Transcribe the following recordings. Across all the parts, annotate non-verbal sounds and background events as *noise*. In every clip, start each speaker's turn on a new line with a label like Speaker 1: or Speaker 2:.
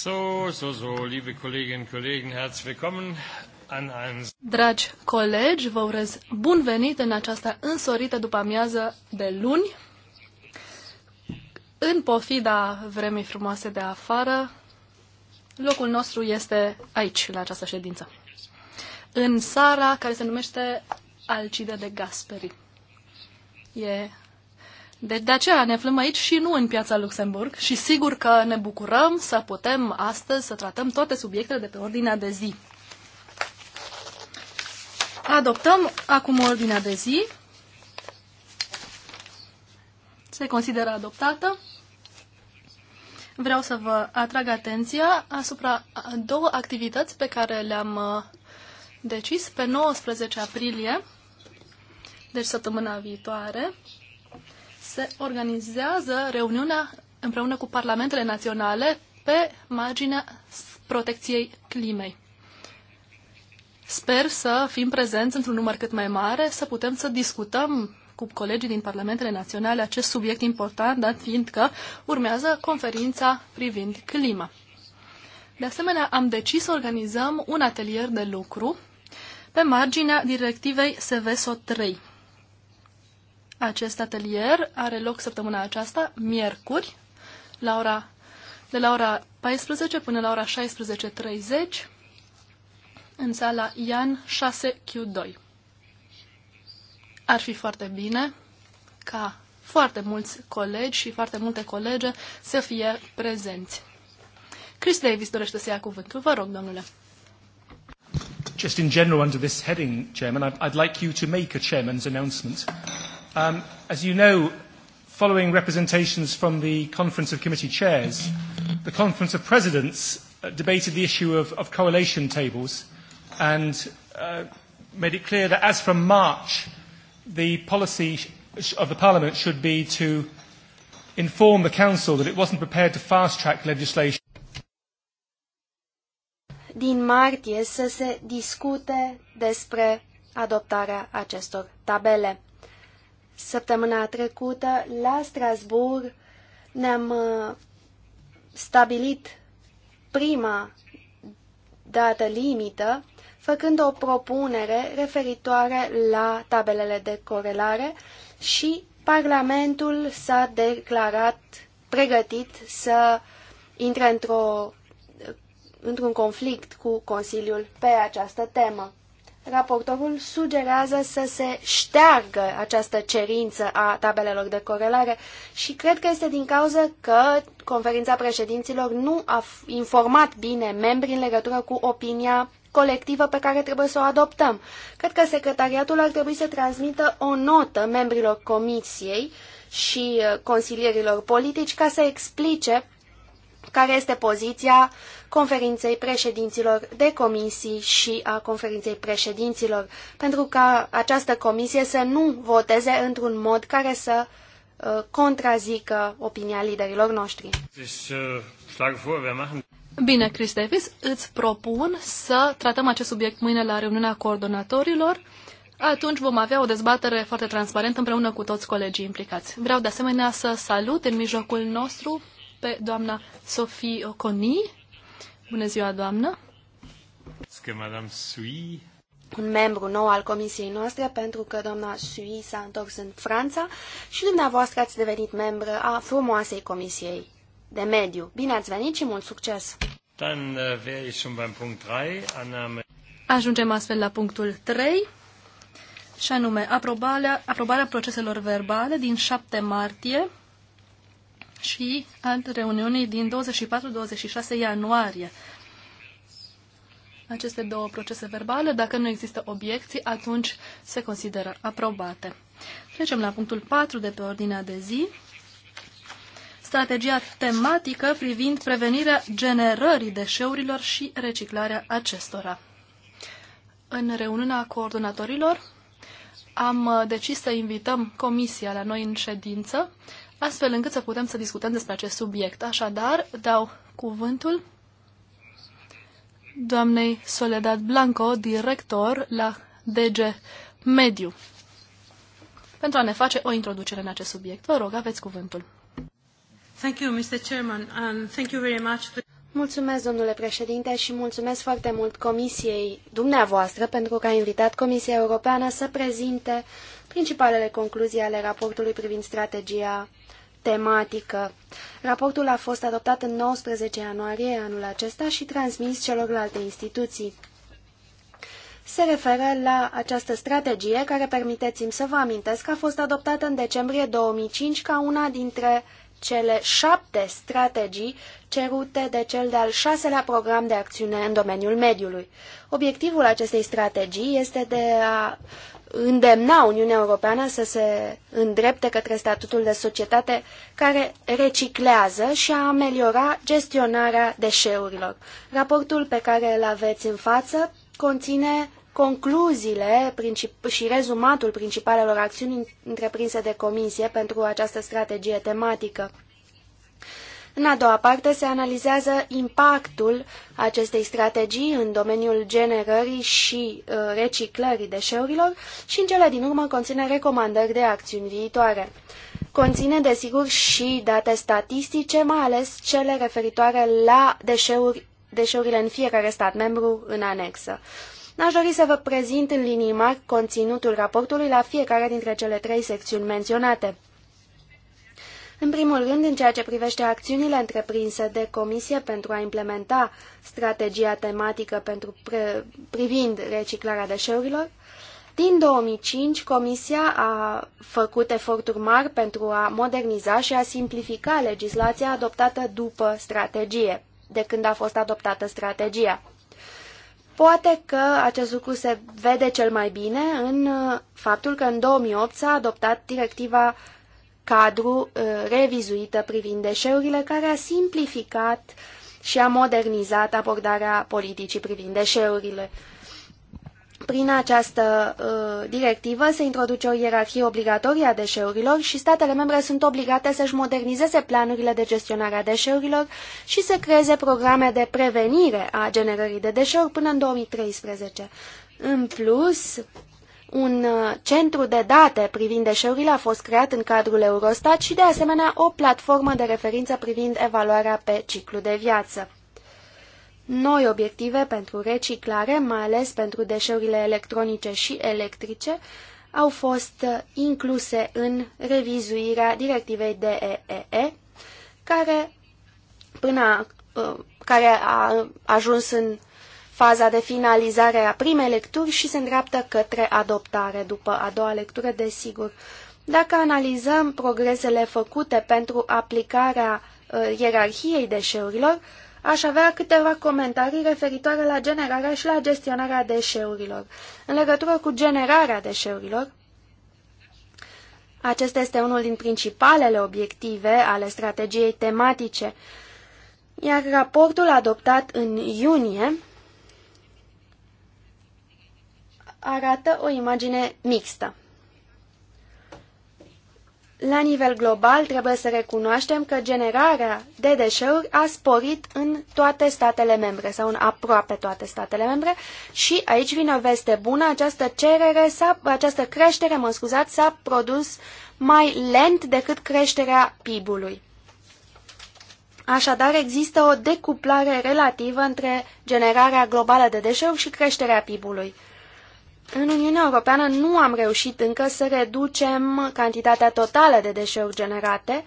Speaker 1: So, so, so, liebe Kolleginnen und Kollegen, herzlich willkommen
Speaker 2: Dragi colegi, vă urez bun venit în această însorită după amiază de luni. În pofida vremii frumoase de afară, locul nostru este aici, la această ședință. În sala care se numește Alcide de Gasperi. E deci de aceea ne aflăm aici și nu în piața Luxemburg și sigur că ne bucurăm să putem astăzi să tratăm toate subiectele de pe ordinea de zi. Adoptăm acum ordinea de zi. Se consideră adoptată. Vreau să vă atrag atenția asupra două activități pe care le-am uh, decis pe 19 aprilie, deci săptămâna viitoare, se organizează reuniunea împreună cu parlamentele naționale pe marginea protecției climei. Sper să fim prezenți într-un număr cât mai mare, să putem să discutăm cu colegii din parlamentele naționale acest subiect important, dat fiind că urmează conferința privind clima. De asemenea, am decis să organizăm un atelier de lucru pe marginea directivei SVSO 3. Acest atelier are loc săptămâna aceasta, miercuri, la ora, de la ora 14 până la ora 16.30 în sala Ian 6Q2. Ar fi foarte bine ca foarte mulți colegi și foarte multe colege să fie prezenți. Chris Davis dorește să ia cuvântul. Vă rog, domnule.
Speaker 3: Just in general,
Speaker 2: under this heading, Chairman, I'd, I'd like you to make a chairman's announcement. Um, as you
Speaker 3: know, following representations from the Conference of Committee Chairs, the Conference of Presidents uh, debated the issue of, of correlation tables and uh, made it clear that as from March, the policy of the
Speaker 2: Parliament should be to inform the Council that it wasn't prepared to fast-track legislation.
Speaker 1: Din martie să se discute despre adoptarea acestor tabele. Săptămâna trecută, la Strasburg, ne-am uh, stabilit prima dată limită, făcând o propunere referitoare la tabelele de corelare și Parlamentul s-a declarat pregătit să intre într într-un conflict cu Consiliul pe această temă raportorul sugerează să se șteargă această cerință a tabelelor de corelare și cred că este din cauza că conferința președinților nu a informat bine membrii în legătură cu opinia colectivă pe care trebuie să o adoptăm. Cred că secretariatul ar trebui să transmită o notă membrilor comisiei și uh, consilierilor politici ca să explice care este poziția conferinței președinților de comisii și a conferinței președinților, pentru ca această comisie să nu voteze într-un mod care să
Speaker 2: uh, contrazică opinia liderilor noștri. Bine, Chris Davis, îți propun să tratăm acest subiect mâine la reuniunea coordonatorilor. Atunci vom avea o dezbatere foarte transparentă împreună cu toți colegii implicați. Vreau de asemenea să salut în mijlocul nostru pe doamna Sophie Oconi. Bună ziua, doamnă!
Speaker 1: Un membru nou al comisiei noastre, pentru că doamna Sui s-a întors în Franța și dumneavoastră ați devenit membru a frumoasei comisiei de mediu. Bine ați venit și mult succes! 3, uh,
Speaker 2: Ajungem astfel la punctul 3, și anume aprobarea, aprobarea proceselor verbale din 7 martie și al reuniunii din 24-26 ianuarie. Aceste două procese verbale, dacă nu există obiecții, atunci se consideră aprobate. Trecem la punctul 4 de pe ordinea de zi. Strategia tematică privind prevenirea generării deșeurilor și reciclarea acestora. În reuniunea coordonatorilor am decis să invităm comisia la noi în ședință astfel încât să putem să discutăm despre acest subiect. Așadar, dau cuvântul doamnei Soledad Blanco, director la DG Mediu, pentru a ne face o introducere în acest subiect. Vă rog, aveți cuvântul.
Speaker 1: Thank you, Mr. Chairman, and thank you very much to... Mulțumesc, domnule președinte, și mulțumesc foarte mult Comisiei dumneavoastră pentru că a invitat Comisia Europeană să prezinte principalele concluzii ale raportului privind strategia tematică. Raportul a fost adoptat în 19 ianuarie anul acesta și transmis celorlalte instituții. Se referă la această strategie care, permiteți-mi să vă amintesc, a fost adoptată în decembrie 2005 ca una dintre uh, cele șapte strategii cerute de cel de-al șaselea program de acțiune în domeniul mediului. Obiectivul acestei strategii este de a îndemna Uniunea Europeană să se îndrepte către statutul de societate care reciclează și a ameliora gestionarea deșeurilor. Raportul pe care îl aveți în față conține concluziile și rezumatul principalelor acțiuni întreprinse de comisie pentru această strategie tematică. În a doua parte se analizează impactul acestei strategii în domeniul generării și uh, reciclării deșeurilor și în cele din urmă conține recomandări de acțiuni viitoare. Conține, desigur, și date statistice, mai ales cele referitoare la deșeuri, deșeurile în fiecare stat membru în anexă. N-aș dori să vă prezint în linii mari conținutul raportului la fiecare dintre cele trei secțiuni menționate. În primul rând, în ceea ce privește acțiunile întreprinse de Comisie pentru a implementa strategia tematică pentru privind reciclarea deșeurilor, din 2005, Comisia a făcut eforturi mari pentru a moderniza și a simplifica legislația adoptată după strategie, de când a fost adoptată strategia. Poate că acest lucru se vede cel mai bine în uh, faptul că în 2008 s-a adoptat directiva cadru uh, revizuită privind deșeurile, care a simplificat și a modernizat abordarea politicii privind deșeurile. Prin această uh, directivă se introduce o ierarhie obligatorie a deșeurilor și statele membre sunt obligate să-și modernizeze planurile de gestionare a deșeurilor și să creeze programe de prevenire a generării de deșeuri până în 2013. În plus, un uh, centru de date privind deșeurile a fost creat în cadrul Eurostat și, de asemenea, o platformă de referință privind evaluarea pe ciclu de viață noi obiective pentru reciclare, mai ales pentru deșeurile electronice și electrice, au fost incluse în revizuirea directivei DEEE, care, până, uh, care a ajuns în faza de finalizare a primei lecturi și se îndreaptă către adoptare după a doua lectură, desigur. Dacă analizăm progresele făcute pentru aplicarea uh, ierarhiei deșeurilor, aș avea câteva comentarii referitoare la generarea și la gestionarea deșeurilor. În legătură cu generarea deșeurilor, acesta este unul din principalele obiective ale strategiei tematice, iar raportul adoptat în iunie arată o imagine mixtă. La nivel global, trebuie să recunoaștem că generarea de deșeuri a sporit în toate statele membre sau în aproape toate statele membre și aici vine o veste bună, această cerere, această creștere, mă scuzați, s-a produs mai lent decât creșterea PIB-ului. Așadar, există o decuplare relativă între generarea globală de deșeuri și creșterea PIB-ului. În Uniunea Europeană nu am reușit încă să reducem cantitatea totală de deșeuri generate,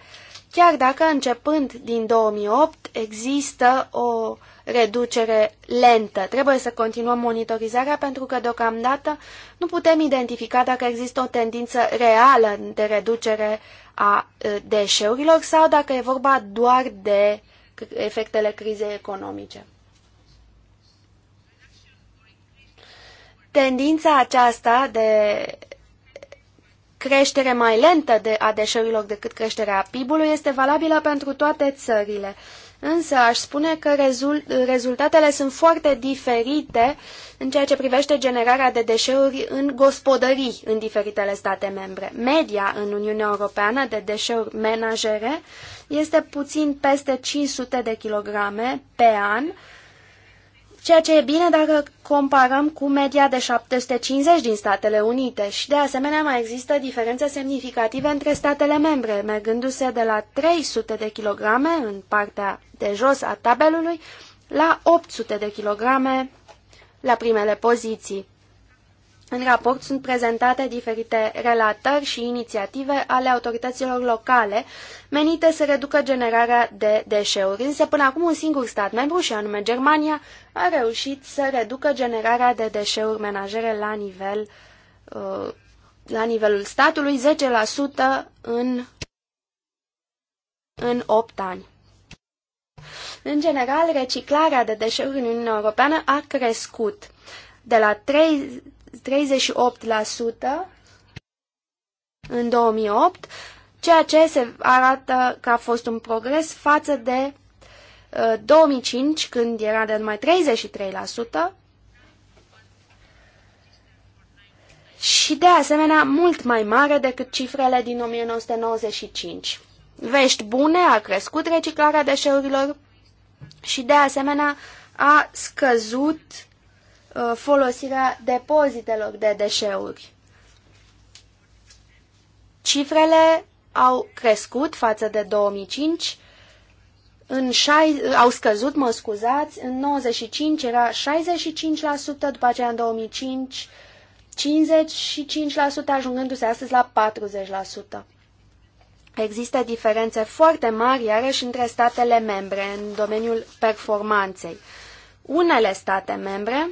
Speaker 1: chiar dacă începând din 2008 există o reducere lentă. Trebuie să continuăm monitorizarea pentru că deocamdată nu putem identifica dacă există o tendință reală de reducere a deșeurilor sau dacă e vorba doar de efectele crizei economice. Tendința aceasta de creștere mai lentă de a deșeurilor decât creșterea PIB-ului este valabilă pentru toate țările. Însă aș spune că rezultatele sunt foarte diferite în ceea ce privește generarea de deșeuri în gospodării în diferitele state membre. Media în Uniunea Europeană de deșeuri menajere este puțin peste 500 de kilograme pe an, ceea ce e bine dacă comparăm cu media de 750 din Statele Unite și de asemenea mai există diferențe semnificative între statele membre, mergându-se de la 300 de kilograme în partea de jos a tabelului la 800 de kilograme la primele poziții. În raport sunt prezentate diferite relatări și inițiative ale autorităților locale menite să reducă generarea de deșeuri. Însă până acum un singur stat membru, și anume Germania, a reușit să reducă generarea de deșeuri menajere la, nivel, uh, la nivelul statului 10% în, în 8 ani. În general, reciclarea de deșeuri în Uniunea Europeană a crescut de la 3, 38% în 2008, ceea ce se arată că a fost un progres față de 2005, uh, când era de numai 33%, și de asemenea mult mai mare decât cifrele din 1995. Vești bune, a crescut reciclarea deșeurilor și de asemenea a scăzut Uh, folosirea depozitelor de deșeuri. Cifrele au crescut față de 2005, în șai, au scăzut, mă scuzați, în 95 era 65%, după aceea în 2005 55% ajungându-se astăzi la 40%. Există diferențe foarte mari, iarăși, între statele membre în domeniul performanței. Unele state membre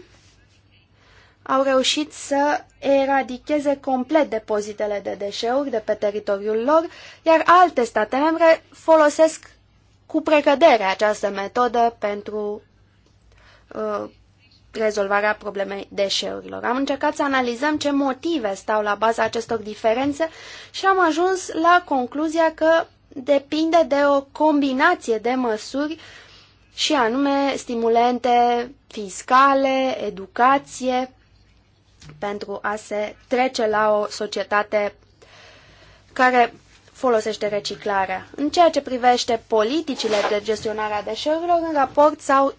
Speaker 1: au reușit să eradicheze complet depozitele de deșeuri de pe teritoriul lor, iar alte state membre folosesc cu precădere această metodă pentru uh, rezolvarea problemei deșeurilor. Am încercat să analizăm ce motive stau la baza acestor diferențe și am ajuns la concluzia că depinde de o combinație de măsuri și anume stimulente fiscale, educație, pentru a se trece la o societate care folosește reciclarea. În ceea ce privește politicile de gestionare a deșeurilor, în raport s-au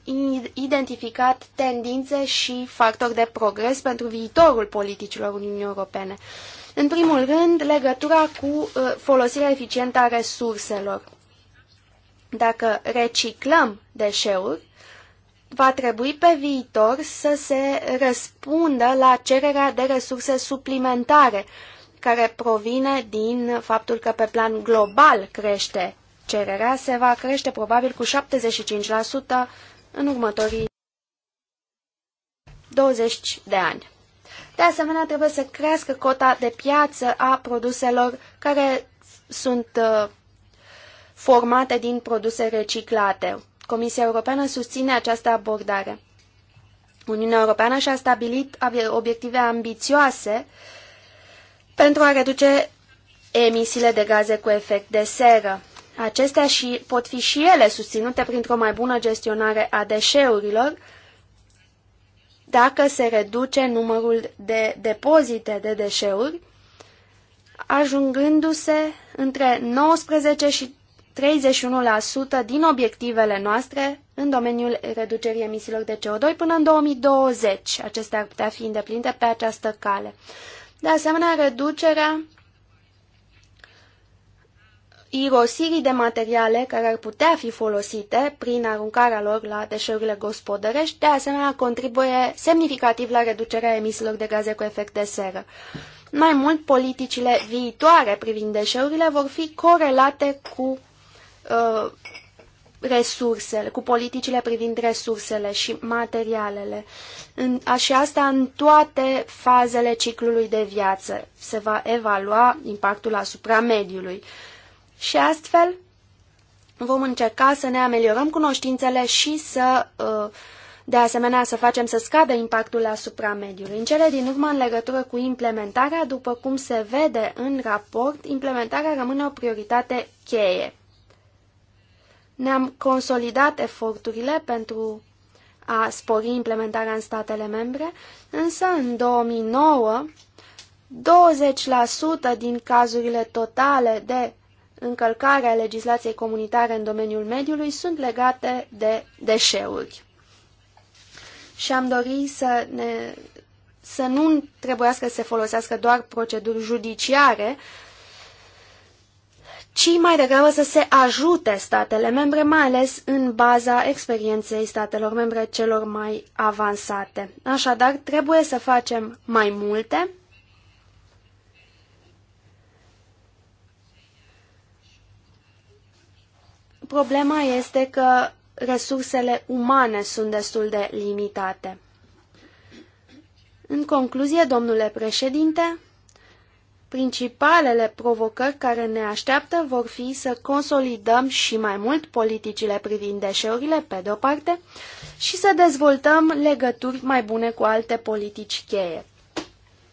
Speaker 1: identificat tendințe și factori de progres pentru viitorul politicilor Uniunii Europene. În primul rând, legătura cu uh, folosirea eficientă a resurselor. Dacă reciclăm deșeuri, va trebui pe viitor să se răspundă la cererea de resurse suplimentare, care provine din faptul că pe plan global crește cererea, se va crește probabil cu 75% în următorii 20 de ani. De asemenea, trebuie să crească cota de piață a produselor care sunt uh, formate din produse reciclate. Comisia Europeană susține această abordare. Uniunea Europeană și-a stabilit obiective ambițioase pentru a reduce emisiile de gaze cu efect de seră. Acestea și pot fi și ele susținute printr-o mai bună gestionare a deșeurilor, dacă se reduce numărul de depozite de deșeuri, ajungându-se între 19 și 31% din obiectivele noastre în domeniul reducerii emisiilor de CO2 până în 2020. Acestea ar putea fi îndeplinite pe această cale. De asemenea, reducerea irosirii de materiale care ar putea fi folosite prin aruncarea lor la deșeurile gospodărești, de asemenea contribuie semnificativ la reducerea emisiilor de gaze cu efect de seră. Mai mult, politicile viitoare privind deșeurile vor fi corelate cu Uh, resursele, cu politicile privind resursele și materialele. În, și asta în toate fazele ciclului de viață. Se va evalua impactul asupra mediului. Și astfel vom încerca să ne ameliorăm cunoștințele și să, uh, de asemenea, să facem să scadă impactul asupra mediului. În cele din urmă, în legătură cu implementarea, după cum se vede în raport, implementarea rămâne o prioritate cheie. Ne-am consolidat eforturile pentru a spori implementarea în statele membre, însă în 2009 20% din cazurile totale de încălcare a legislației comunitare în domeniul mediului sunt legate de deșeuri. Și am dorit să, ne, să nu trebuiască să se folosească doar proceduri judiciare, uh, ci mai degrabă să se ajute statele membre, mai ales în baza experienței statelor membre celor mai avansate. Așadar, trebuie să facem mai multe problema este că resursele umane sunt destul de limitate. În concluzie, domnule președinte, Principalele provocări care ne așteaptă vor fi să consolidăm și mai mult politicile privind deșeurile, pe de-o parte, și să dezvoltăm legături mai bune cu alte politici cheie.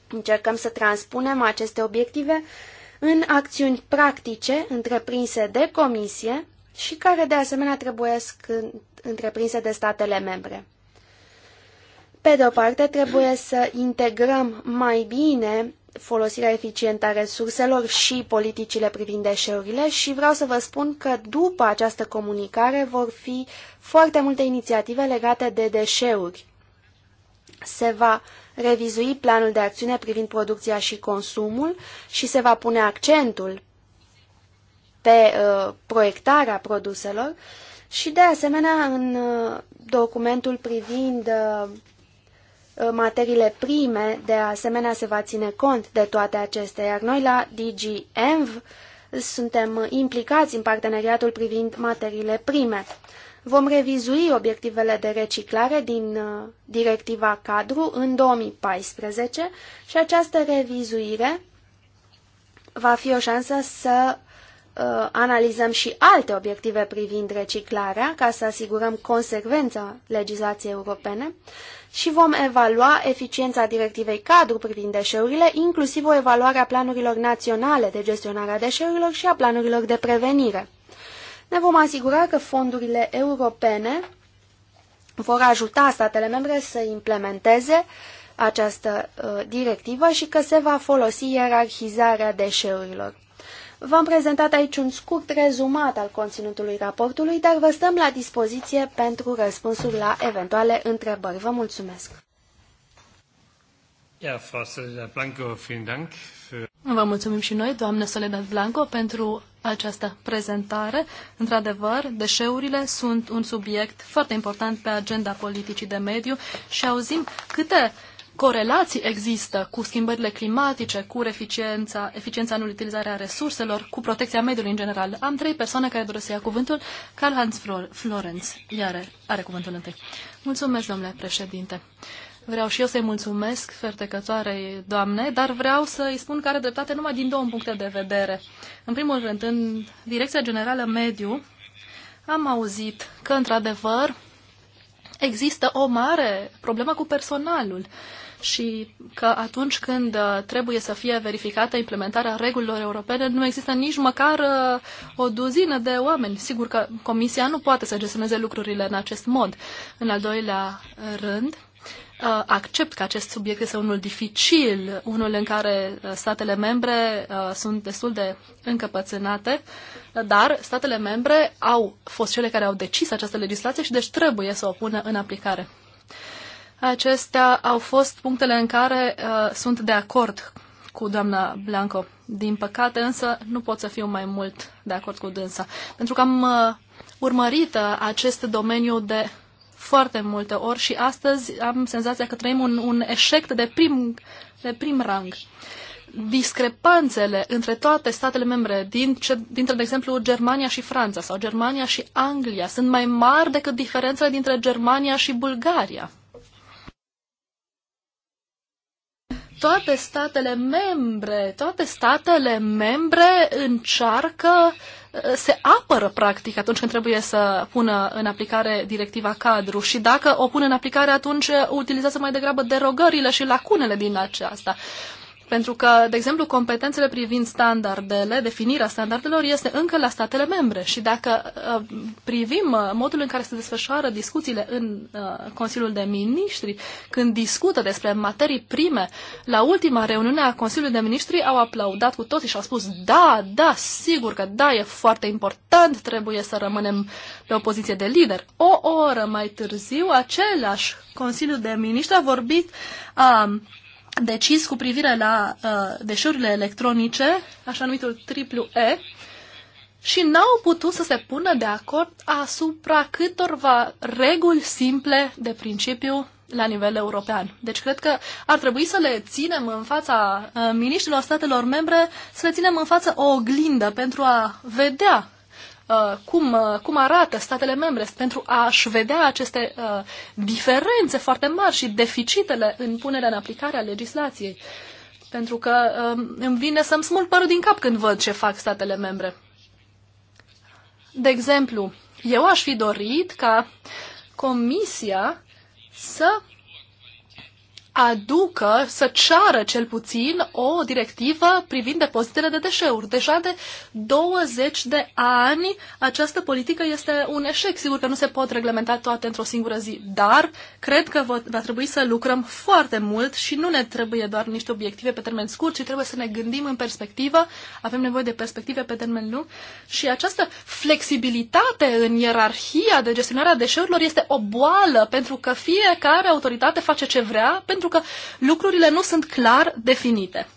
Speaker 1: Încercăm să transpunem aceste obiective în acțiuni practice întreprinse de comisie și care de asemenea trebuie întreprinse de statele membre. Pe de o parte, trebuie să integrăm mai bine folosirea eficientă a resurselor și politicile privind deșeurile și vreau să vă spun că după această comunicare vor fi foarte multe inițiative legate de deșeuri. Se va revizui planul de acțiune privind producția și consumul și se va pune accentul pe uh, proiectarea produselor și de asemenea în uh, documentul privind uh, Uh, materiile prime, de asemenea se va ține cont de toate acestea, iar noi la DG ENV suntem implicați în parteneriatul privind materiile prime. Vom revizui obiectivele de reciclare din uh, directiva cadru în 2014 și această revizuire va fi o șansă să Uh, analizăm și alte obiective privind reciclarea ca să asigurăm consecvența legislației europene și vom evalua eficiența directivei cadru privind deșeurile, inclusiv o evaluare a planurilor naționale de gestionare a deșeurilor și a planurilor de prevenire. Ne vom asigura că fondurile europene vor ajuta statele membre să implementeze această uh, directivă și că se va folosi ierarhizarea deșeurilor. V-am prezentat aici un scurt rezumat al conținutului raportului, dar vă stăm la dispoziție pentru răspunsuri
Speaker 2: la eventuale întrebări. Vă mulțumesc! Vă mulțumim și noi, doamnă Soledad Blanco, pentru această prezentare. Într-adevăr, deșeurile sunt un subiect foarte important pe agenda politicii de mediu și auzim câte uh, corelații există cu schimbările climatice, cu eficiența, eficiența în utilizarea resurselor, cu protecția mediului în general. Am trei persoane care doresc să ia cuvântul. Carl Hans Florenz iar are cuvântul întâi. Mulțumesc, domnule președinte. Vreau și eu să-i mulțumesc fertecătoarei doamne, dar vreau să-i spun că are dreptate numai din două puncte de vedere. În primul rând, în Direcția Generală Mediu, am auzit că, într-adevăr, există o mare problemă cu personalul. Uh, și că atunci când uh, trebuie să fie verificată implementarea regulilor europene, nu există nici măcar uh, o duzină de oameni. Sigur că Comisia nu poate să gestioneze lucrurile în acest mod. În al doilea rând, uh, accept că acest subiect este unul dificil, unul în care statele membre sunt destul de încăpățânate, dar statele membre au fost cele care au decis această legislație și deci trebuie să o pună în aplicare. Acestea au fost punctele în care uh, sunt de acord cu doamna Blanco. Din păcate, însă, nu pot să fiu mai mult de acord cu dânsa. Pentru că am uh, urmărit uh, acest domeniu de foarte multe ori și astăzi am senzația că trăim un, un eșec de prim, de prim rang. Discrepanțele între toate statele membre, din ce, dintre, de exemplu, Germania și Franța sau Germania și Anglia, sunt mai mari decât diferențele dintre Germania și Bulgaria. toate statele membre, toate statele membre încearcă, uh, se apără practic atunci când trebuie să pună în aplicare directiva cadru și dacă o pun în aplicare atunci utilizează mai degrabă derogările și lacunele din aceasta. Pentru că, de exemplu, competențele privind standardele, definirea standardelor, este încă la statele membre. Și dacă uh, privim uh, modul în care se desfășoară discuțiile în uh, Consiliul de Ministri, când discută despre materii prime, la ultima reuniune a Consiliului de Ministri au aplaudat cu toții și au spus da, da, sigur că da, e foarte important, trebuie să rămânem pe o poziție de lider. O oră mai târziu, același Consiliu de Ministri a vorbit a, um, decis cu privire la uh, deșeurile electronice, așa numitul triplu E, și n-au putut să se pună de acord asupra câtorva reguli simple de principiu la nivel european. Deci cred că ar trebui să le ținem în fața uh, miniștrilor statelor membre, să le ținem în față o oglindă pentru a vedea Uh, cum, uh, cum arată statele membre pentru a-și vedea aceste uh, diferențe foarte mari și deficitele în punerea în aplicare a legislației. Pentru că um, îmi vine să-mi smul părul din cap când văd ce fac statele membre. De exemplu, eu aș fi dorit ca Comisia să aducă, să ceară cel puțin o directivă privind depozitele de deșeuri. Deja de 20 de ani această politică este un eșec. Sigur că nu se pot reglementa toate într-o singură zi, dar cred că va trebui să lucrăm foarte mult și nu ne trebuie doar niște obiective pe termen scurt, ci trebuie să ne gândim în perspectivă, avem nevoie de perspective pe termen lung și această flexibilitate în ierarhia de gestionare a deșeurilor este o boală pentru că fiecare autoritate face ce vrea pentru că lucrurile nu sunt clar definite.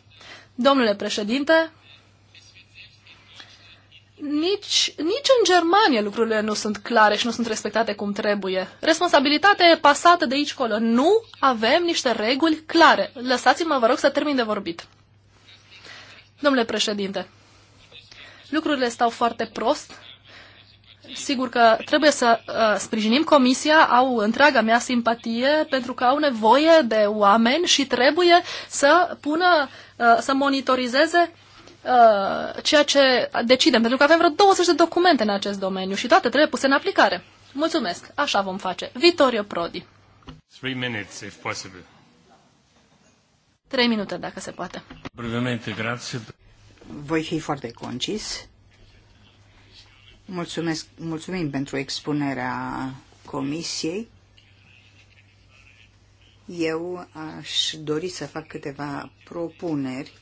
Speaker 2: Domnule președinte, nici, nici în Germania lucrurile nu sunt clare și nu sunt respectate cum trebuie. Responsabilitatea e pasată de aici colo. Nu avem niște reguli clare. Lăsați-mă, vă rog, să termin de vorbit. Domnule președinte, lucrurile stau foarte prost sigur că trebuie să uh, sprijinim comisia, au întreaga mea simpatie pentru că au nevoie de oameni și trebuie să pună, uh, să monitorizeze uh, ceea ce decidem, pentru că avem vreo 20 de documente în acest domeniu și toate trebuie puse în aplicare. Mulțumesc, așa vom face. Vittorio Prodi.
Speaker 3: Three minutes, if possible. Trei minute, dacă se poate. grazie. Voi fi foarte concis. Mulțumesc, mulțumim pentru expunerea comisiei. Eu aș dori să fac câteva propuneri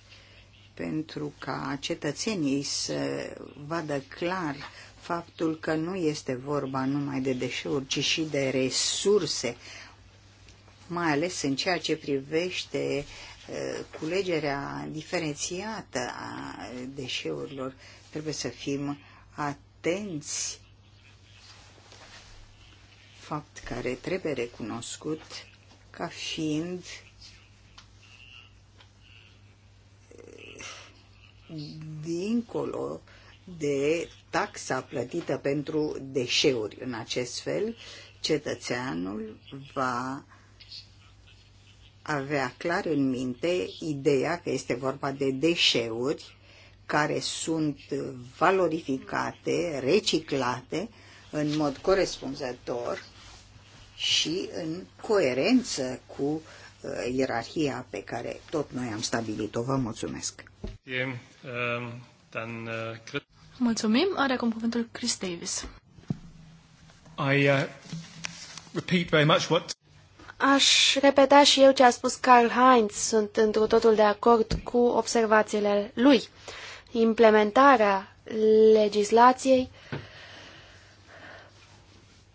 Speaker 3: pentru ca cetățenii să vadă clar faptul că nu este vorba numai de deșeuri, ci și de resurse, mai ales în ceea ce privește eh, culegerea diferențiată a deșeurilor. Trebuie să fim atenți atenți, fapt care trebuie recunoscut ca fiind dincolo de taxa plătită pentru deșeuri. În acest fel, cetățeanul va avea clar în minte ideea că este vorba de deșeuri care sunt valorificate, reciclate în mod corespunzător și în coerență cu uh, ierarhia pe care tot noi am stabilit-o. Vă mulțumesc!
Speaker 2: Um, uh, Mulțumim! Are acum cuvântul Chris Davis.
Speaker 3: I uh, repeat very much what
Speaker 1: Aș repeta și eu ce a spus Karl Heinz, sunt într totul de acord cu observațiile lui implementarea legislației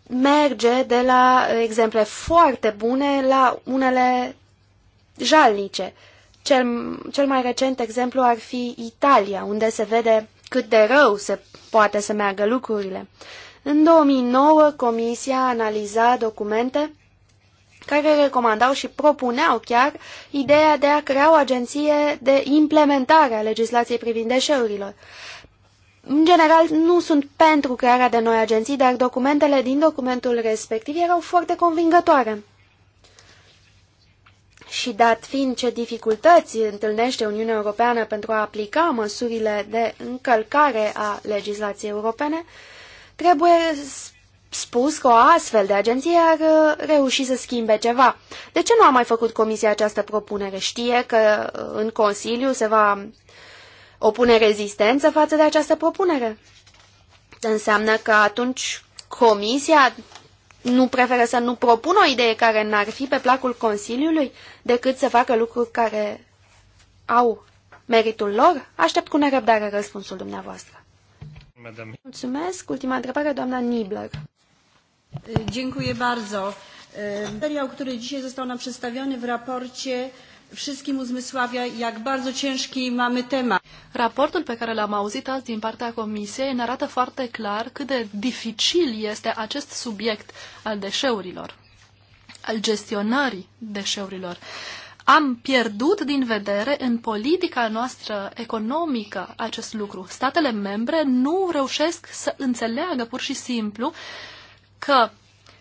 Speaker 1: merge de la exemple foarte bune la unele jalnice. Cel, cel mai recent exemplu ar fi Italia, unde se vede cât de rău se poate să meargă lucrurile. În 2009, Comisia analiza documente care recomandau și propuneau chiar ideea de a crea o agenție de implementare a legislației privind deșeurilor. În general, nu sunt pentru crearea de noi agenții, dar documentele din documentul respectiv erau foarte convingătoare. Și dat fiind ce dificultăți întâlnește Uniunea Europeană pentru a aplica măsurile de încălcare a legislației europene, trebuie spus că o astfel de agenție ar uh, reuși să schimbe ceva. De ce nu a mai făcut Comisia această propunere? Știe că uh, în Consiliu se va opune rezistență față de această propunere. Înseamnă că atunci Comisia nu preferă să nu propună o idee care n-ar fi pe placul Consiliului decât să facă lucruri care au meritul lor? Aștept cu nerăbdare răspunsul dumneavoastră. Mulțumesc. Ultima întrebare, doamna Nibler.
Speaker 2: Dziękuję bardzo. Materiał, który dzisiaj został nam przedstawiony w raporcie, wszystkim uzmysławia, jak bardzo ciężki mamy temat. Raportul pe care l-am auzit azi din partea Comisiei ne arată foarte clar cât de dificil este acest subiect al deșeurilor, al gestionării deșeurilor. Am pierdut din vedere în politica noastră economică acest lucru. Statele membre nu reușesc să înțeleagă pur și simplu uh, că,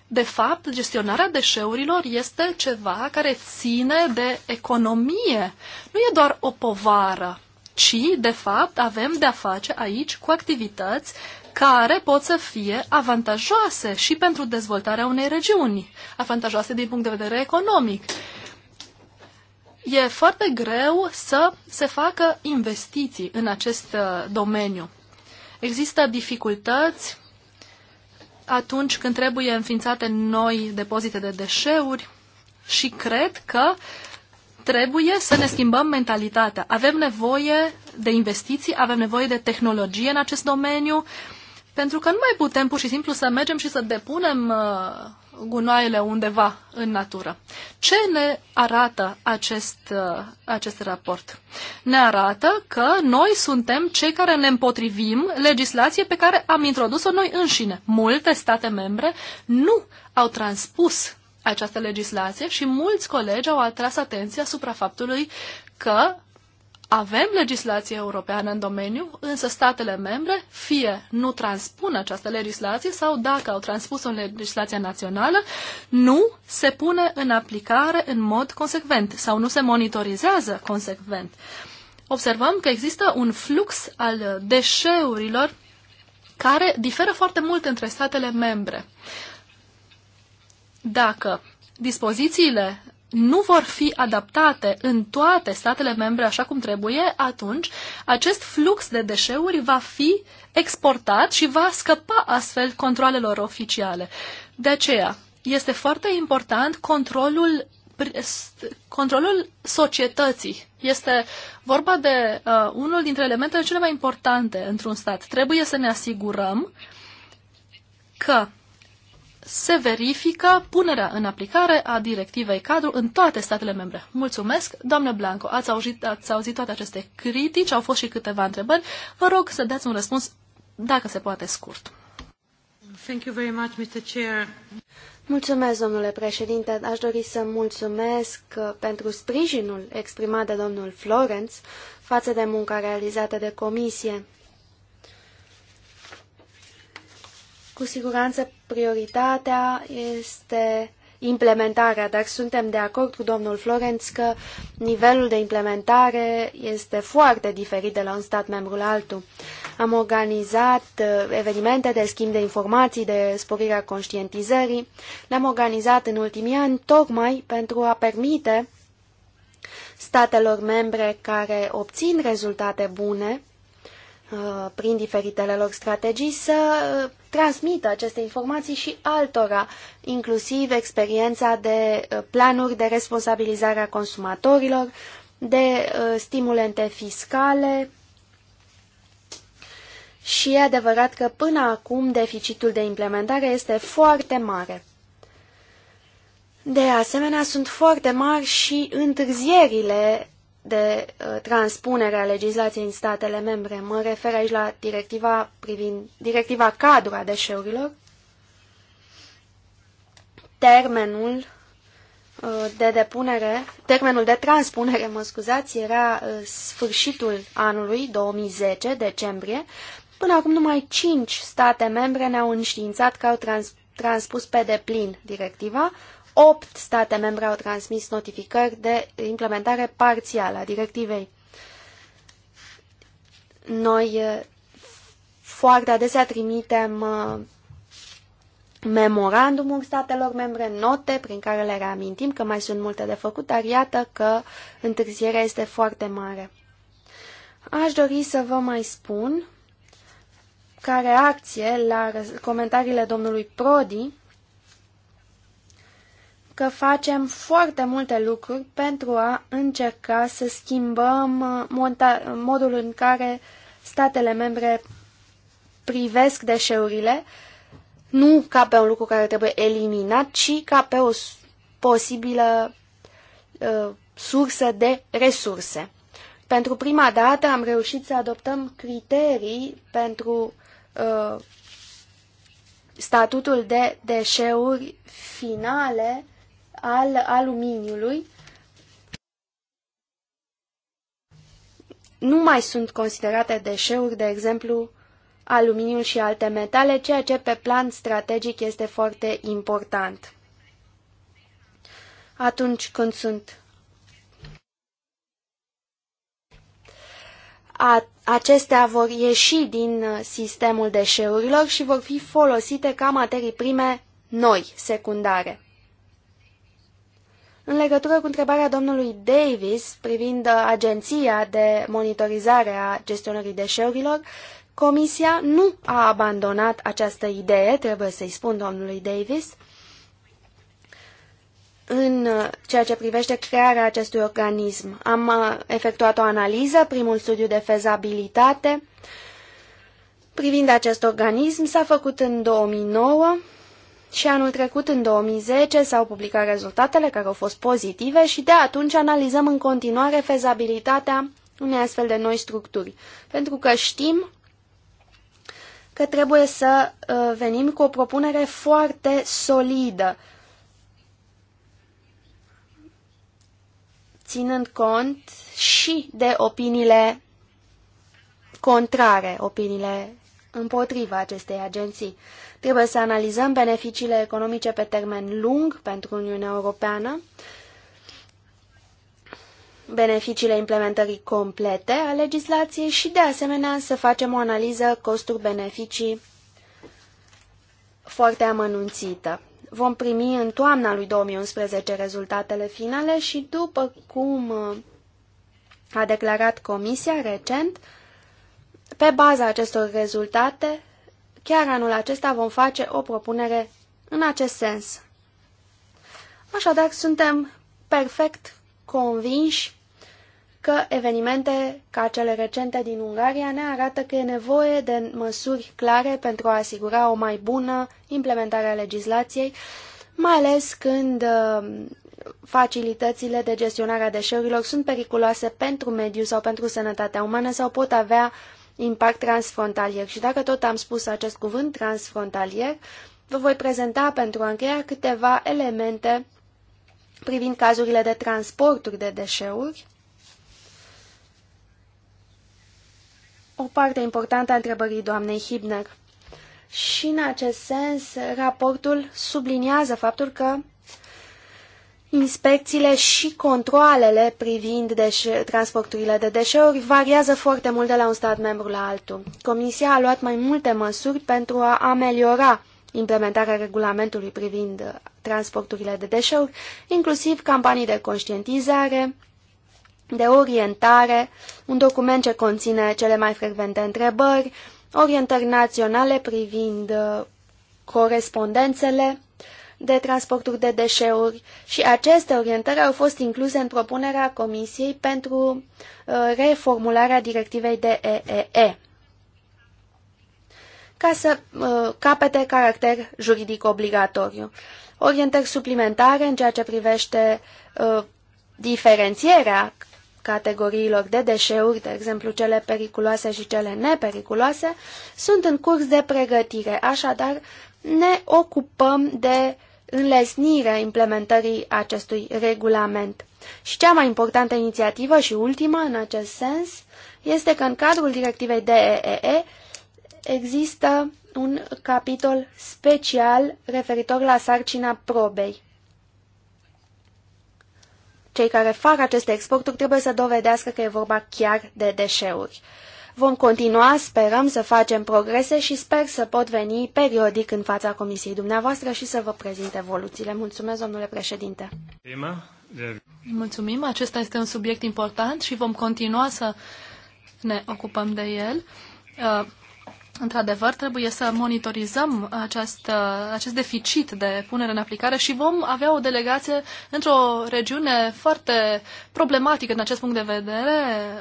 Speaker 2: de fapt, gestionarea deșeurilor este ceva care ține de economie. Nu e doar o povară, ci, de fapt, avem de-a face aici cu activități care pot să fie avantajoase și pentru dezvoltarea unei regiuni, avantajoase din punct de vedere economic. E foarte greu să se facă investiții în acest uh, domeniu. Există dificultăți atunci când trebuie înființate noi depozite de deșeuri și cred că trebuie să ne schimbăm mentalitatea. Avem nevoie de investiții, avem nevoie de tehnologie în acest domeniu, pentru că nu mai putem pur și simplu să mergem și să depunem uh, gunoaiele undeva în natură. Ce ne arată acest, uh, acest raport? Ne arată că noi suntem cei care ne împotrivim legislație pe care am introdus-o noi înșine. Multe state membre nu au transpus această legislație și mulți colegi au atras atenția asupra faptului că avem legislație europeană în domeniu, însă statele membre fie nu transpun această legislație sau dacă au transpus-o în legislația națională, nu se pune în aplicare în mod consecvent sau nu se monitorizează consecvent. Observăm că există un flux al deșeurilor care diferă foarte mult între statele membre. Dacă dispozițiile nu vor fi adaptate în toate statele membre așa cum trebuie, atunci acest flux de deșeuri va fi exportat și va scăpa astfel controlelor oficiale. De aceea, este foarte important controlul controlul societății. Este vorba de uh, unul dintre elementele cele mai importante într-un stat. Trebuie să ne asigurăm că se verifică punerea în aplicare a directivei cadru în toate statele membre. Mulțumesc, doamnă Blanco, ați auzit, ați auzit toate aceste critici, au fost și câteva întrebări. Vă rog să dați un răspuns, dacă se poate, scurt. Thank you very much, Mr. Chair. Mulțumesc,
Speaker 1: domnule președinte. Aș dori să mulțumesc uh, pentru sprijinul exprimat de domnul Florence față de munca realizată de comisie. Cu siguranță prioritatea este implementarea, dar suntem de acord cu domnul Florenț că nivelul de implementare este foarte diferit de la un stat membru la altul. Am organizat uh, evenimente de schimb de informații, de sporirea conștientizării. Le-am organizat în ultimii ani tocmai pentru a permite statelor membre care obțin rezultate bune uh, prin diferitele lor strategii să uh, transmită aceste informații și altora, inclusiv experiența de uh, planuri de responsabilizare a consumatorilor, de uh, stimulente fiscale, și e adevărat că până acum deficitul de implementare este foarte mare. De asemenea, sunt foarte mari și întârzierile de uh, transpunere a legislației în statele membre. Mă refer aici la directiva, privind, directiva cadru a deșeurilor. Termenul uh, de depunere, termenul de transpunere, mă scuzați, era uh, sfârșitul anului 2010, decembrie. Până acum numai 5 state membre ne-au înștiințat că au trans, transpus pe deplin directiva, Opt state membre au transmis notificări de implementare parțială a directivei. Noi eh, foarte adesea trimitem eh, memorandumuri statelor membre, note prin care le reamintim că mai sunt multe de făcut, dar iată că întârzierea este foarte mare. Aș dori să vă mai spun, ca reacție la comentariile domnului Prodi, că facem foarte multe lucruri pentru a încerca să schimbăm modul în care statele membre privesc deșeurile, nu ca pe un lucru care trebuie eliminat, ci ca pe o posibilă uh, sursă de resurse. Pentru prima dată am reușit să adoptăm criterii pentru uh, statutul de deșeuri finale al aluminiului nu mai sunt considerate deșeuri, de exemplu, aluminiul și alte metale, ceea ce pe plan strategic este foarte important. Atunci când sunt A, acestea vor ieși din sistemul deșeurilor și vor fi folosite ca materii prime noi, secundare. În legătură cu întrebarea domnului Davis privind uh, agenția de monitorizare a gestionării deșeurilor, Comisia nu a abandonat această idee, trebuie să-i spun domnului Davis, în uh, ceea ce privește crearea acestui organism. Am uh, efectuat o analiză, primul studiu de fezabilitate privind acest organism s-a făcut în 2009 și anul trecut, în 2010, s-au publicat rezultatele care au fost pozitive și de atunci analizăm în continuare fezabilitatea unei astfel de noi structuri. Pentru că știm că trebuie să uh, venim cu o propunere foarte solidă, ținând cont și de opiniile contrare, opiniile împotriva acestei agenții. Trebuie să analizăm beneficiile economice pe termen lung pentru Uniunea Europeană, beneficiile implementării complete a legislației și, de asemenea, să facem o analiză costuri-beneficii foarte amănunțită. Vom primi în toamna lui 2011 rezultatele finale și, după cum a declarat Comisia recent, pe baza acestor rezultate Chiar anul acesta vom face o propunere în acest sens. Așadar, suntem perfect convinși că evenimente ca cele recente din Ungaria ne arată că e nevoie de măsuri clare pentru a asigura o mai bună implementare a legislației, mai ales când uh, facilitățile de gestionare a deșeurilor sunt periculoase pentru mediu sau pentru sănătatea umană sau pot avea impact transfrontalier. Și dacă tot am spus acest cuvânt transfrontalier, vă voi prezenta pentru a încheia câteva elemente privind cazurile de transporturi de deșeuri. O parte importantă a întrebării doamnei Hibner. Și în acest sens, raportul subliniază faptul că Inspecțiile și controalele privind transporturile de deșeuri variază foarte mult de la un stat membru la altul. Comisia a luat mai multe măsuri pentru a ameliora implementarea regulamentului privind transporturile de deșeuri, inclusiv campanii de conștientizare, de orientare, un document ce conține cele mai frecvente întrebări, orientări naționale privind uh, corespondențele, de transporturi de deșeuri și aceste orientări au fost incluse în propunerea Comisiei pentru uh, reformularea directivei de EEE ca să uh, capete caracter juridic obligatoriu. Orientări suplimentare în ceea ce privește uh, diferențierea categoriilor de deșeuri, de exemplu cele periculoase și cele nepericuloase, sunt în curs de pregătire. Așadar, ne ocupăm de înlesnirea implementării acestui regulament. Și cea mai importantă inițiativă și ultima în acest sens este că în cadrul directivei DEEE există un capitol special referitor la sarcina probei. Cei care fac aceste exporturi trebuie să dovedească că e vorba chiar de deșeuri. Vom continua, sperăm să facem progrese și sper să pot veni periodic în fața comisiei dumneavoastră și să vă prezint evoluțiile. Mulțumesc, domnule
Speaker 2: președinte. Mulțumim, acesta este un subiect important și vom continua să ne ocupăm de el. Uh, Într-adevăr, trebuie să monitorizăm acest, acest deficit de punere în aplicare și vom avea o delegație într-o regiune foarte problematică din acest punct de vedere,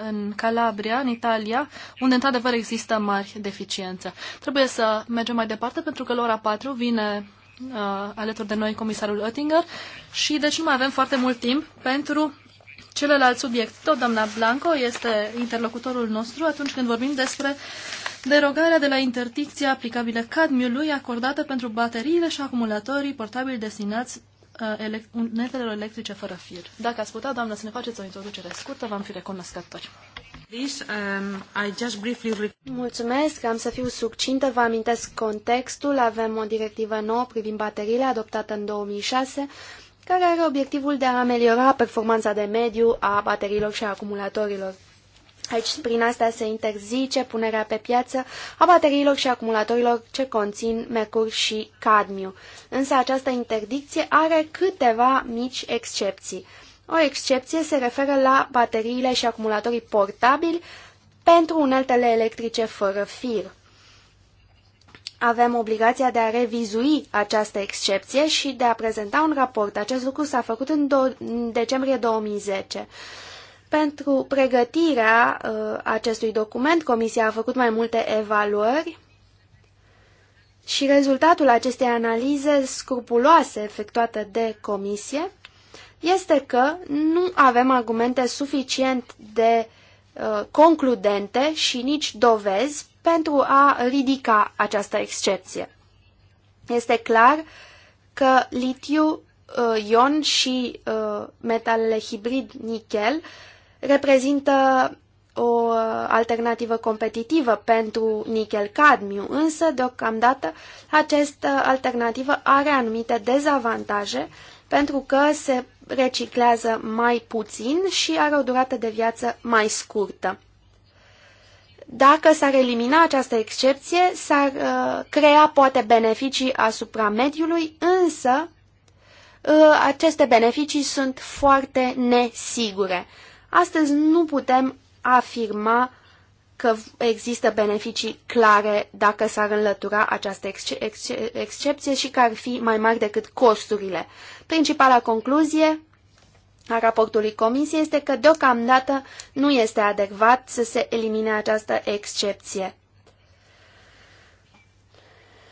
Speaker 2: în Calabria, în Italia, unde într-adevăr există mari deficiențe. Trebuie să mergem mai departe pentru că la ora 4 vine uh, alături de noi comisarul Oettinger și deci nu mai avem foarte mult timp pentru celălalt subiect. Tot doamna Blanco este interlocutorul nostru atunci când vorbim despre uh, derogarea de la interdicția aplicabilă cadmiului acordată pentru bateriile și acumulatorii portabili destinați uh, elect- unetelor electrice fără fir. Dacă ați putea, doamnă, să ne faceți o introducere scurtă, v-am fi recunoscători.
Speaker 1: Um, Mulțumesc, am să fiu succintă, vă amintesc contextul. Avem o directivă nouă privind bateriile adoptată în 2006, care are obiectivul de a ameliora performanța de mediu a bateriilor și a acumulatorilor. Aici, prin asta se interzice punerea pe piață a bateriilor și acumulatorilor ce conțin mercur și cadmiu. Însă această interdicție are câteva mici excepții. O excepție se referă la bateriile și acumulatorii portabili pentru uneltele electrice fără fir. Avem obligația de a revizui această excepție și de a prezenta un raport. Acest lucru s-a făcut în, în decembrie 2010. Pentru pregătirea uh, acestui document, Comisia a făcut mai multe evaluări și rezultatul acestei analize scrupuloase efectuate de Comisie este că nu avem argumente suficient de uh, concludente și nici dovezi pentru a ridica această excepție. Este clar că litiu, uh, ion și uh, metalele hibrid nichel uh, reprezintă o alternativă competitivă pentru nichel-cadmiu, însă, deocamdată, această alternativă are anumite dezavantaje pentru că se reciclează mai puțin și are o durată de viață mai scurtă. Dacă s-ar elimina această excepție, s-ar uh, crea poate beneficii asupra mediului, însă uh, aceste beneficii sunt foarte nesigure. Uh, Astăzi nu putem afirma că există beneficii clare dacă s-ar înlătura această ex- ex- excepție și că ar fi mai mari decât costurile. Principala concluzie a raportului comisiei este că deocamdată nu este adecvat să se elimine această excepție.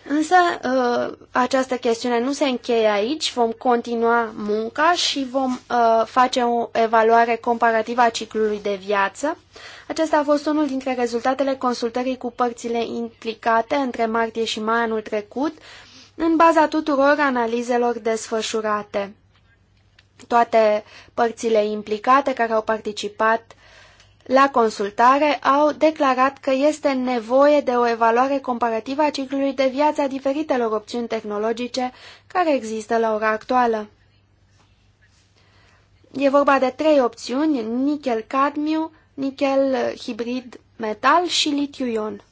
Speaker 1: Însă ă, această chestiune nu se încheie aici, vom continua munca și vom ă, face o evaluare comparativă a ciclului de viață. Acesta a fost unul dintre rezultatele consultării cu părțile implicate între martie și mai anul trecut, în baza tuturor analizelor desfășurate. Toate părțile implicate care au participat la consultare au declarat că este nevoie de o evaluare comparativă a ciclului de viață a diferitelor opțiuni tehnologice care există la ora actuală. E vorba de trei opțiuni, nichel-cadmiu, nichel hibrid metal și litiu-ion.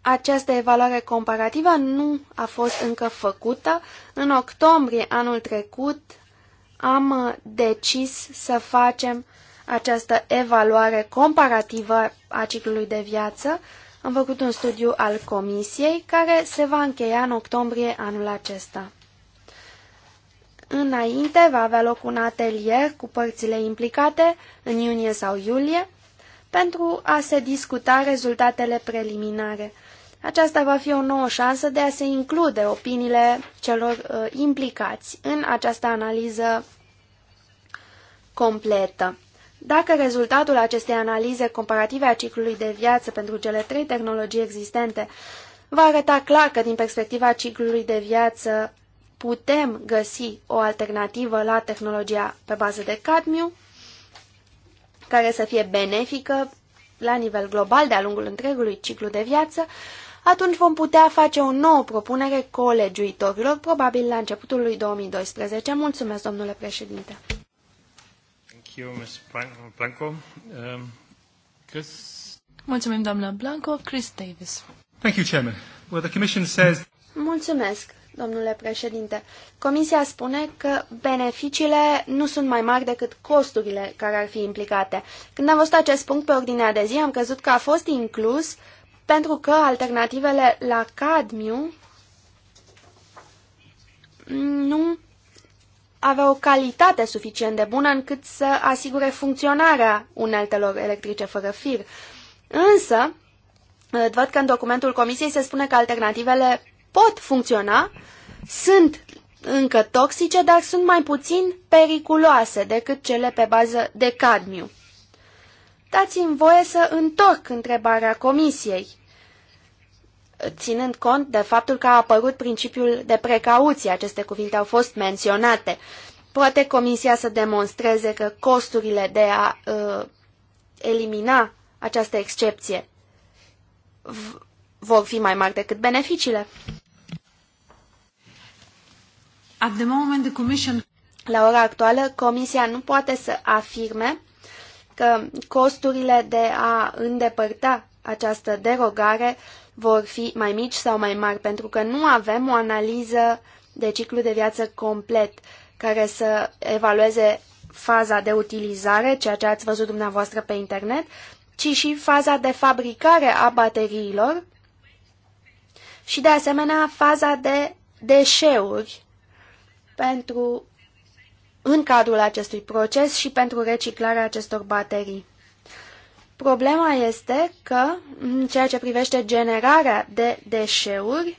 Speaker 1: Această evaluare comparativă nu a fost încă făcută. În octombrie anul trecut am decis să facem această evaluare comparativă a ciclului de viață. Am făcut un studiu al comisiei care se va încheia în octombrie anul acesta. Înainte va avea loc un atelier cu părțile implicate în iunie sau iulie pentru a se discuta rezultatele preliminare. Aceasta va fi o nouă șansă de a se include opiniile celor uh, implicați în această analiză completă. Dacă rezultatul acestei analize comparative a ciclului de viață pentru cele trei tehnologii existente va arăta clar că din perspectiva ciclului de viață putem găsi o alternativă la tehnologia pe bază de cadmiu, care să fie benefică la nivel global de-a lungul întregului ciclu de viață, atunci vom putea face o nouă propunere colegiuitorilor, probabil la începutul lui 2012. Mulțumesc, domnule președinte!
Speaker 3: you, Ms.
Speaker 2: Blanco. Um, Chris?
Speaker 1: Mulțumim, doamna Blanco. Chris Davis.
Speaker 2: Thank you, Chairman. Well, the Commission says...
Speaker 1: Mulțumesc, domnule președinte. Comisia spune că beneficiile nu sunt mai mari decât costurile care ar fi implicate. Când am văzut acest punct pe ordinea de zi, am crezut că a fost inclus pentru că alternativele la cadmiu nu avea o calitate suficient de bună încât să asigure funcționarea uneltelor electrice fără fir. Însă, eh, văd că în documentul Comisiei se spune că alternativele pot funcționa, sunt încă toxice, dar sunt mai puțin periculoase decât cele pe bază de cadmiu. Dați-mi voie să întorc întrebarea Comisiei ținând cont de faptul că a apărut principiul de precauție. Aceste cuvinte au fost menționate. Poate Comisia să demonstreze că costurile de a uh, elimina această excepție vor fi mai mari decât beneficiile. At the moment, the commission... La ora actuală, Comisia nu poate să afirme că costurile de a îndepărta această derogare uh, vor fi mai mici sau mai mari, pentru că nu avem o analiză de ciclu de viață complet care să evalueze faza de utilizare, ceea ce ați văzut dumneavoastră pe internet, ci și faza de fabricare a bateriilor și, de asemenea, faza de deșeuri pentru în cadrul acestui proces și pentru reciclarea acestor baterii. Problema este că, în ceea ce privește generarea de deșeuri,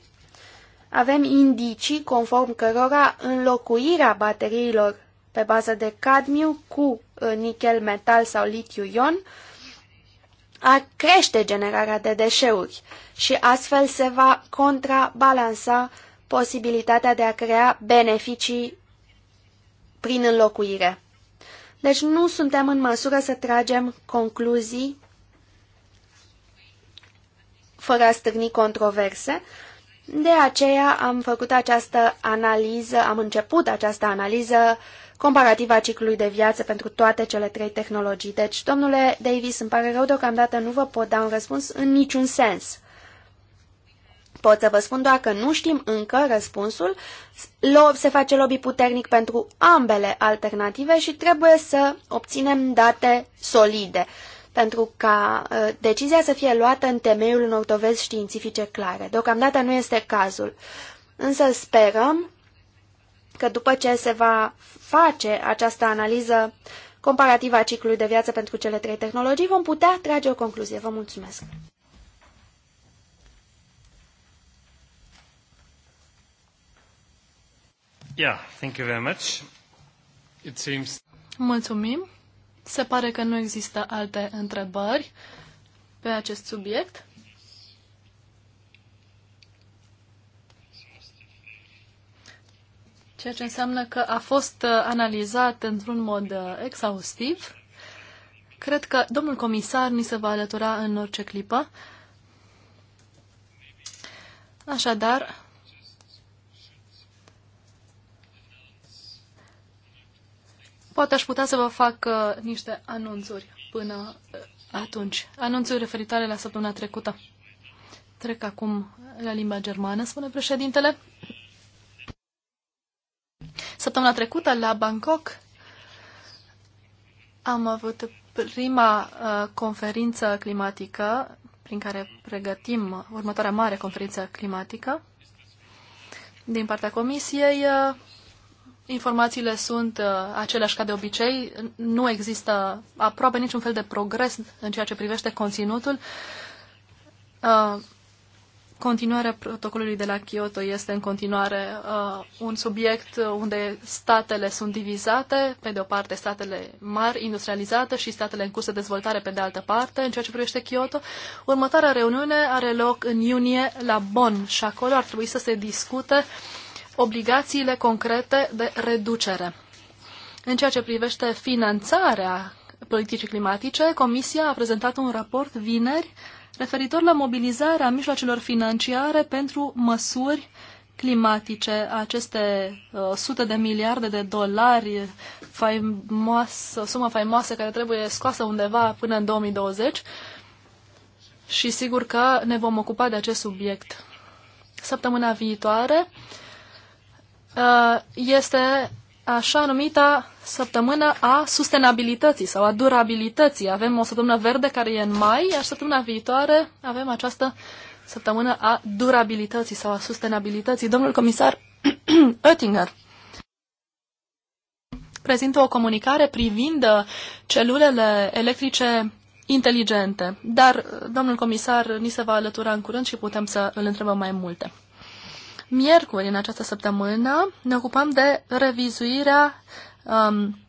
Speaker 1: avem indicii conform cărora înlocuirea bateriilor pe bază de cadmiu cu uh, nichel metal sau litiu ion ar crește generarea de deșeuri și astfel se va contrabalansa posibilitatea de a crea beneficii prin înlocuire. Deci nu suntem în măsură să tragem concluzii fără a stârni controverse. De aceea am făcut această analiză, am început această analiză comparativă a ciclului de viață pentru toate cele trei tehnologii. Deci, domnule Davis, îmi pare rău, deocamdată nu vă pot da un răspuns în niciun sens pot să vă spun doar că nu știm încă răspunsul. Lob Se face lobby puternic pentru ambele alternative și trebuie să obținem date solide pentru ca uh, decizia să fie luată în temeiul unor dovezi științifice clare. Deocamdată nu este cazul. Însă sperăm că după ce se va face această analiză comparativă a ciclului de viață pentru cele trei tehnologii, vom putea trage o concluzie. Vă mulțumesc! Yeah, thank you very much. It seems...
Speaker 2: Mulțumim. Se pare că nu există alte întrebări pe acest subiect. Ceea ce înseamnă că a fost uh, analizat într-un mod uh, exhaustiv. Cred că domnul comisar ni se va alătura în orice clipă. Așadar, Poate aș putea să vă fac uh, niște anunțuri până uh, atunci. Anunțuri referitoare la săptămâna trecută. Trec acum la limba germană, spune președintele. Săptămâna trecută, la Bangkok, am avut prima uh, conferință climatică prin care pregătim următoarea mare conferință climatică. Din partea Comisiei, uh, informațiile sunt uh, aceleași ca de obicei, nu există aproape niciun fel de progres în ceea ce privește conținutul. Uh, continuarea protocolului de la Kyoto este în continuare uh, un subiect unde statele sunt divizate, pe de o parte statele mari, industrializate și statele în curs de dezvoltare pe de altă parte, în ceea ce privește Kyoto. Următoarea reuniune are loc în iunie la Bonn și acolo ar trebui să se discute uh, obligațiile concrete de reducere. În ceea ce privește finanțarea politicii climatice, Comisia a prezentat un raport vineri referitor la mobilizarea mijloacelor financiare pentru măsuri climatice, aceste uh, sute de miliarde de dolari, faimoasă, sumă faimoasă care trebuie scoasă undeva până în 2020 și sigur că ne vom ocupa de acest subiect. Săptămâna viitoare uh, Uh, este așa numita săptămână a sustenabilității sau a durabilității. Avem o săptămână verde care e în mai, iar săptămâna viitoare avem această săptămână a durabilității sau a sustenabilității. Domnul comisar *clears throat* Oettinger prezintă o comunicare privind celulele electrice inteligente, dar domnul comisar ni se va alătura în curând și putem să îl întrebăm mai multe. Miercuri, în această săptămână, ne ocupam de revizuirea um,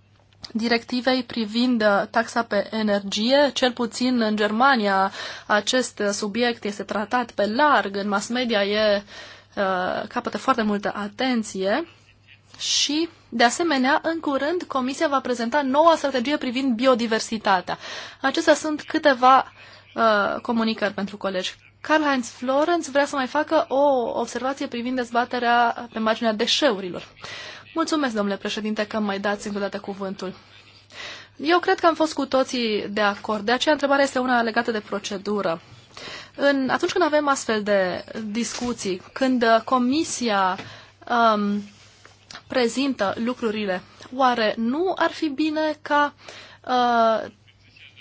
Speaker 2: directivei privind uh, taxa pe energie. Cel puțin în Germania acest subiect este tratat pe larg, în mass media e, uh, capătă foarte multă atenție și, de asemenea, în curând Comisia va prezenta noua strategie privind biodiversitatea. Acestea sunt câteva uh, comunicări pentru colegi. Karl-Heinz Florenz vrea să mai facă o observație privind dezbaterea pe marginea deșeurilor. Mulțumesc, domnule președinte, că mai dați încă o dată cuvântul. Eu cred că am fost cu toții de acord. De aceea, întrebarea este una legată de procedură. În, atunci când avem astfel de discuții, când comisia um, prezintă lucrurile, oare nu ar fi bine ca uh,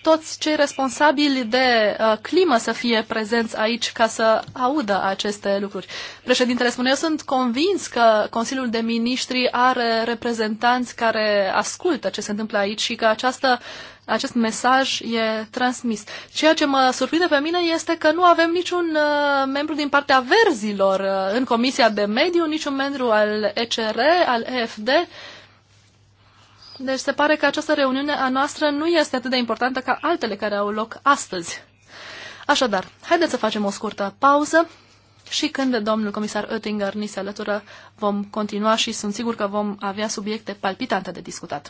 Speaker 2: toți cei responsabili de uh, climă să fie prezenți aici ca să audă aceste lucruri. Președintele spune, eu sunt convins că Consiliul de Ministri are reprezentanți care ascultă ce se întâmplă aici și că această, acest mesaj e transmis. Ceea ce mă surprinde pe mine este că nu avem niciun uh, membru din partea verzilor uh, în Comisia de Mediu, niciun membru al ECR, al EFD, uh, deci se pare că această reuniune a noastră nu este atât de importantă ca altele care au loc astăzi. Așadar, haideți să facem o scurtă pauză și când domnul comisar Oettinger ni se alătură, vom continua și sunt sigur că vom avea subiecte palpitante de discutat.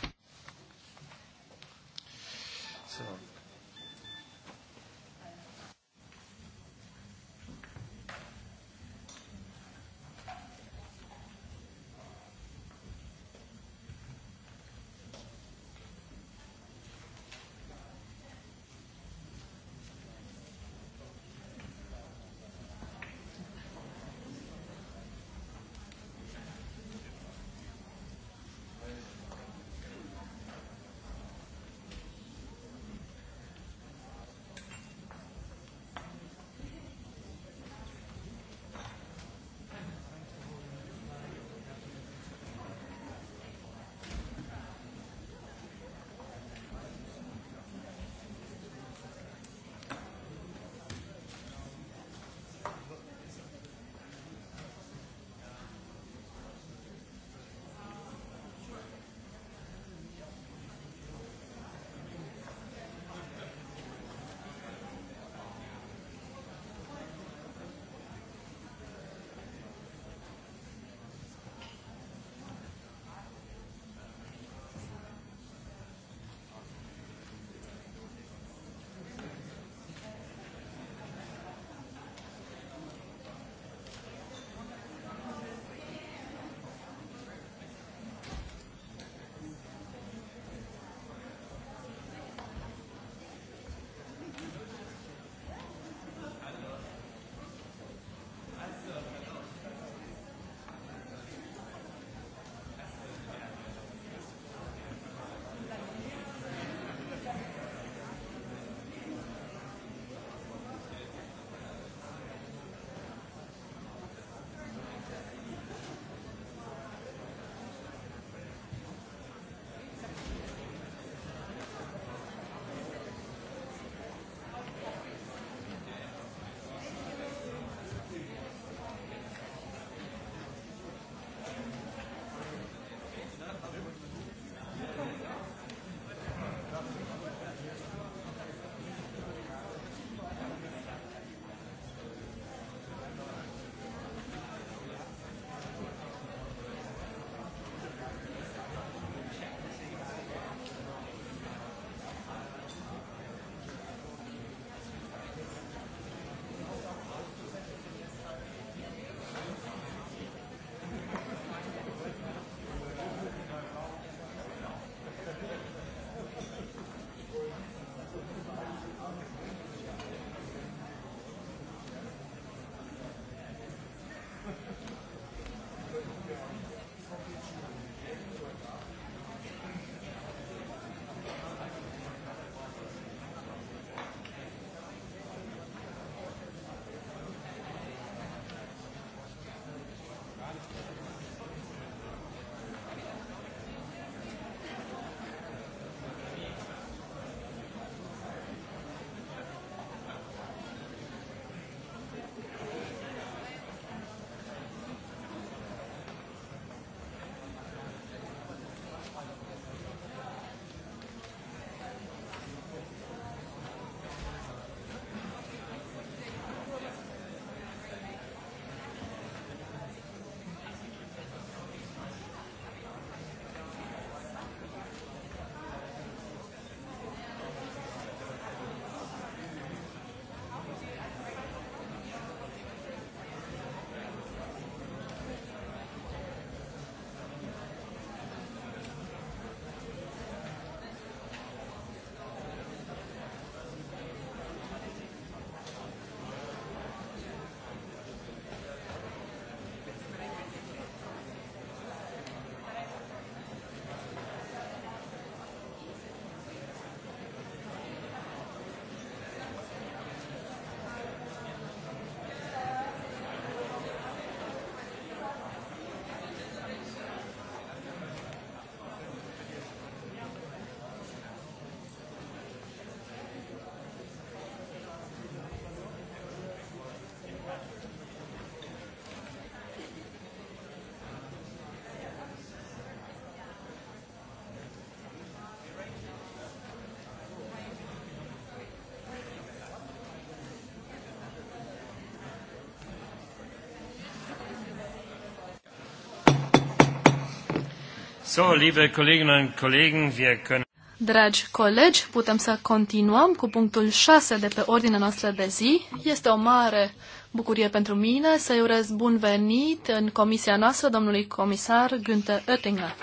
Speaker 1: So, liebe Kolleginnen und Kollegen, wir können...
Speaker 2: Dragi colegi, putem să continuăm cu punctul 6 de pe ordinea noastră de zi. Este o mare bucurie pentru mine să-i urez bun venit în comisia noastră domnului comisar Günther Oettinger.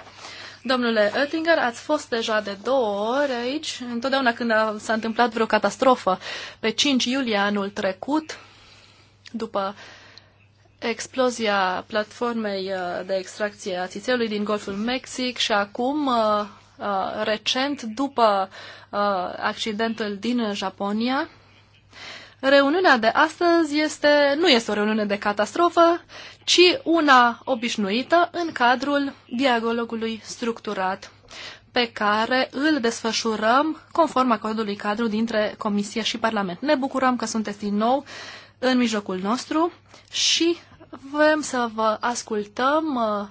Speaker 2: Domnule Oettinger, ați fost deja de două ori aici, întotdeauna când s-a întâmplat vreo catastrofă. Pe 5 iulie anul trecut, după uh, explozia platformei uh, de extracție a țițeiului din Golful Mexic și acum, uh, uh, recent, după accidentul din Japonia, reuniunea de astăzi este, nu este o reuniune de catastrofă, ci una obișnuită în cadrul dialogului structurat pe care îl desfășurăm conform acordului cadru dintre Comisie și Parlament. Ne bucurăm că sunteți din nou în mijlocul nostru și vrem să vă ascultăm, uh,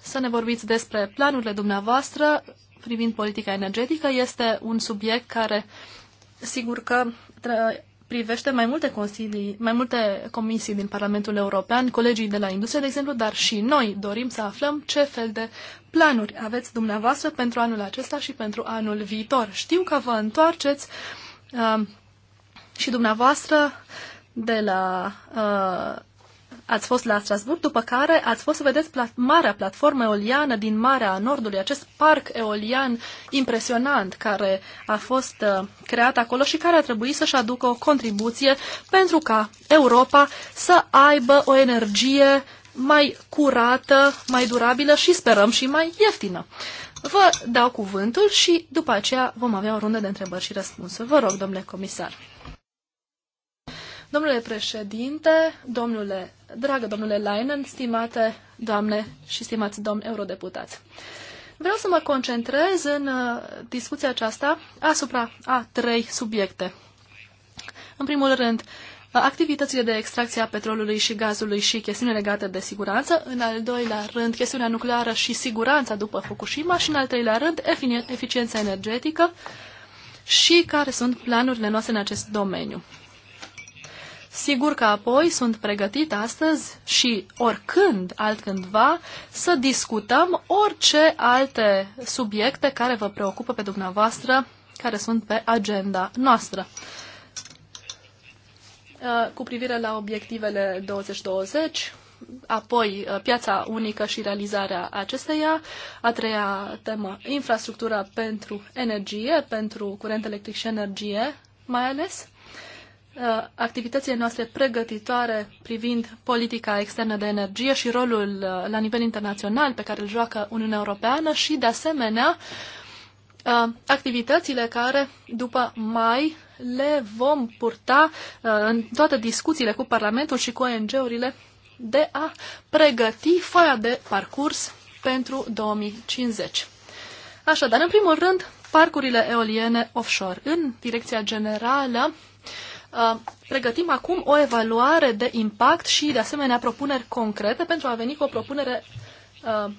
Speaker 2: să ne vorbiți despre planurile dumneavoastră privind politica energetică. Este un subiect care, sigur că privește mai multe consilii, mai multe comisii din Parlamentul European, colegii de la industrie, de exemplu, dar și noi dorim să aflăm ce fel de planuri aveți dumneavoastră pentru anul acesta și pentru anul viitor. Știu că vă întoarceți uh, și dumneavoastră de la uh, ați fost la Strasburg, după care ați fost să vedeți plat- marea platformă eoliană din Marea Nordului, acest parc eolian impresionant care a fost uh, creat acolo și care a trebuit să-și aducă o contribuție pentru ca Europa să aibă o energie mai curată, mai durabilă și sperăm și mai ieftină. Vă dau cuvântul și după aceea vom avea o rundă de întrebări și răspunsuri. Vă rog, domnule comisar. Domnule președinte, domnule, dragă domnule Leinen, stimate doamne și stimați domni eurodeputați. Vreau să mă concentrez în uh, discuția aceasta asupra a trei subiecte. În primul rând, activitățile de extracție a petrolului și gazului și chestiuni legate de siguranță, în al doilea rând chestiunea nucleară și siguranța după Fukushima și în al treilea rând eficiența energetică și care sunt planurile noastre în acest domeniu. Sigur că apoi sunt pregătit astăzi și oricând altcândva să discutăm orice alte subiecte care vă preocupă pe dumneavoastră, care sunt pe agenda noastră. Uh, cu privire la obiectivele 2020, apoi uh, piața unică și realizarea acesteia, a treia temă, infrastructura pentru energie, pentru curent electric și energie, mai ales, Uh, activitățile noastre pregătitoare privind politica externă de energie și rolul uh, la nivel internațional pe care îl joacă Uniunea Europeană și, de asemenea, uh, activitățile care, după mai, le vom purta în toate discuțiile cu Parlamentul și cu ONG-urile de a pregăti foaia de parcurs pentru 2050. Așadar, în primul rând, parcurile eoliene offshore. În direcția generală, Uh, pregătim acum o evaluare de impact și, de asemenea, propuneri concrete pentru a veni cu o propunere uh,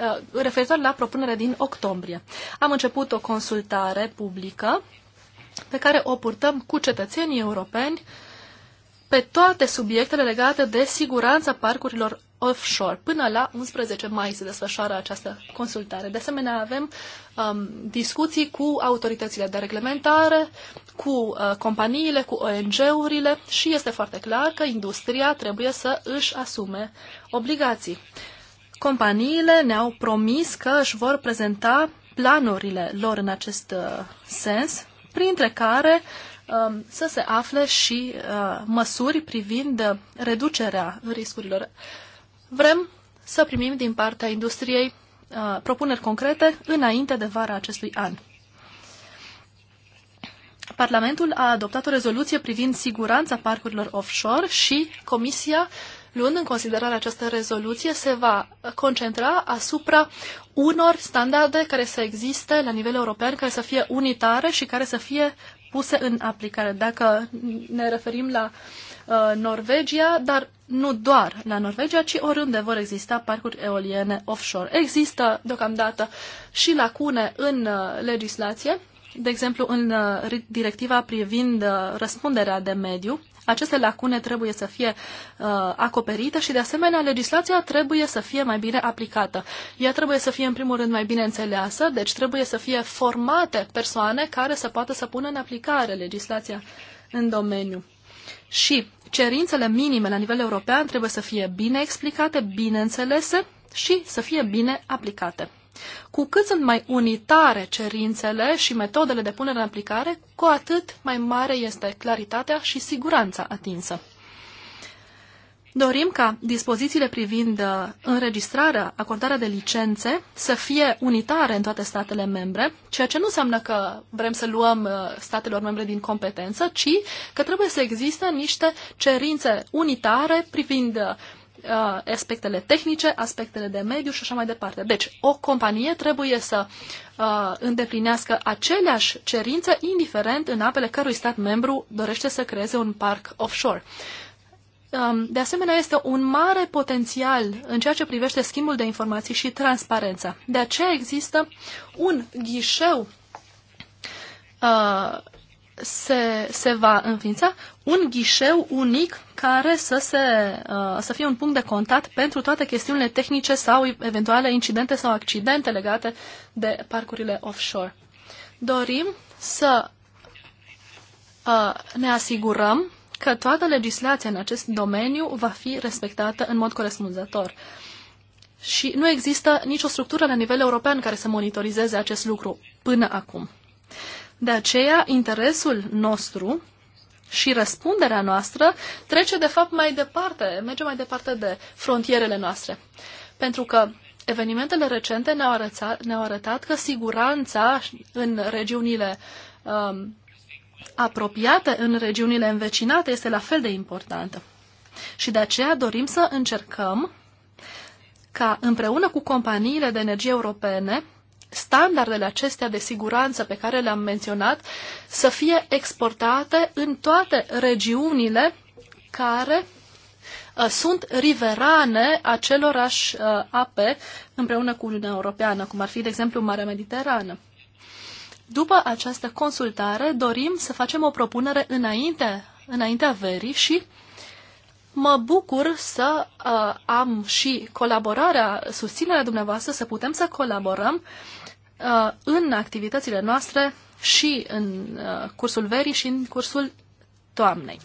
Speaker 2: uh, referitor la propunerea din octombrie. Am început o consultare publică pe care o purtăm cu cetățenii europeni pe toate subiectele legate de siguranța parcurilor offshore. Până la 11 mai se desfășoară această consultare. De asemenea, avem um, discuții cu autoritățile de reglementare, cu uh, companiile, cu ONG-urile și este foarte clar că industria trebuie să își asume obligații. Companiile ne-au promis că își vor prezenta planurile lor în acest uh, sens, printre care um, să se afle și uh, măsuri privind reducerea riscurilor. Vrem să primim din partea industriei uh, propuneri concrete înainte de vara acestui an. Parlamentul a adoptat o rezoluție privind siguranța parcurilor offshore și Comisia, luând în considerare această rezoluție, se va concentra asupra unor standarde care să existe la nivel european, care să fie unitare și care să fie puse în aplicare. Dacă ne referim la uh, Norvegia, dar nu doar la Norvegia, ci oriunde vor exista parcuri eoliene offshore. Există deocamdată și lacune în uh, legislație de exemplu, în uh, directiva privind uh, răspunderea de mediu, aceste lacune trebuie să fie uh, acoperite și, de asemenea, legislația trebuie să fie mai bine aplicată. Ea trebuie să fie, în primul rând, mai bine înțeleasă, deci trebuie să fie formate persoane care să poată să pună în aplicare legislația în domeniu. Și cerințele minime la nivel european trebuie să fie bine explicate, bine înțelese și să fie bine aplicate. Cu cât sunt mai unitare cerințele și metodele de punere în aplicare, cu atât mai mare este claritatea și siguranța atinsă. Dorim ca dispozițiile privind uh, înregistrarea, acordarea de licențe să fie unitare în toate statele membre, ceea ce nu înseamnă că vrem să luăm uh, statelor membre din competență, ci că trebuie să existe niște cerințe unitare privind uh, Uh, aspectele tehnice, aspectele de mediu și așa mai departe. Deci, o companie trebuie să uh, îndeplinească aceleași cerințe, indiferent în apele cărui stat membru dorește să creeze un parc offshore. Um, de asemenea, este un mare potențial în ceea ce privește schimbul de informații și transparența. De aceea există un ghișeu uh, se, se va înființa un ghișeu unic care să, se, uh, să fie un punct de contact pentru toate chestiunile tehnice sau eventuale incidente sau accidente legate de parcurile offshore. Dorim să uh, ne asigurăm că toată legislația în acest domeniu va fi respectată în mod corespunzător. Și nu există nicio structură la nivel european care să monitorizeze acest lucru până acum. De aceea, interesul nostru și răspunderea noastră trece, de fapt, mai departe, merge mai departe de frontierele noastre. Pentru că evenimentele recente ne-au arătat, ne arătat că siguranța în regiunile um, apropiate, în regiunile învecinate, este la fel de importantă. Și de aceea dorim să încercăm ca împreună cu companiile de energie europene standardele acestea de siguranță pe care le-am menționat să fie exportate în toate regiunile care uh, sunt riverane acelorași uh, ape împreună cu Uniunea Europeană, cum ar fi, de exemplu, Marea Mediterană. După această consultare, dorim să facem o propunere înainte, înaintea verii și mă bucur să uh, am și colaborarea, susținerea dumneavoastră, să putem să colaborăm uh, Uh, în activitățile noastre și în uh, cursul verii și în cursul toamnei.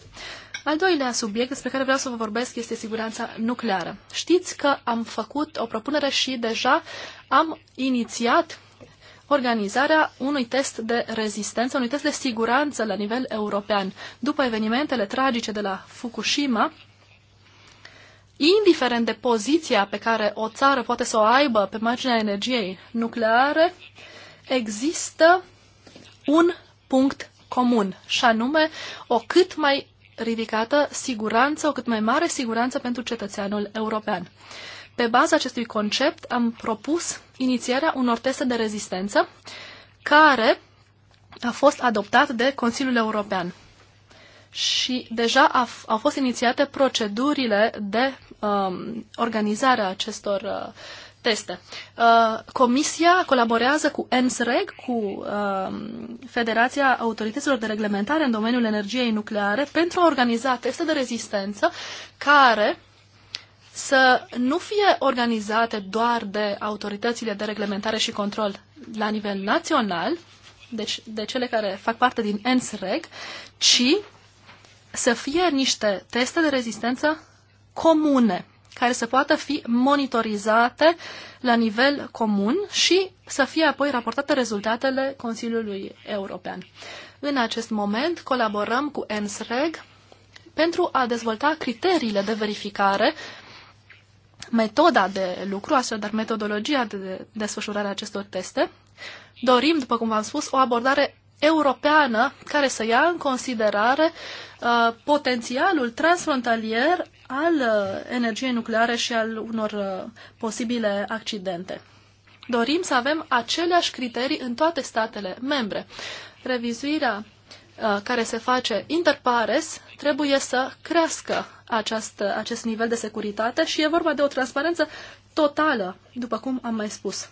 Speaker 2: Al doilea subiect despre care vreau să vă vorbesc este siguranța nucleară. Știți că am făcut o propunere și deja am inițiat organizarea unui test de rezistență, unui test de siguranță la nivel european. După evenimentele tragice de la Fukushima, indiferent de poziția pe care o țară poate să o aibă pe marginea energiei nucleare, există un punct comun, și anume o cât mai ridicată siguranță, o cât mai mare siguranță pentru cetățeanul european. Pe baza acestui concept am propus inițierea unor teste de rezistență care a fost adoptat de Consiliul European și deja au fost inițiate procedurile de um, organizare a acestor uh, teste. Uh, comisia colaborează cu ENSREG, cu uh, Federația Autorităților de Reglementare în domeniul energiei nucleare, pentru a organiza teste de rezistență care să nu fie organizate doar de autoritățile de reglementare și control la nivel național, deci de cele care fac parte din ENSREG, ci să fie niște teste de rezistență comune, care să poată fi monitorizate la nivel comun și să fie apoi raportate rezultatele Consiliului European. În acest moment colaborăm cu ENSREG pentru a dezvolta criteriile de verificare, metoda de lucru, așadar metodologia de desfășurare a acestor teste. Dorim, după cum v-am spus, o abordare europeană care să ia în considerare uh, potențialul transfrontalier al uh, energiei nucleare și al unor uh, posibile accidente. Dorim să avem aceleași criterii în toate statele membre. Revizuirea uh, care se face interpares trebuie să crească acest, uh, acest nivel de securitate și e vorba de o transparență totală, după cum am mai spus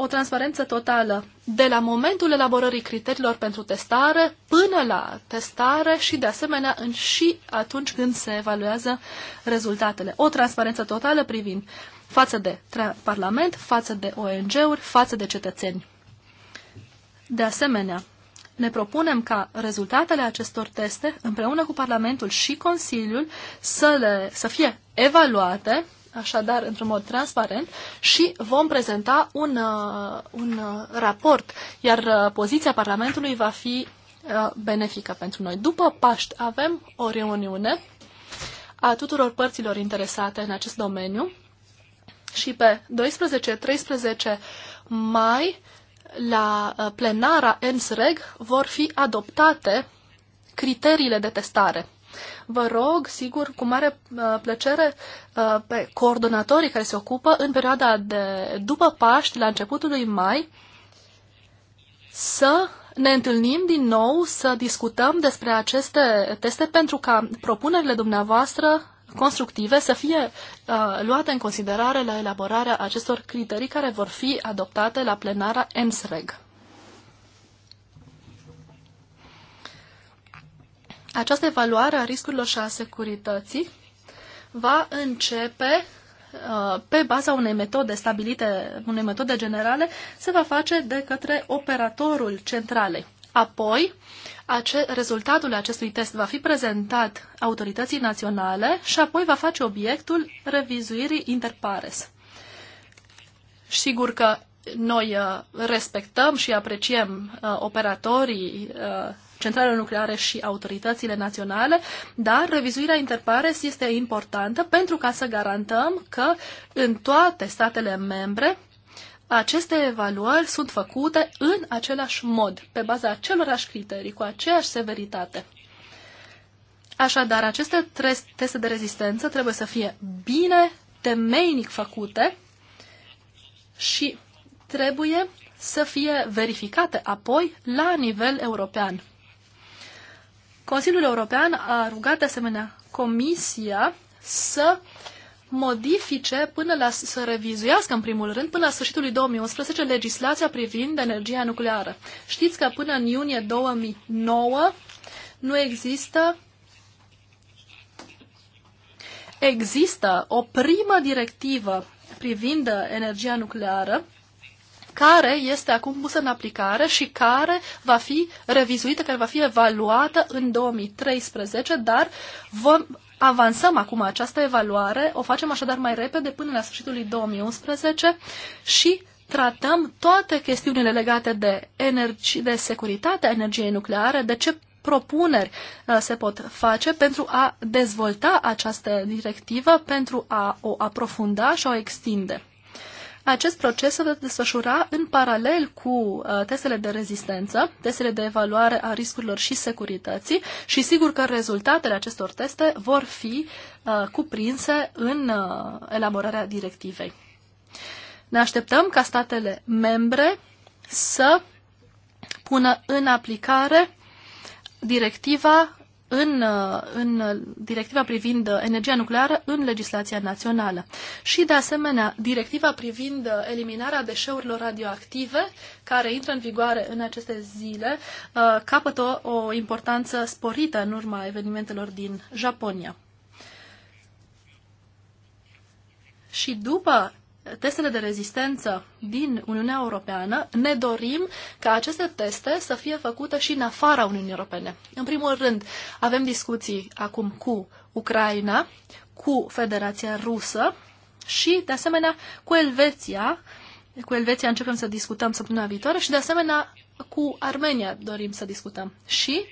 Speaker 2: o transparență totală de la momentul elaborării criteriilor pentru testare până la testare și, de asemenea, în și atunci când se evaluează rezultatele. O transparență totală privind față de Parlament, față de ONG-uri, față de cetățeni. De asemenea, ne propunem ca rezultatele acestor teste, împreună cu Parlamentul și Consiliul, să, le, să fie evaluate așadar într-un mod transparent și vom prezenta un, uh, un uh, raport, iar uh, poziția Parlamentului va fi uh, benefică pentru noi. După Paști avem o reuniune a tuturor părților interesate în acest domeniu și pe 12-13 mai la uh, plenara ENSREG vor fi adoptate criteriile de testare Vă rog, sigur, cu mare uh, plăcere uh, pe coordonatorii care se ocupă în perioada de după Paști, la începutul lui mai, să ne întâlnim din nou să discutăm despre aceste teste pentru ca propunerile dumneavoastră constructive să fie uh, luate în considerare la elaborarea acestor criterii care vor fi adoptate la plenara EMSREG. Această evaluare a riscurilor și a securității va începe uh, pe baza unei metode stabilite, unei metode generale, se va face de către operatorul centralei. Apoi, ace- rezultatul acestui test va fi prezentat autorității naționale și apoi va face obiectul revizuirii interpares. Sigur că noi uh, respectăm și apreciem uh, operatorii centrale nucleare și autoritățile naționale, dar revizuirea interpares este importantă pentru ca să garantăm că în toate statele membre aceste evaluări sunt făcute în același mod, pe baza acelorași criterii, cu aceeași severitate. Așadar, aceste teste de rezistență trebuie să fie bine, temeinic făcute și trebuie să fie verificate apoi la nivel european. Consiliul European a rugat de asemenea Comisia să modifice până la, să revizuiască în primul rând până la sfârșitul lui 2011 legislația privind energia nucleară. Știți că până în iunie 2009 nu există există o primă directivă privind energia nucleară care este acum pusă în aplicare și care va fi revizuită, care va fi evaluată în 2013, dar vom, avansăm acum această evaluare, o facem așadar mai repede până la sfârșitul lui 2011 și tratăm toate chestiunile legate de, energie, de securitatea energiei nucleare, de ce propuneri uh, se pot face pentru a dezvolta această directivă, pentru a o aprofunda și a o extinde. Acest proces se va desfășura în paralel cu uh, testele de rezistență, testele de evaluare a riscurilor și securității și sigur că rezultatele acestor teste vor fi uh, cuprinse în uh, elaborarea directivei. Ne așteptăm ca statele membre să pună în aplicare directiva în, în directiva privind energia nucleară în legislația națională. Și, de asemenea, directiva privind eliminarea deșeurilor radioactive, care intră în vigoare în aceste zile, uh, capătă o importanță sporită în urma evenimentelor din Japonia. Și după testele de rezistență din Uniunea Europeană, ne dorim ca aceste teste să fie făcute și în afara Uniunii Europene. În primul rând, avem discuții acum cu Ucraina, cu Federația Rusă și, de asemenea, cu Elveția. Cu Elveția începem să discutăm săptămâna viitoare și, de asemenea, cu Armenia dorim să discutăm. Și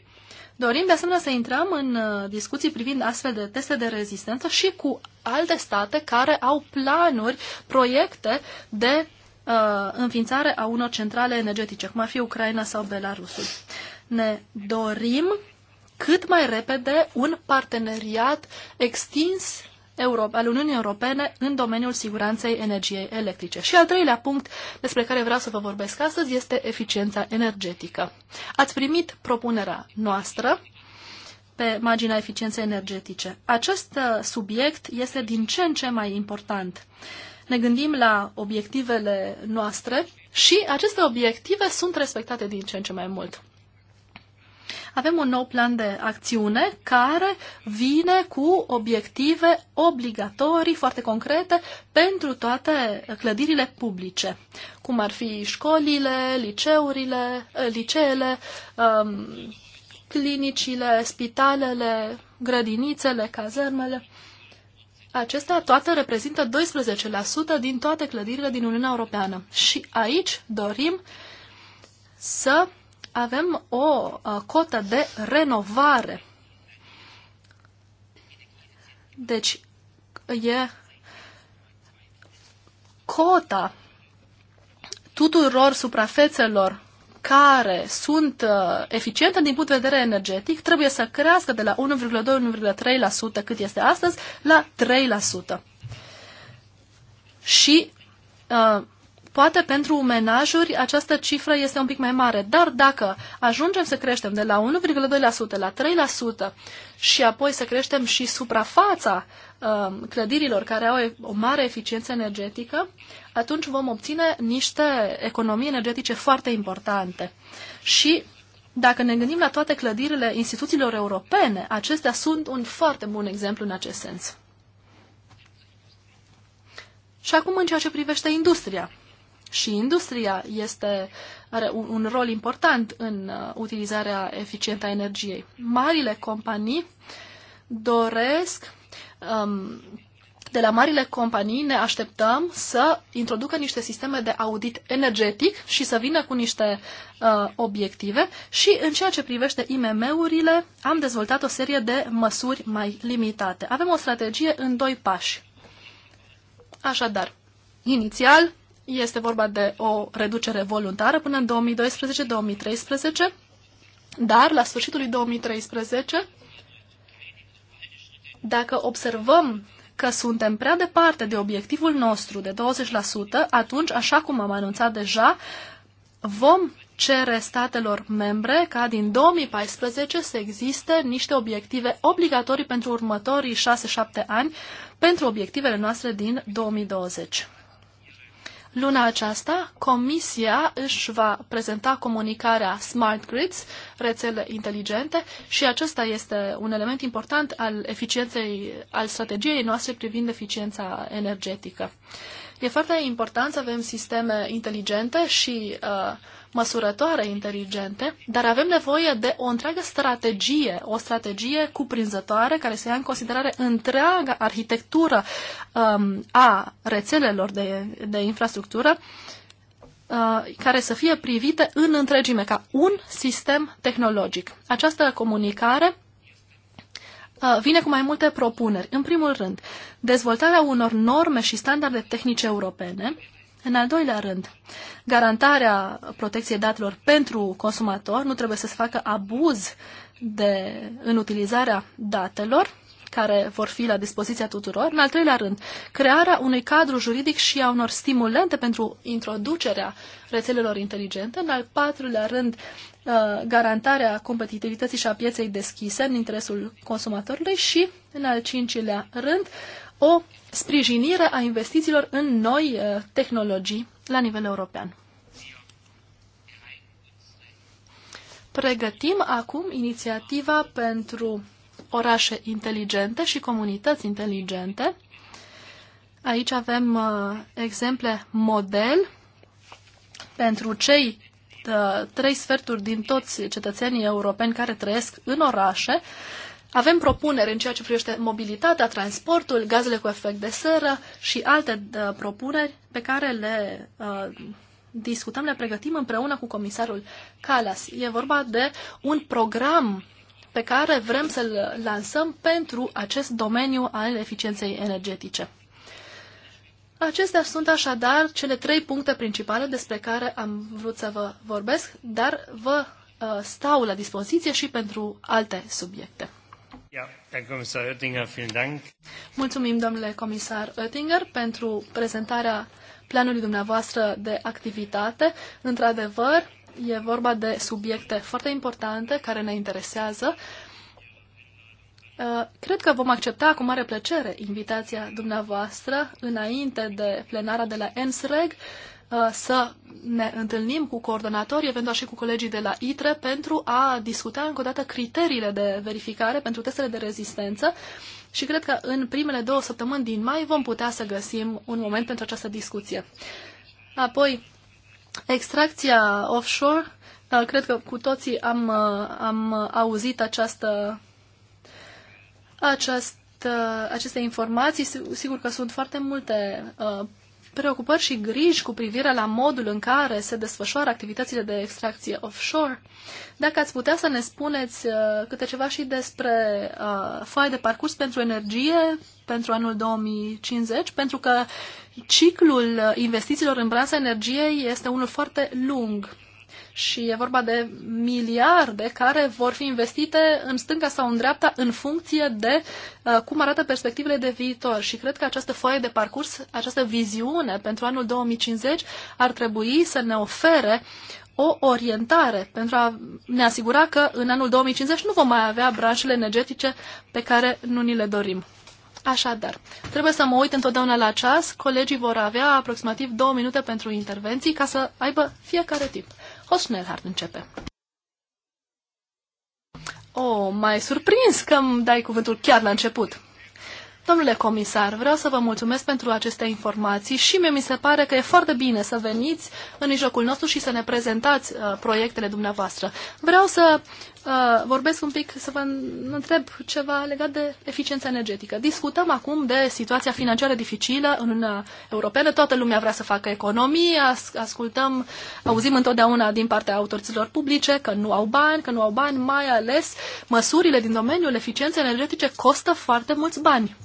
Speaker 2: Dorim de asemenea să intrăm în uh, discuții privind astfel de teste de rezistență și cu alte state care au planuri, proiecte de uh, înființare a unor centrale energetice, cum ar fi Ucraina sau Belarusul. Ne dorim cât mai repede un parteneriat extins Europe, al Uniunii Europene în domeniul siguranței energiei electrice. Și al treilea punct despre care vreau să vă vorbesc astăzi este eficiența energetică. Ați primit propunerea noastră pe marginea eficienței energetice. Acest uh, subiect este din ce în ce mai important. Ne gândim la obiectivele noastre și aceste obiective sunt respectate din ce în ce mai mult. Avem un nou plan de acțiune care vine cu obiective obligatorii foarte concrete pentru toate clădirile publice, cum ar fi școlile, liceurile, liceele, um, clinicile, spitalele, grădinițele, cazermele. Acestea toate reprezintă 12% din toate clădirile din Uniunea Europeană. Și aici dorim să avem o uh, cotă de renovare. Deci e cota tuturor suprafețelor care sunt uh, eficiente din punct de vedere energetic trebuie să crească de la 1,2-1,3% cât este astăzi la 3%. Și uh, Poate pentru menajuri această cifră este un pic mai mare, dar dacă ajungem să creștem de la 1,2% la 3% și apoi să creștem și suprafața uh, clădirilor care au o mare eficiență energetică, atunci vom obține niște economii energetice foarte importante. Și dacă ne gândim la toate clădirile instituțiilor europene, acestea sunt un foarte bun exemplu în acest sens. Și acum în ceea ce privește industria și industria este, are un rol important în uh, utilizarea eficientă a energiei. Marile companii doresc, um, de la marile companii ne așteptăm să introducă niște sisteme de audit energetic și să vină cu niște uh, obiective și în ceea ce privește IMM-urile am dezvoltat o serie de măsuri mai limitate. Avem o strategie în doi pași. Așadar, inițial este vorba de o reducere voluntară până în 2012-2013, dar la sfârșitul 2013, dacă observăm că suntem prea departe de obiectivul nostru de 20%, atunci, așa cum am anunțat deja, vom cere statelor membre ca din 2014 să existe niște obiective obligatorii pentru următorii 6-7 ani pentru obiectivele noastre din 2020. Luna aceasta, Comisia își va prezenta comunicarea Smart Grids, rețele inteligente, și acesta este un element important al eficienței, al strategiei noastre privind eficiența energetică. E foarte important să avem sisteme inteligente și uh, măsurătoare inteligente, dar avem nevoie de o întreagă strategie, o strategie cuprinzătoare care să ia în considerare întreaga arhitectură um, a rețelelor de, de infrastructură uh, care să fie privite în întregime ca un sistem tehnologic. Această comunicare Uh, vine cu mai multe propuneri. În primul rând, dezvoltarea unor norme și standarde tehnice europene. În al doilea rând, garantarea protecției datelor pentru consumator. Nu trebuie să se facă abuz de, în utilizarea datelor care vor fi la dispoziția tuturor. În al treilea rând, crearea unui cadru juridic și a unor stimulente pentru introducerea rețelelor inteligente. În al patrulea rând, uh, garantarea competitivității și a pieței deschise în interesul consumatorului și, în al cincilea rând, o sprijinire a investițiilor în noi uh, tehnologii la nivel european. Pregătim acum inițiativa pentru orașe inteligente și comunități inteligente. Aici avem uh, exemple model pentru cei uh, trei sferturi din toți cetățenii europeni care trăiesc în orașe. Avem propuneri în ceea ce privește mobilitatea, transportul, gazele cu efect de seră și alte uh, propuneri pe care le uh, discutăm, le pregătim împreună cu comisarul Calas. E vorba de un program pe care vrem să-l lansăm pentru acest domeniu al eficienței energetice. Acestea sunt așadar cele trei puncte principale despre care am vrut să vă vorbesc, dar vă uh, stau la dispoziție și pentru alte subiecte. Mulțumim, domnule comisar Oettinger, pentru prezentarea planului dumneavoastră de activitate. Într-adevăr, e vorba de subiecte foarte importante care ne interesează. Uh, cred că vom accepta cu mare plăcere invitația dumneavoastră înainte de plenara de la ENSREG uh, să ne întâlnim cu coordonatorii, eventual și cu colegii de la ITRE, pentru a discuta încă o dată criteriile de verificare pentru testele de rezistență și cred că în primele două săptămâni din mai vom putea să găsim un moment pentru această discuție. Apoi, Extracția offshore, da, cred că cu toții am, uh, am auzit această, această, aceste informații. Sigur că sunt foarte multe uh, preocupări și griji cu privire la modul în care se desfășoară activitățile de extracție offshore. Dacă ați putea să ne spuneți uh, câte ceva și despre uh, foaia de parcurs pentru energie pentru anul 2050, pentru că ciclul investițiilor în branța energiei este unul foarte lung și e vorba de miliarde care vor fi investite în stânga sau în dreapta în funcție de uh, cum arată perspectivele de viitor. Și cred că această foaie de parcurs, această viziune pentru anul 2050 ar trebui să ne ofere o orientare pentru a ne asigura că în anul 2050 nu vom mai avea branșele energetice pe care nu ni le dorim. Așadar, trebuie să mă uit întotdeauna la ceas. Colegii vor avea aproximativ două minute pentru intervenții ca să aibă fiecare tip. Hosnelhard începe. Oh, mai surprins că îmi dai cuvântul chiar la început. Domnule comisar, vreau să vă mulțumesc pentru aceste informații și mie mi se pare că e foarte bine să veniți în mijlocul nostru și să ne prezentați uh, proiectele dumneavoastră. Vreau să Uh, vorbesc un pic, să vă întreb ceva legat de eficiența energetică. Discutăm acum de situația financiară dificilă în Uniunea Europeană. Toată lumea vrea să facă economii, ascultăm, auzim întotdeauna din partea autorităților publice că nu au bani, că nu au bani, mai ales măsurile din domeniul eficienței energetice costă foarte mulți bani.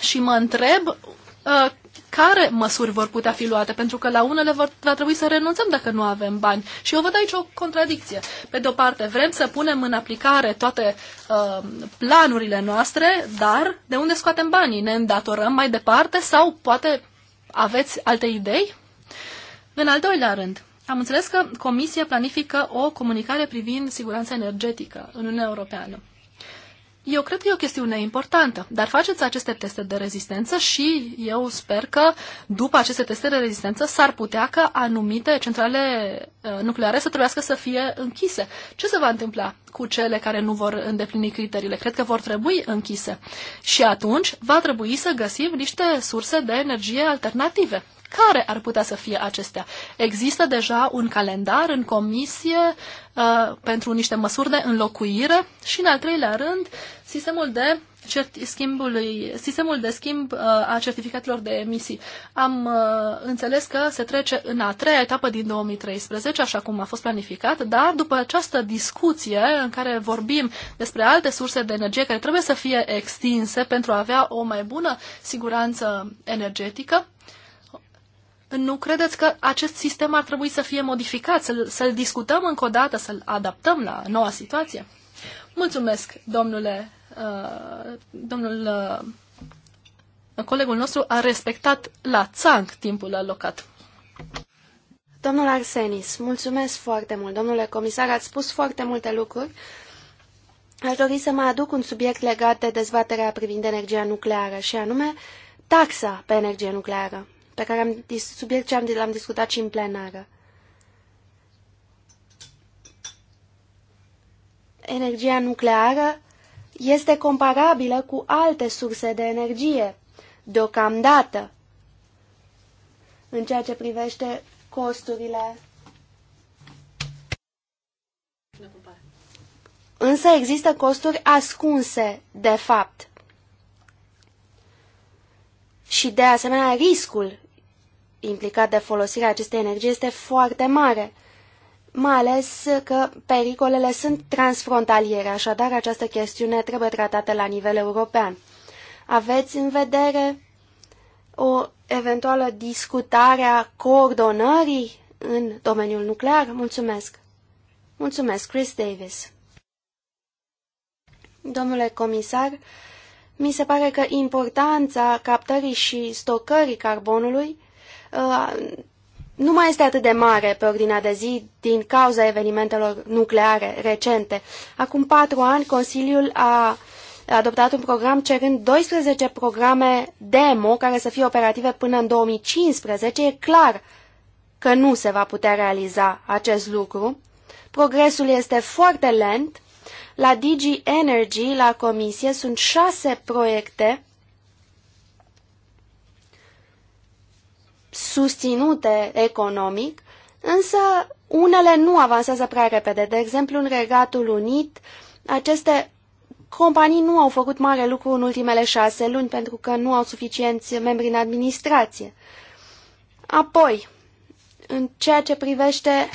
Speaker 2: Și mă întreb uh, care măsuri vor putea fi luate, pentru că la unele vor, va trebui să renunțăm dacă nu avem bani. Și eu văd aici o contradicție. Pe de o parte, vrem să punem în aplicare toate uh, planurile noastre, dar de unde scoatem banii? Ne îndatorăm mai departe sau poate aveți alte idei? În al doilea rând, am înțeles că Comisia planifică o comunicare privind siguranța energetică în Uniunea Europeană. Eu cred că e o chestiune importantă, dar faceți aceste teste de rezistență și eu sper că după aceste teste de rezistență s-ar putea că anumite centrale uh, nucleare să trebuiască să fie închise. Ce se va întâmpla cu cele care nu vor îndeplini criteriile? Cred că vor trebui închise. Și atunci va trebui să găsim niște surse de energie alternative. Care ar putea să fie acestea? Există deja un calendar în comisie uh, pentru niște măsuri de înlocuire și, în al treilea rând, sistemul de schimbului, sistemul de schimb uh, a certificatelor de emisii. Am uh, înțeles că se trece în a treia etapă din 2013, așa cum a fost planificat, dar după această discuție în care vorbim despre alte surse de energie care trebuie să fie extinse pentru a avea o mai bună siguranță energetică, nu credeți că acest sistem ar trebui să fie modificat, să-l, să-l discutăm încă o dată, să-l adaptăm la noua situație? Mulțumesc, domnule, uh, domnul uh, colegul nostru a respectat la țang timpul alocat.
Speaker 1: Domnul Arsenis, mulțumesc foarte mult. Domnule comisar, ați spus foarte multe lucruri. Aș dori să mai aduc un subiect legat de dezbaterea privind energia nucleară și anume taxa pe energie nucleară pe care am, subiect ce am, l-am discutat și în plenară. Energia nucleară este comparabilă cu alte surse de energie, deocamdată, în ceea ce privește costurile. Însă există costuri ascunse, de fapt. Și de asemenea riscul implicat de folosirea acestei energii este foarte mare, mai ales că pericolele sunt transfrontaliere, așadar această chestiune trebuie tratată la nivel european. Aveți în vedere o eventuală discutare a coordonării în domeniul nuclear? Mulțumesc! Mulțumesc, Chris Davis! Domnule comisar, mi se pare că importanța captării și stocării carbonului Uh, nu mai este atât de mare pe ordinea de zi din cauza evenimentelor nucleare recente. Acum patru ani, Consiliul a adoptat un program cerând 12 programe demo care să fie operative până în 2015. E clar că nu se va putea realiza acest lucru. Progresul este foarte lent. La DG Energy, la Comisie, sunt șase proiecte susținute economic, însă unele nu avansează prea repede. De exemplu, în Regatul Unit, aceste companii nu au făcut mare lucru în ultimele șase luni pentru că nu au suficienți membri în administrație. Apoi, în ceea ce privește...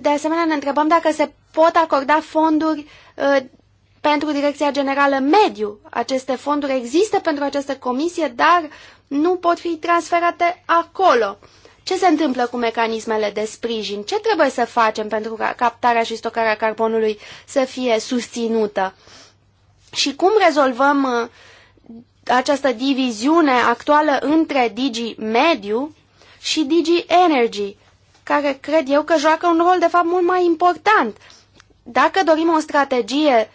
Speaker 1: De asemenea, ne întrebăm dacă se pot acorda fonduri uh, pentru Direcția Generală Mediu. Aceste fonduri există pentru această comisie, dar nu pot fi transferate acolo. Ce se întâmplă cu mecanismele de sprijin? Ce trebuie să facem pentru ca captarea și stocarea carbonului să fie susținută? Și cum rezolvăm uh, această diviziune actuală între Digi Mediu și Digi Energy, care cred eu că joacă un rol de fapt mult mai important. Dacă dorim o strategie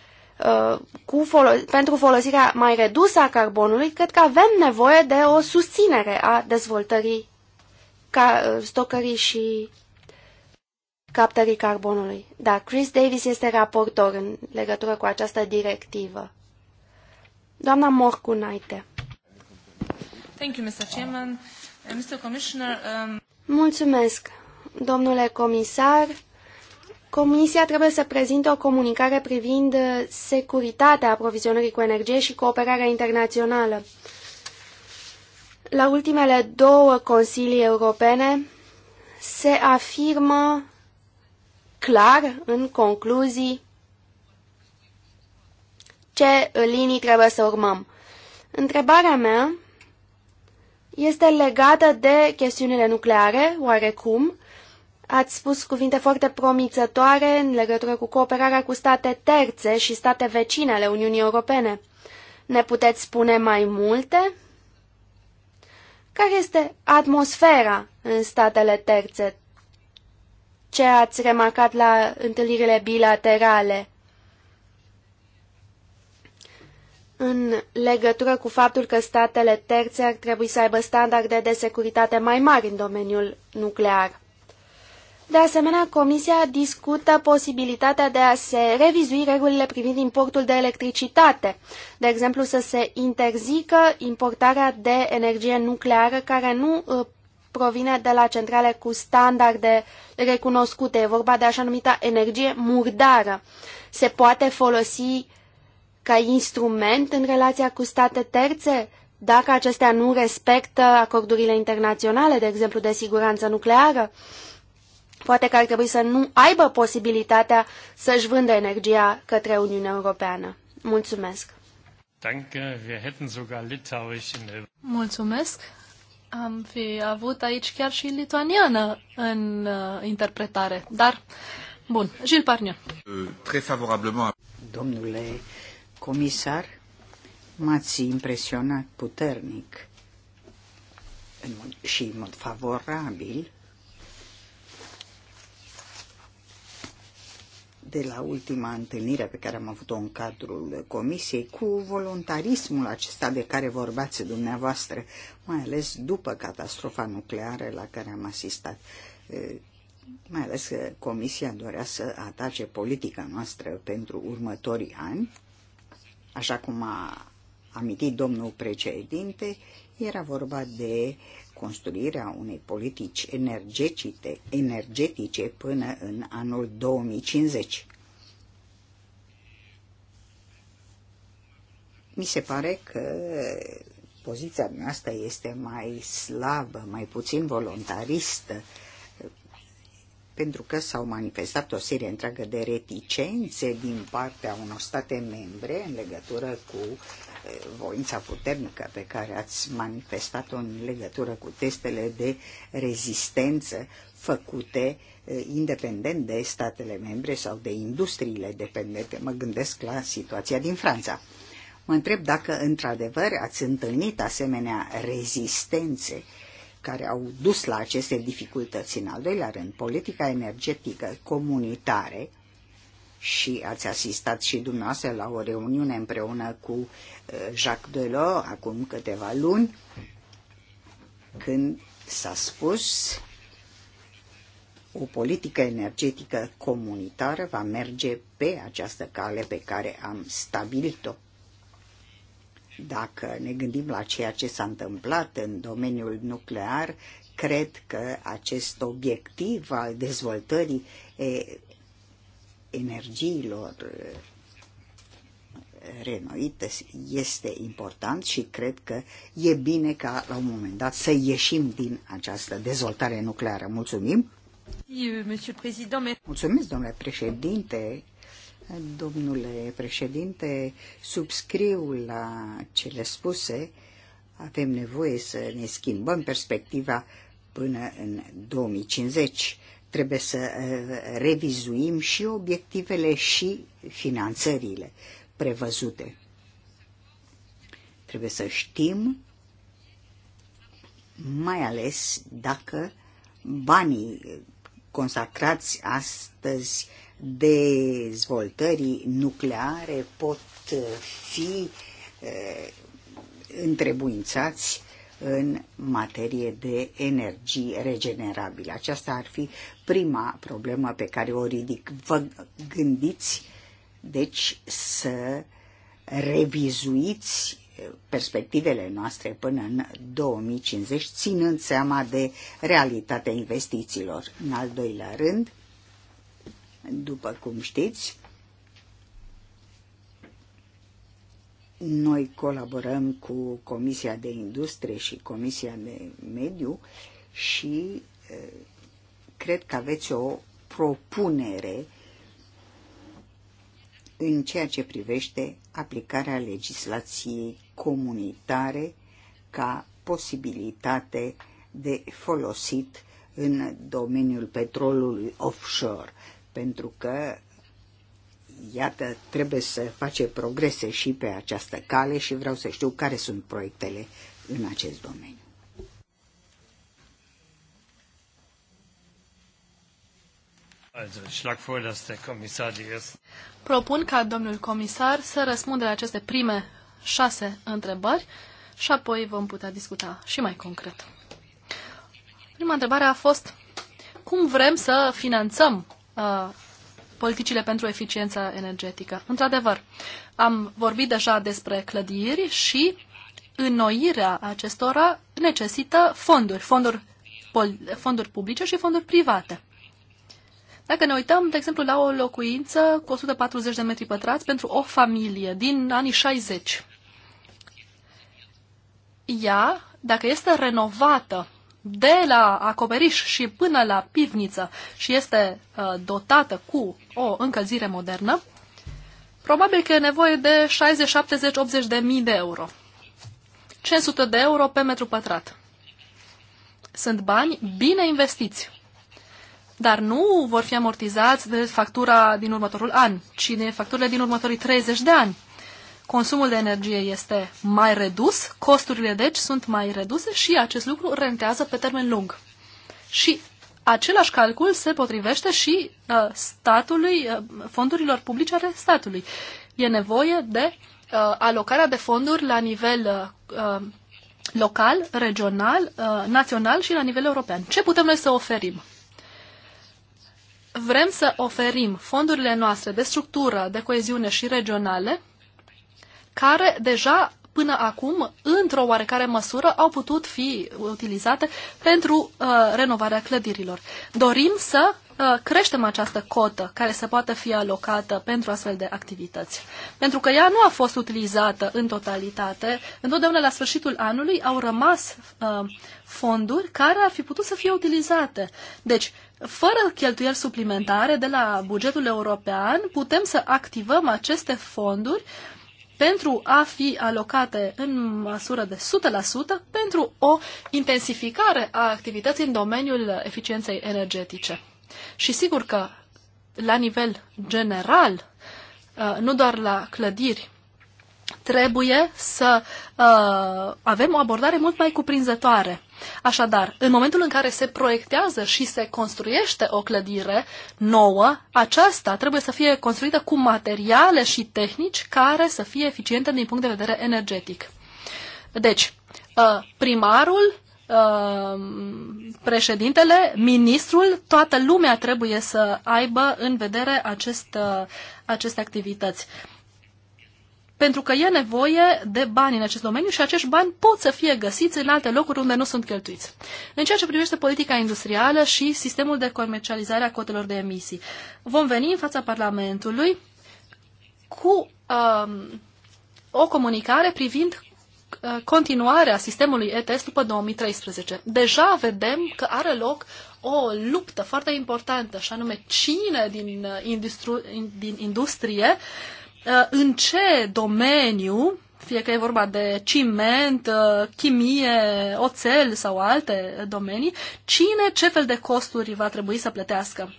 Speaker 1: Uh, cu folo- pentru folosirea mai redusă a carbonului, cred că avem nevoie de o susținere a dezvoltării ca, uh, stocării și captării carbonului. Da, Chris Davis este raportor în legătură cu această directivă. Doamna Morcunaite.
Speaker 2: Thank you, Mr. Chairman. Uh, Mr. Commissioner, um...
Speaker 1: Mulțumesc, domnule comisar. Comisia trebuie să prezinte o comunicare privind uh, securitatea aprovizionării cu energie și cooperarea internațională. La ultimele două consilii europene se afirmă clar în concluzii ce linii trebuie să urmăm. Întrebarea mea este legată de chestiunile nucleare, oarecum, Ați spus cuvinte foarte promițătoare în legătură cu cooperarea cu state terțe și state vecine ale Uniunii Europene. Ne puteți spune mai multe? Care este atmosfera în statele terțe? Ce ați remarcat la întâlnirile bilaterale? În legătură cu faptul că statele terțe ar trebui să aibă standarde de securitate mai mari în domeniul nuclear. De asemenea, Comisia discută posibilitatea de a se revizui regulile privind importul de electricitate, de exemplu să se interzică importarea de energie nucleară care nu uh, provine de la centrale cu standarde recunoscute. E vorba de așa numita energie murdară. Se poate folosi ca instrument în relația cu state terțe dacă acestea nu respectă acordurile internaționale, de exemplu de siguranță nucleară? Poate că ar trebui să nu aibă posibilitatea să-și vândă energia către Uniunea Europeană.
Speaker 2: Mulțumesc! Mulțumesc! Am fi avut aici chiar și lituaniană în uh, interpretare, dar bun.
Speaker 3: Gilles favorablement. Domnule comisar, m-ați impresionat puternic și în mod favorabil de la ultima întâlnire pe care am avut-o în cadrul comisiei cu voluntarismul acesta de care vorbați dumneavoastră, mai ales după catastrofa nucleară la care am asistat. Mai ales că comisia dorea să atace politica noastră pentru următorii ani, așa cum a amintit domnul președinte, era vorba de construirea unei politici energetice, energetice până în anul 2050. Mi se pare că poziția noastră este mai slabă, mai puțin voluntaristă, pentru că s-au manifestat o serie întreagă de reticențe din partea unor state membre în legătură cu voința puternică pe care ați manifestat-o în legătură cu testele de rezistență făcute independent de statele membre sau de industriile dependente. Mă gândesc la situația din Franța. Mă întreb dacă într-adevăr ați întâlnit asemenea rezistențe care au dus la aceste dificultăți. În al doilea rând, politica energetică comunitare și ați asistat și dumneavoastră la o reuniune împreună cu uh, Jacques Delors acum câteva luni, când s-a spus o politică energetică comunitară va merge pe această cale pe care am stabilit-o. Dacă ne gândim la ceea ce s-a întâmplat în domeniul nuclear, cred că acest obiectiv al dezvoltării energiilor eh, renoite este important și cred că e bine ca la un moment dat să ieșim din această dezvoltare nucleară. Mulțumim! Mulțumesc, domnule președinte! Domnule președinte, subscriu la cele spuse. Avem nevoie să ne schimbăm perspectiva până în 2050 Trebuie să eh, revizuim și obiectivele și finanțările prevăzute. Trebuie să știm mai ales dacă banii consacrați astăzi dezvoltării nucleare pot fi eh, întrebuințați în materie de energie regenerabilă. Aceasta ar fi prima problemă pe care o ridic. Vă gândiți, deci, să revizuiți perspectivele noastre până în 2050, ținând seama de realitatea investițiilor. În al doilea rând, după cum știți, Noi colaborăm cu Comisia de Industrie și Comisia de Mediu și cred că aveți o propunere în ceea ce privește aplicarea legislației comunitare ca posibilitate de folosit în domeniul petrolului offshore, pentru că iată, trebuie să facem progrese și pe această cale și vreau să știu care sunt proiectele în acest domeniu.
Speaker 2: Propun ca domnul comisar să răspundă la aceste prime șase întrebări și apoi vom putea discuta și mai concret. Prima întrebare a fost cum vrem să finanțăm uh, politicile pentru eficiența energetică. Într-adevăr, am vorbit deja despre clădiri și înnoirea acestora necesită fonduri, fonduri, fonduri publice și fonduri private. Dacă ne uităm, de exemplu, la o locuință cu 140 de metri pătrați pentru o familie din anii 60, ea, dacă este renovată de la acoperiș și până la pivniță și este uh, dotată cu o încălzire modernă, probabil că e nevoie de 60, 70, 80 de mii de euro. 500 de euro pe metru pătrat. Sunt bani bine investiți, dar nu vor fi amortizați de factura din următorul an, ci de facturile din următorii 30 de ani consumul de energie este mai redus, costurile deci sunt mai reduse și acest lucru rentează pe termen lung. Și același calcul se potrivește și uh, statului, uh, fondurilor publice ale statului. E nevoie de uh, alocarea de fonduri la nivel uh, uh local, regional, uh, național și la nivel european. Ce putem noi să oferim? Vrem să oferim fondurile noastre de structură, de coeziune și regionale care deja până acum, într-o oarecare măsură, au putut fi utilizate pentru uh, renovarea clădirilor. Dorim să uh, creștem această cotă care să poată fi alocată pentru astfel de activități. Pentru că ea nu a fost utilizată în totalitate, întotdeauna la sfârșitul anului au rămas uh, fonduri care ar fi putut să fie utilizate. Deci, fără cheltuieli suplimentare de la bugetul european, putem să activăm aceste fonduri uh, pentru a fi alocate în măsură de 100% pentru o intensificare a activității în domeniul eficienței energetice. Și sigur că la nivel general, uh, nu doar la clădiri, trebuie să uh, avem o abordare mult mai cuprinzătoare Așadar, în momentul în care se proiectează și se construiește o clădire nouă, aceasta trebuie să fie construită cu materiale și tehnici care să fie eficiente din punct de vedere energetic. Deci, uh, primarul uh, președintele, ministrul, toată lumea trebuie să aibă în vedere acest, uh, aceste activități pentru că e nevoie de bani în acest domeniu și acești bani pot să fie găsiți în alte locuri unde nu sunt cheltuiți. În ceea ce privește politica industrială și sistemul de comercializare a cotelor de emisii, vom veni în fața Parlamentului cu um, o comunicare privind uh, continuarea sistemului ETS după 2013. Deja vedem că are loc o luptă foarte importantă, și anume cine din, uh, industru, din industrie Uh, în ce domeniu, fie că e vorba de ciment, uh, chimie, oțel sau alte domenii, cine ce fel de costuri va trebui să plătească?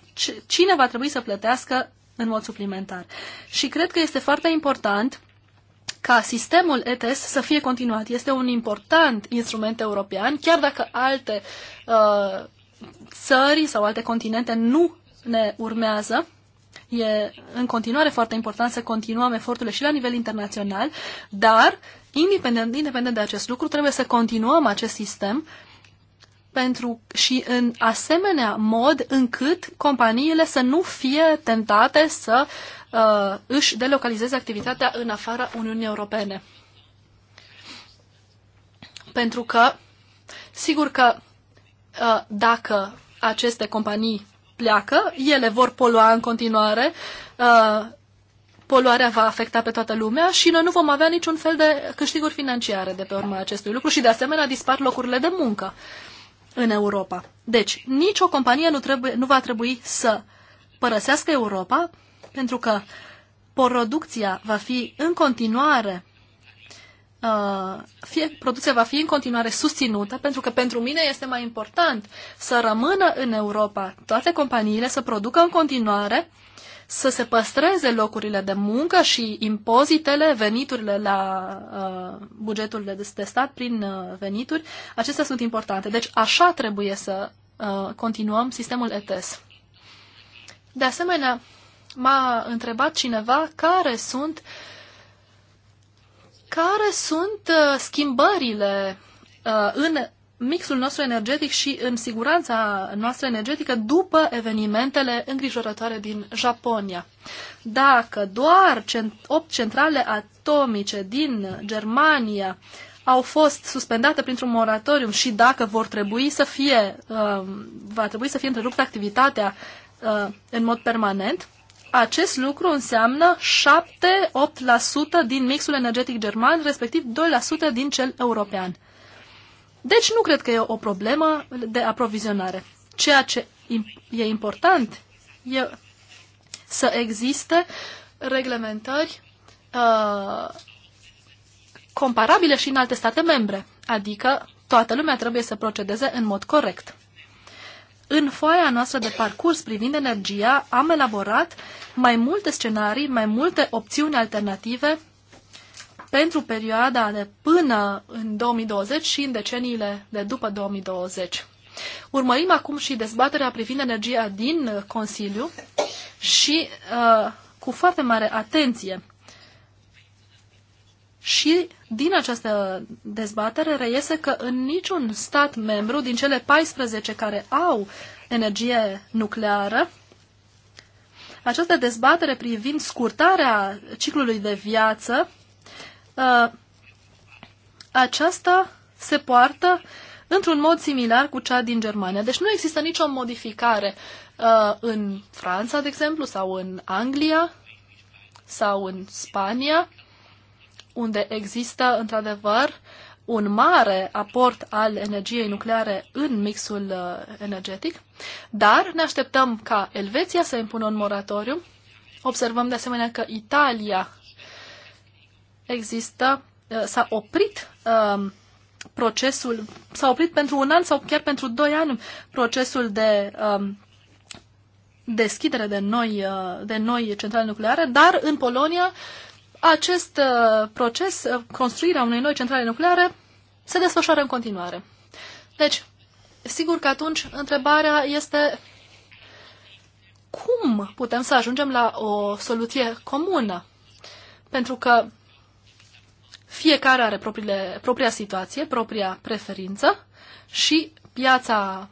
Speaker 2: Cine va trebui să plătească în mod suplimentar? Și cred că este foarte important ca sistemul ETS să fie continuat. Este un important instrument european, chiar dacă alte uh, țări sau alte continente nu ne urmează, E în continuare foarte important să continuăm eforturile și la nivel internațional, dar, independent, independent de acest lucru, trebuie să continuăm acest sistem pentru și în asemenea mod încât companiile să nu fie tentate să uh, își delocalizeze activitatea în afara Uniunii Europene. Pentru că, sigur că uh, dacă aceste companii pleacă, ele vor polua în continuare, uh, poluarea va afecta pe toată lumea și noi nu vom avea niciun fel de câștiguri financiare de pe urma acestui lucru și de asemenea dispar locurile de muncă în Europa. Deci, nicio companie nu, trebuie, nu va trebui să părăsească Europa pentru că producția va fi în continuare Uh, fie producția va fi în continuare susținută, pentru că pentru mine este mai important să rămână în Europa toate companiile, să producă în continuare, să se păstreze locurile de muncă și impozitele, veniturile la uh, bugetul de, de stat prin uh, venituri, acestea sunt importante. Deci așa trebuie să uh, continuăm sistemul ETS. De asemenea, m-a întrebat cineva care sunt uh, care sunt uh, schimbările uh, în mixul nostru energetic și în siguranța noastră energetică după evenimentele îngrijorătoare din Japonia. Dacă doar 8 centrale atomice din Germania au fost suspendate printr-un moratorium și dacă vor trebui să fie, uh, va trebui să fie întreruptă activitatea în mod permanent, acest lucru înseamnă 7-8% din mixul energetic german, respectiv 2% din cel european. Deci nu cred că e o problemă de aprovizionare. Ceea ce e important e să existe reglementări uh, comparabile și în alte state membre, adică toată lumea trebuie să procedeze în mod corect. În foaia noastră de parcurs privind energia am elaborat mai multe scenarii, mai multe opțiuni alternative pentru perioada de până în 2020 și în deceniile de după 2020. Urmărim acum și dezbaterea privind energia din Consiliu și uh, cu foarte mare atenție și din această dezbatere reiese că în niciun stat membru din cele 14 care au energie nucleară, această dezbatere privind scurtarea ciclului de viață, uh, aceasta se poartă într-un mod similar cu cea din Germania. Deci nu există nicio modificare uh, în Franța, de exemplu, sau în Anglia, sau în Spania unde există, într-adevăr, un mare aport al energiei nucleare în mixul uh, energetic, dar ne așteptăm ca Elveția să impună un moratoriu. Observăm de asemenea că Italia există, uh, s-a oprit um, procesul, s-a oprit pentru un an sau chiar pentru doi ani procesul de um, deschidere de noi, uh, de noi centrale nucleare, dar în Polonia uh, acest uh, proces, uh, construirea unei noi centrale nucleare, se desfășoară în continuare. Deci, sigur că atunci întrebarea este cum putem să ajungem la o soluție comună? Pentru că fiecare are propriile, propria situație, propria preferință și piața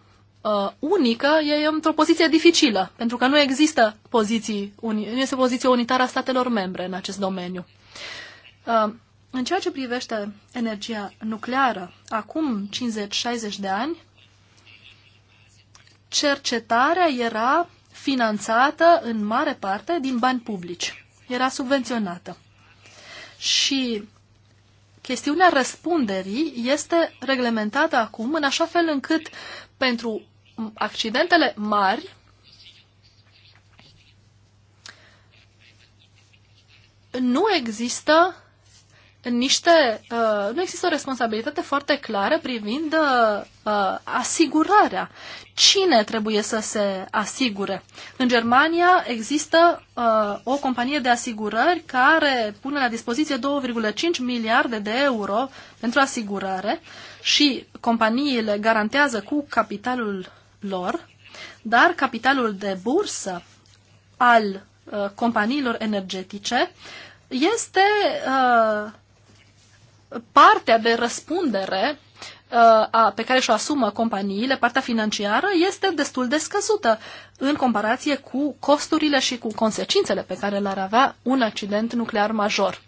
Speaker 2: uh, unică, e într-o poziție dificilă, pentru că nu există poziții, uni- nu este poziție unitară a statelor membre în acest domeniu. Uh, în ceea ce privește energia nucleară, acum 50-60 de ani, cercetarea era finanțată în mare parte din bani publici. Era subvenționată. Și chestiunea răspunderii este reglementată acum în așa fel încât pentru accidentele mari nu există niște, uh, nu există o responsabilitate foarte clară privind uh, uh, asigurarea. Cine trebuie să se asigure? În Germania există o companie de asigurări care pune la dispoziție 2,5 miliarde de euro pentru asigurare și companiile garantează cu capitalul lor, dar capitalul de bursă al uh, companiilor energetice este uh, partea de răspundere uh, a, pe care și-o asumă companiile, partea financiară, este destul de scăzută în comparație cu costurile și cu consecințele pe care le-ar avea un accident nuclear major.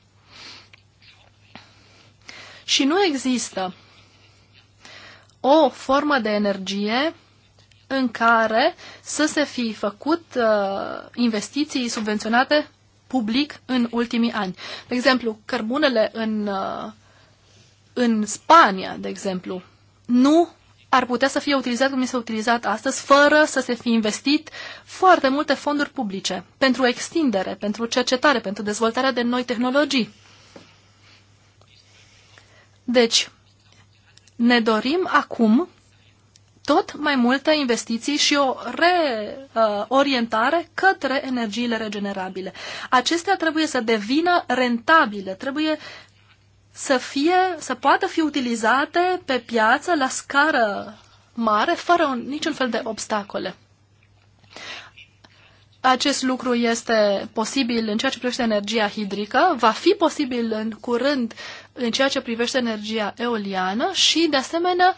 Speaker 2: Și nu există o formă de energie în care să se fi făcut uh, investiții subvenționate public în ultimii ani. De exemplu, cărbunele în, uh, în Spania, de exemplu, nu ar putea să fie utilizat cum este utilizat astăzi, fără să se fi investit foarte multe fonduri publice pentru extindere, pentru cercetare, pentru dezvoltarea de noi tehnologii. Deci, ne dorim acum tot mai multe investiții și o reorientare către energiile regenerabile. Acestea trebuie să devină rentabile, trebuie să, fie, să poată fi utilizate pe piață la scară mare, fără un, niciun fel de obstacole. Acest lucru este posibil în ceea ce privește energia hidrică, va fi posibil în curând în ceea ce privește energia eoliană și, de asemenea,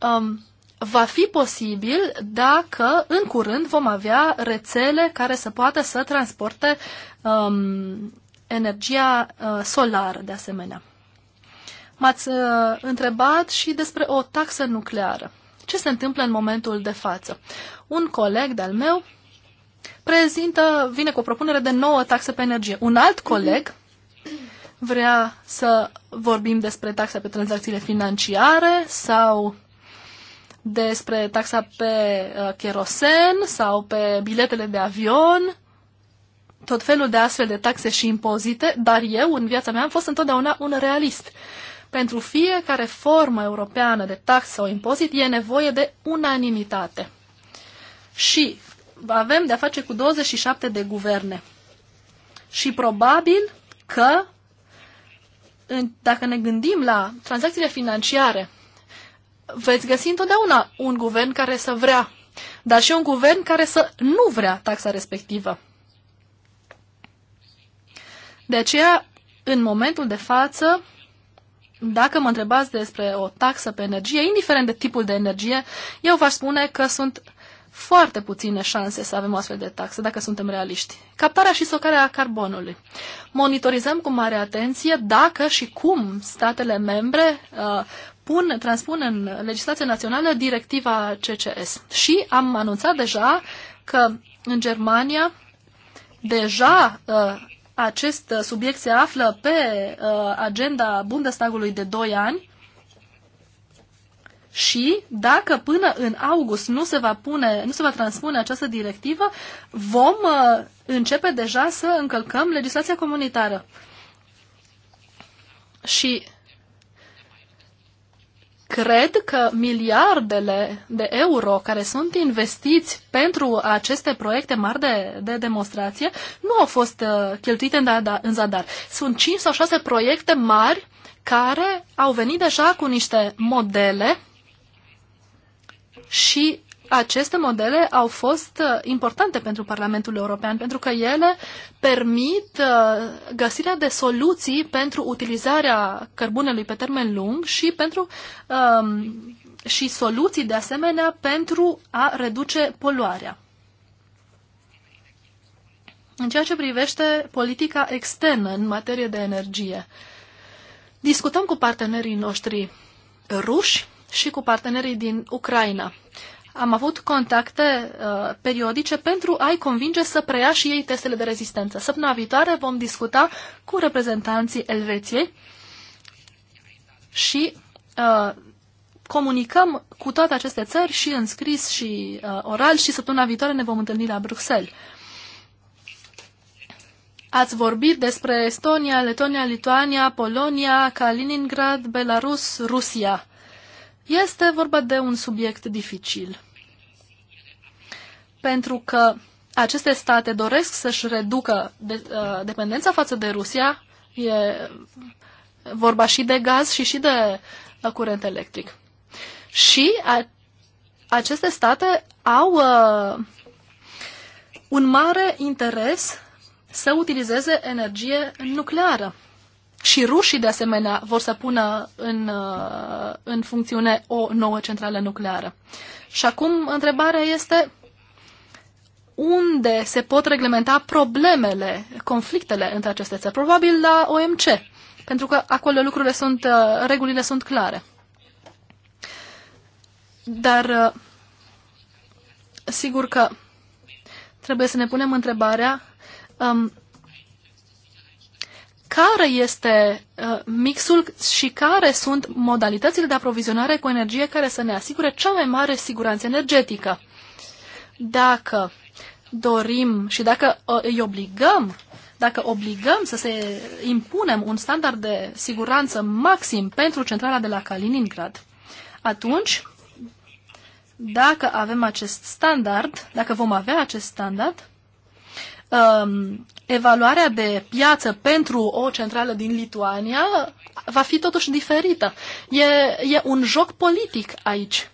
Speaker 2: um, va fi posibil dacă în curând vom avea rețele care să poată să transporte um, energia uh, solară de asemenea. M-ați uh, întrebat și despre o taxă nucleară. Ce se întâmplă în momentul de față? Un coleg de-al meu prezintă, vine cu o propunere de nouă taxă pe energie. Un alt coleg vrea să vorbim despre taxa pe tranzacțiile financiare sau despre taxa pe uh, cherosen sau pe biletele de avion, tot felul de astfel de taxe și impozite, dar eu, în viața mea, am fost întotdeauna un realist. Pentru fiecare formă europeană de taxă sau impozit e nevoie de unanimitate. Și avem de-a face cu 27 de guverne. Și probabil că, dacă ne gândim la tranzacțiile financiare veți găsi întotdeauna un guvern care să vrea, dar și un guvern care să nu vrea taxa respectivă. De aceea, în momentul de față, dacă mă întrebați despre o taxă pe energie, indiferent de tipul de energie, eu v-aș spune că sunt foarte puține șanse să avem o astfel de taxă, dacă suntem realiști. Captarea și stocarea carbonului. Monitorizăm cu mare atenție dacă și cum statele membre uh, pun, transpun în legislația națională directiva CCS. Și am anunțat deja că în Germania deja uh, acest subiect se află pe uh, agenda Bundestagului de 2 ani și dacă până în august nu se va pune, nu se va transpune această directivă, vom uh, începe deja să încălcăm legislația comunitară. Și cred că miliardele de euro care sunt investiți pentru aceste proiecte mari de, de demonstrație nu au fost uh, cheltuite în, da, da, în zadar. Sunt 5 sau 6 proiecte mari care au venit deja cu niște modele și aceste modele au fost uh, importante pentru Parlamentul European, pentru că ele permit uh, găsirea de soluții pentru utilizarea cărbunelui pe termen lung și pentru um, și soluții de asemenea pentru a reduce poluarea. În ceea ce privește politica externă în materie de energie, discutăm cu partenerii noștri ruși și cu partenerii din Ucraina am avut contacte uh, periodice pentru a-i convinge să preia și ei testele de rezistență. Săptămâna viitoare vom discuta cu reprezentanții Elveției și uh, comunicăm cu toate aceste țări și în scris și uh, oral și săptămâna viitoare ne vom întâlni la Bruxelles. Ați vorbit despre Estonia, Letonia, Lituania, Polonia, Kaliningrad, Belarus, Rusia. Este vorba de un subiect dificil, pentru că aceste state doresc să-și reducă de, uh, dependența față de Rusia, e vorba și de gaz și și de uh, curent electric. Și a, aceste state au uh, un mare interes să utilizeze energie nucleară și rușii, de asemenea, vor să pună în, uh, în funcțiune o nouă centrală nucleară. Și acum întrebarea este unde se pot reglementa problemele, conflictele între aceste țări. Probabil la OMC, pentru că acolo lucrurile sunt, uh, regulile sunt clare. Dar uh, sigur că trebuie să ne punem întrebarea um, care este uh, mixul și care sunt modalitățile de aprovizionare cu energie care să ne asigure cea mai mare siguranță energetică. Dacă dorim și dacă uh, îi obligăm, dacă obligăm să se impunem un standard de siguranță maxim pentru centrala de la Kaliningrad, atunci, dacă avem acest standard, dacă vom avea acest standard, um, evaluarea de piață pentru o centrală din Lituania va fi totuși diferită. E, e un joc politic aici.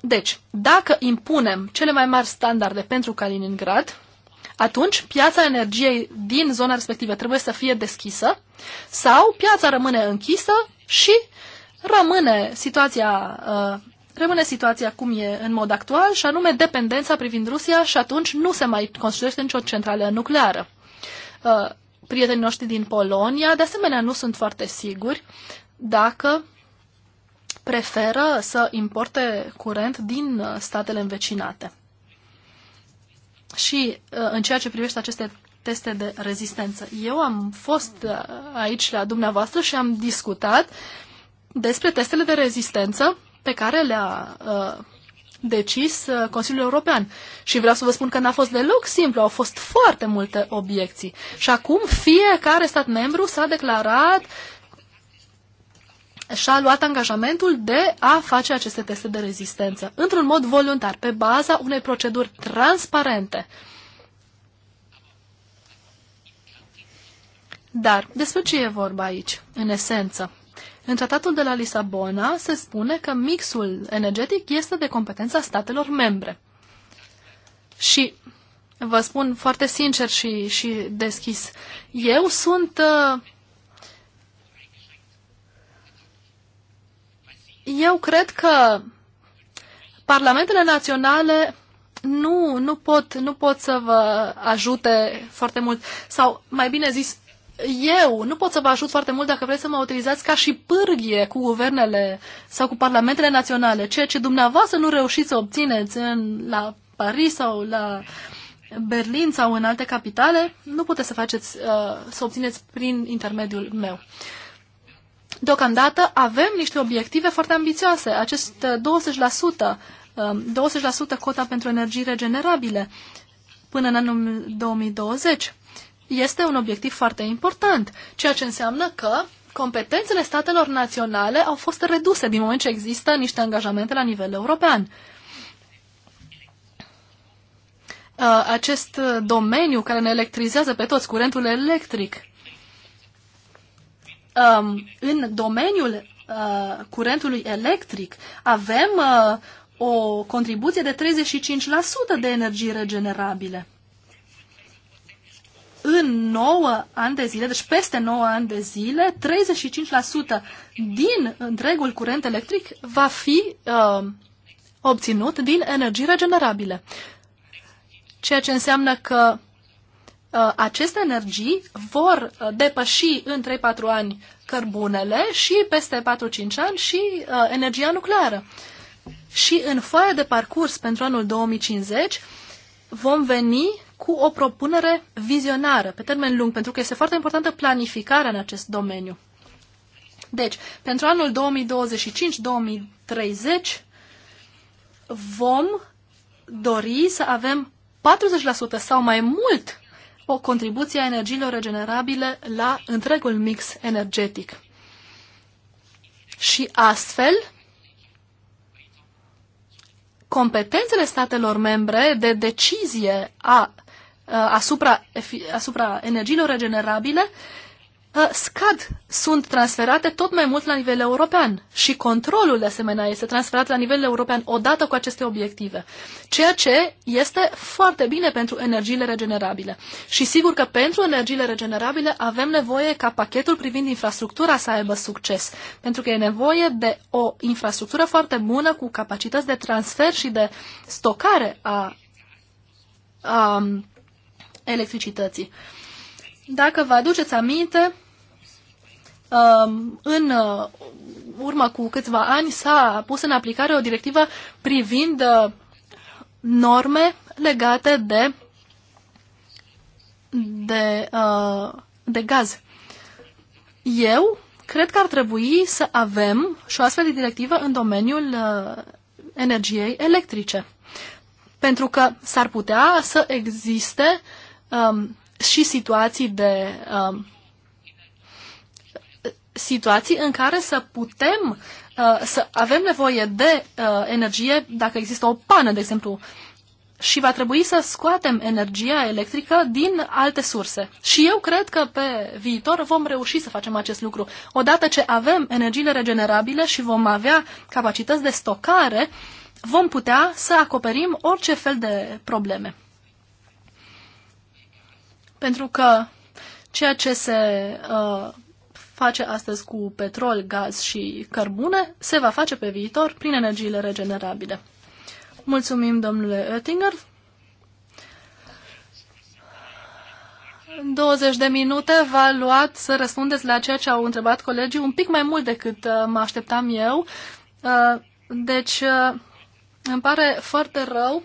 Speaker 2: Deci, dacă impunem cele mai mari standarde pentru Kaliningrad, atunci piața energiei din zona respectivă trebuie să fie deschisă sau piața rămâne închisă și rămâne situația uh, rămâne situația cum e în mod actual, și anume dependența privind Rusia și atunci nu se mai construiește nicio centrală nucleară. Uh, prietenii noștri din Polonia, de asemenea, nu sunt foarte siguri dacă preferă să importe curent din uh, statele învecinate. Și uh, în ceea ce privește aceste teste de rezistență, eu am fost aici la dumneavoastră și am discutat despre testele de rezistență pe care le-a uh, decis uh, Consiliul European. Și vreau să vă spun că n-a fost deloc simplu, au fost foarte multe obiecții. Și acum fiecare stat membru s-a declarat și-a luat angajamentul de a face aceste teste de rezistență într-un mod voluntar, pe baza unei proceduri transparente. Dar despre ce e vorba aici, în esență? În tratatul de la Lisabona se spune că mixul energetic este de competența statelor membre. Și vă spun foarte sincer și, și deschis, eu sunt uh, Eu cred că parlamentele naționale nu, nu, pot, nu pot să vă ajute foarte mult. Sau, mai bine zis, eu nu pot să vă ajut foarte mult dacă vreți să mă utilizați ca și pârghie cu guvernele sau cu parlamentele naționale, ceea ce dumneavoastră nu reușiți să obțineți în, la Paris sau la Berlin sau în alte capitale, nu puteți să faceți, uh, să obțineți prin intermediul meu. Deocamdată avem niște obiective foarte ambițioase. Acest 20%, uh, 20% um, cota pentru energii regenerabile până în anul 2020 este un obiectiv foarte important, ceea ce înseamnă că competențele statelor naționale au fost reduse din moment ce există niște angajamente la nivel european. Acest domeniu care ne electrizează pe toți, curentul electric, în domeniul curentului electric avem o contribuție de 35% de energii regenerabile în 9 ani de zile, deci peste 9 ani de zile, 35% din întregul curent electric va fi uh, obținut din energii regenerabile. Ceea ce înseamnă că uh, aceste energii vor uh, depăși în 3-4 ani cărbunele și peste 4-5 ani și uh, energia nucleară. Și în foaia de parcurs pentru anul 2050 vom veni cu o propunere vizionară pe termen lung, pentru că este foarte importantă planificarea în acest domeniu. Deci, pentru anul 2025-2030 vom dori să avem 40% sau mai mult o contribuție a energiilor regenerabile la întregul mix energetic. Și astfel, competențele statelor membre de decizie a Uh, asupra, asupra energiilor regenerabile uh, scad, sunt transferate tot mai mult la nivel european și controlul de asemenea este transferat la nivel european odată cu aceste obiective, ceea ce este foarte bine pentru energiile regenerabile. Și sigur că pentru energiile regenerabile avem nevoie ca pachetul privind infrastructura să aibă succes, pentru că e nevoie de o infrastructură foarte bună cu capacități de transfer și de stocare a, a electricității. Dacă vă aduceți aminte, um, în uh, urmă cu câțiva ani s-a pus în aplicare o directivă privind uh, norme legate de de, uh, de gaz. Eu cred că ar trebui să avem și o astfel de directivă în domeniul energiei electrice. Pentru că s-ar putea să existe uh, um, și situații de um, situații în care să putem uh, să avem nevoie de uh, energie dacă există o pană, de exemplu, și va trebui să scoatem energia electrică din alte surse. Și eu cred că pe viitor vom reuși să facem acest lucru. Odată ce avem energiile regenerabile și vom avea capacități de stocare, vom putea să acoperim orice fel de probleme. Pentru că ceea ce se uh, face astăzi cu petrol, gaz și cărbune se va face pe viitor prin energiile regenerabile. Mulțumim, domnule Oettinger. 20 de minute v-a luat să răspundeți la ceea ce au întrebat colegii, un pic mai mult decât uh, mă așteptam eu. Uh, deci, uh, îmi pare foarte rău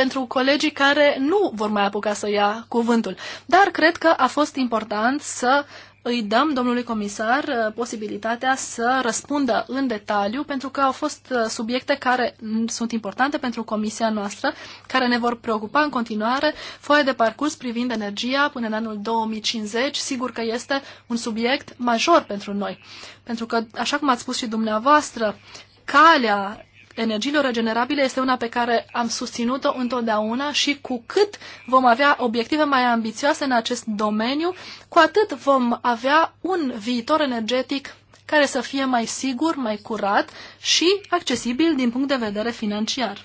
Speaker 2: pentru colegii care nu vor mai apuca să ia cuvântul. Dar cred că a fost important să îi dăm domnului comisar uh, posibilitatea să răspundă în detaliu, pentru că au fost uh, subiecte care sunt importante pentru comisia noastră, care ne vor preocupa în continuare. Foaia de parcurs privind energia până în anul 2050, sigur că este un subiect major pentru noi. Pentru că, așa cum ați spus și dumneavoastră, calea energiilor regenerabile este una pe care am susținut-o întotdeauna și cu cât vom avea obiective mai ambițioase în acest domeniu, cu atât vom avea un viitor energetic care să fie mai sigur, mai curat și accesibil din punct de vedere financiar.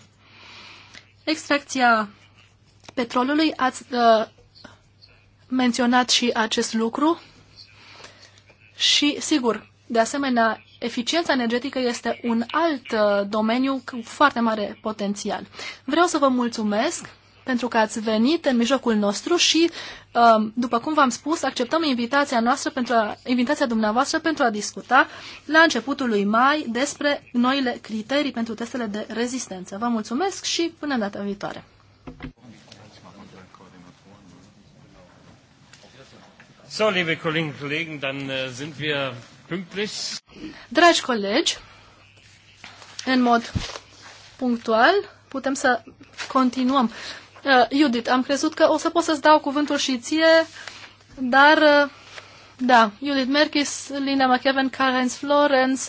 Speaker 2: Extracția petrolului, ați uh, menționat și acest lucru și, sigur, de asemenea, eficiența energetică este un alt uh, domeniu cu foarte mare potențial. Vreau să vă mulțumesc pentru că ați venit în mijlocul nostru și, um, după cum v-am spus, acceptăm invitația noastră pentru a, invitația dumneavoastră pentru a discuta la începutul lui mai despre noile criterii pentru testele de rezistență. Vă mulțumesc și până data viitoare!
Speaker 1: So, liebe Kolleginnen und Kollegen,
Speaker 2: dann äh, sind wir Dragi colegi, în mod punctual, putem să continuăm. Uh, Judith, am crezut că o să pot să-ți dau cuvântul și ție, dar uh, da, Judith Merkis, Linda McKeven, Karen Florence,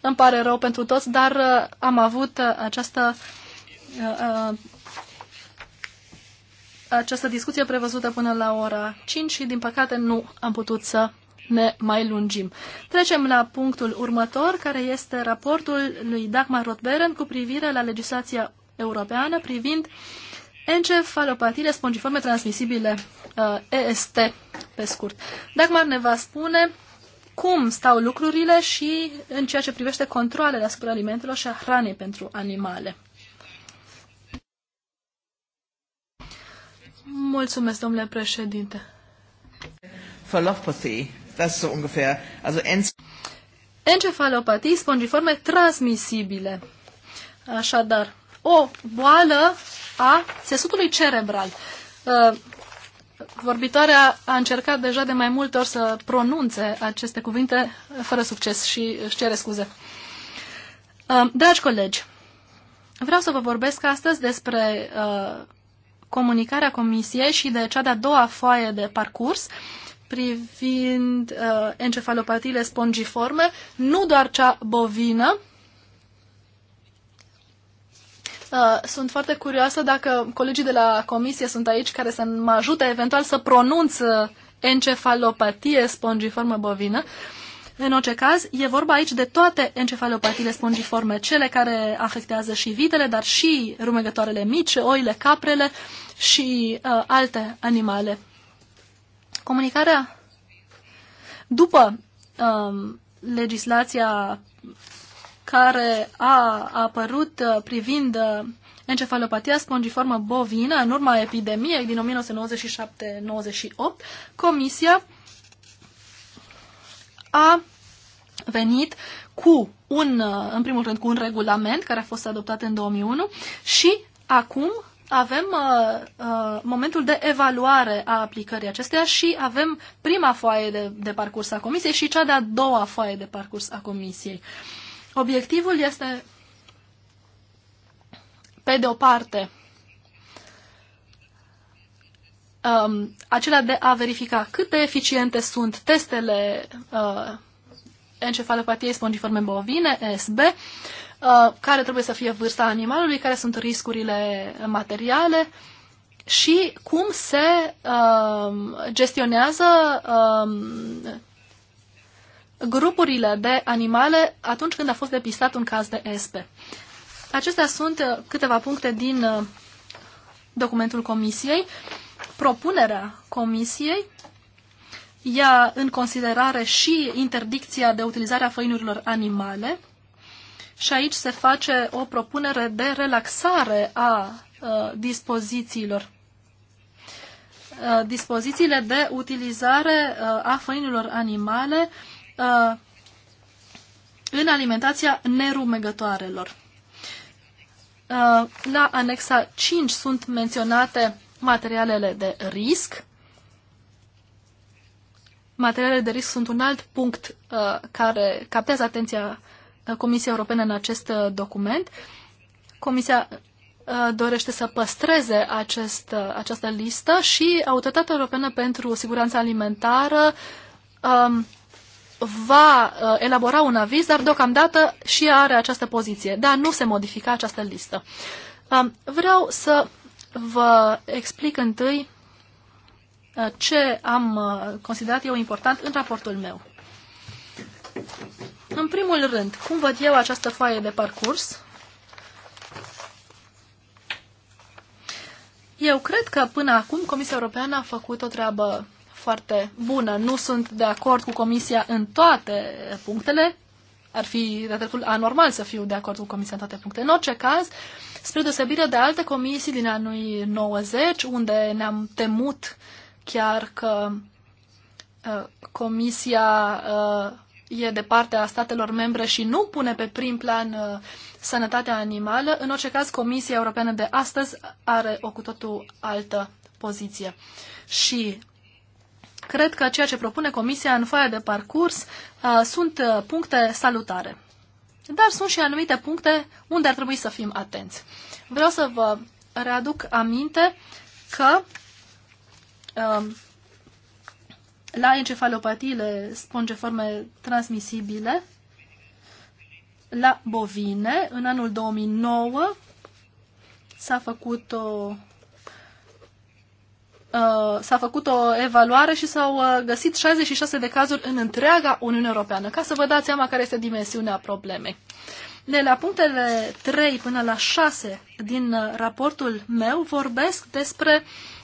Speaker 2: îmi pare rău pentru toți, dar uh, am avut uh, această uh, uh, această discuție prevăzută până la ora 5 și din păcate nu am putut să ne mai lungim. Trecem la punctul următor, care este raportul lui Dagmar Rotberen cu privire la legislația europeană privind encefalopatiile spongiforme transmisibile, uh, EST pe scurt. Dagmar ne va spune cum stau lucrurile și în ceea ce privește controlele asupra alimentelor și a hranei pentru animale. Mulțumesc, domnule președinte.
Speaker 3: Falopathy Das ist so ungefähr. Also Enz
Speaker 2: spongiforme transmisibile. Așadar, o boală a țesutului cerebral. Uh, vorbitoarea a încercat deja de mai multe ori să pronunțe aceste cuvinte fără succes și își cere scuze. Uh, dragi colegi, vreau să vă vorbesc astăzi despre uh, comunicarea comisiei și de cea de-a doua foaie de parcurs privind uh, encefalopatiile spongiforme, nu doar cea bovină. Uh, sunt foarte curioasă dacă colegii de la comisie sunt aici care să mă ajute eventual să pronunț uh, encefalopatie spongiformă bovină. În orice caz, e vorba aici de toate encefalopatiile spongiforme, cele care afectează și vitele, dar și rumegătoarele mici, oile, caprele și uh, alte animale Comunicarea după um, legislația care a apărut uh, privind uh, encefalopatia spongiformă bovină în urma epidemiei din 1997-98, Comisia a venit cu un, uh, în primul rând, cu un regulament care a fost adoptat în 2001 și acum avem uh, uh, momentul de evaluare a aplicării acesteia și avem prima foaie de, de parcurs a comisiei și cea de-a doua foaie de parcurs a comisiei. Obiectivul este, pe de o parte, um, acela de a verifica cât de eficiente sunt testele uh, encefalopatiei spongiforme bovine, ESB, Uh, care trebuie să fie vârsta animalului, care sunt riscurile materiale și cum se uh, gestionează um, grupurile de animale atunci când a fost depistat un caz de SP. Acestea sunt uh, câteva puncte din documentul Comisiei. Propunerea Comisiei ia în considerare și interdicția de utilizare a făinurilor animale și aici se face o propunere de relaxare a uh, dispozițiilor. Uh, dispozițiile de utilizare uh, a făinilor animale uh, în alimentația nerumegătoarelor. Uh, la anexa 5 sunt menționate materialele de risc. Materialele de risc sunt un alt punct uh, care captează atenția Comisia Europeană în acest uh, document. Comisia uh, dorește să păstreze acest, uh, această listă și Autoritatea Europeană pentru Siguranța Alimentară um, va elabora un aviz, dar deocamdată și are această poziție. Da, nu se modifică această listă. Um, vreau să vă explic întâi ce am considerat eu important în raportul meu. În primul rând, cum văd eu această foaie de parcurs? Eu cred că până acum Comisia Europeană a făcut o treabă foarte bună. Nu sunt de acord cu Comisia în toate punctele. Ar fi de anormal să fiu de acord cu Comisia în toate punctele. În orice caz, spre deosebire de alte comisii din anii 90, unde ne-am temut chiar că uh, Comisia uh, e de partea statelor membre și nu pune pe prim plan uh, sănătatea animală, în orice caz Comisia Europeană de astăzi are o cu totul altă poziție. Și cred că ceea ce propune Comisia în foaia de parcurs uh, sunt uh, puncte salutare. Dar sunt și anumite puncte unde ar trebui să fim atenți. Vreau să vă readuc aminte că uh, la encefalopatiile spongeforme transmisibile, la bovine, în anul 2009 s-a făcut o uh, s-a făcut o evaluare și s-au uh, găsit 66 de cazuri în întreaga Uniune Europeană, ca să vă dați seama care este dimensiunea problemei. De la punctele 3 până la 6 din uh, raportul meu vorbesc despre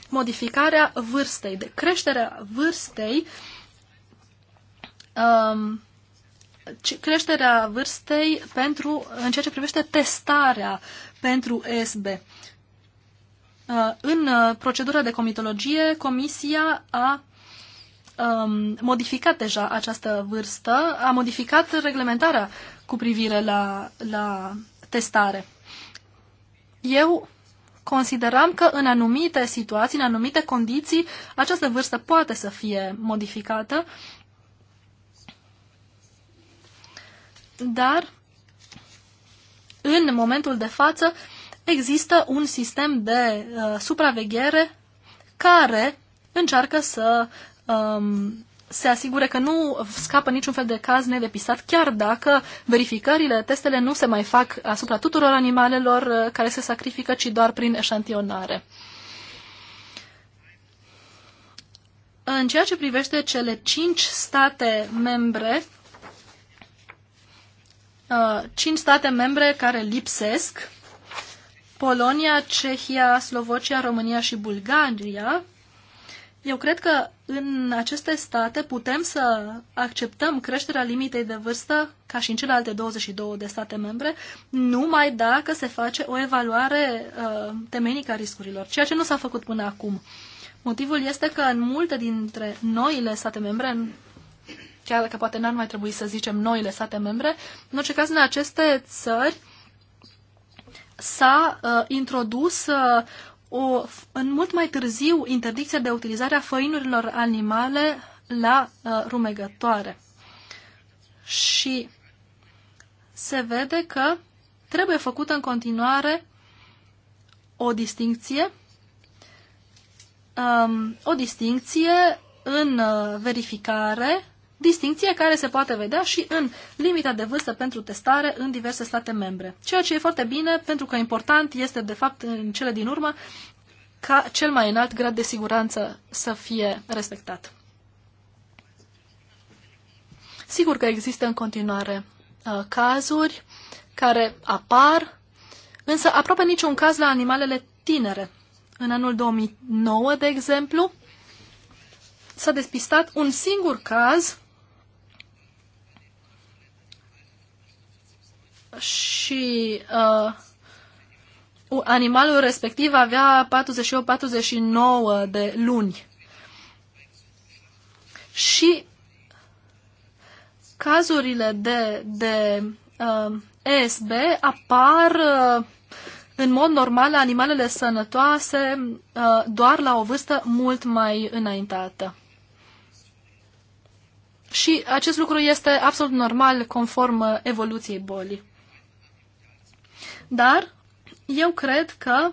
Speaker 2: modificarea vârstei, de creșterea vârstei, um, creșterea vârstei pentru, în ceea ce privește testarea pentru ESB. Uh, în uh, procedura de comitologie, Comisia a um, modificat deja această vârstă, a modificat reglementarea cu privire la, la testare. Eu considerăm că în anumite situații, în anumite condiții, această vârstă poate să fie modificată, dar în momentul de față există un sistem de uh, supraveghere care încearcă să um, se asigure că nu scapă niciun fel de caz nedepisat, chiar dacă verificările, testele nu se mai fac asupra tuturor animalelor uh, care se sacrifică, ci doar prin eșantionare. În ceea ce privește cele cinci state membre, uh, cinci state membre care lipsesc, Polonia, Cehia, Slovacia, România și Bulgaria, eu cred că în aceste state putem să acceptăm creșterea limitei de vârstă, ca și în celelalte 22 de state membre, numai dacă se face o evaluare uh, temenică a riscurilor, ceea ce nu s-a făcut până acum. Motivul este că în multe dintre noile state membre, chiar dacă poate n-ar mai trebui să zicem noile state membre, în orice caz în aceste țări s-a uh, introdus uh, o, în mult mai târziu interdicția de utilizare a făinurilor animale la uh, rumegătoare. Și se vede că trebuie făcută în continuare o distinție, um, o distinție în uh, verificare distinție care se poate vedea și în limita de vârstă pentru testare în diverse state membre. Ceea ce e foarte bine, pentru că important este, de fapt, în cele din urmă, ca cel mai înalt grad de siguranță să fie respectat. Sigur că există în continuare uh, cazuri care apar, însă aproape niciun caz la animalele tinere. În anul 2009, de exemplu, s-a despistat un singur caz și uh, animalul respectiv avea 48-49 de luni. Și cazurile de, de uh, ESB apar uh, în mod normal la animalele sănătoase uh, doar la o vârstă mult mai înaintată. Și acest lucru este absolut normal conform uh, evoluției bolii. Dar eu cred că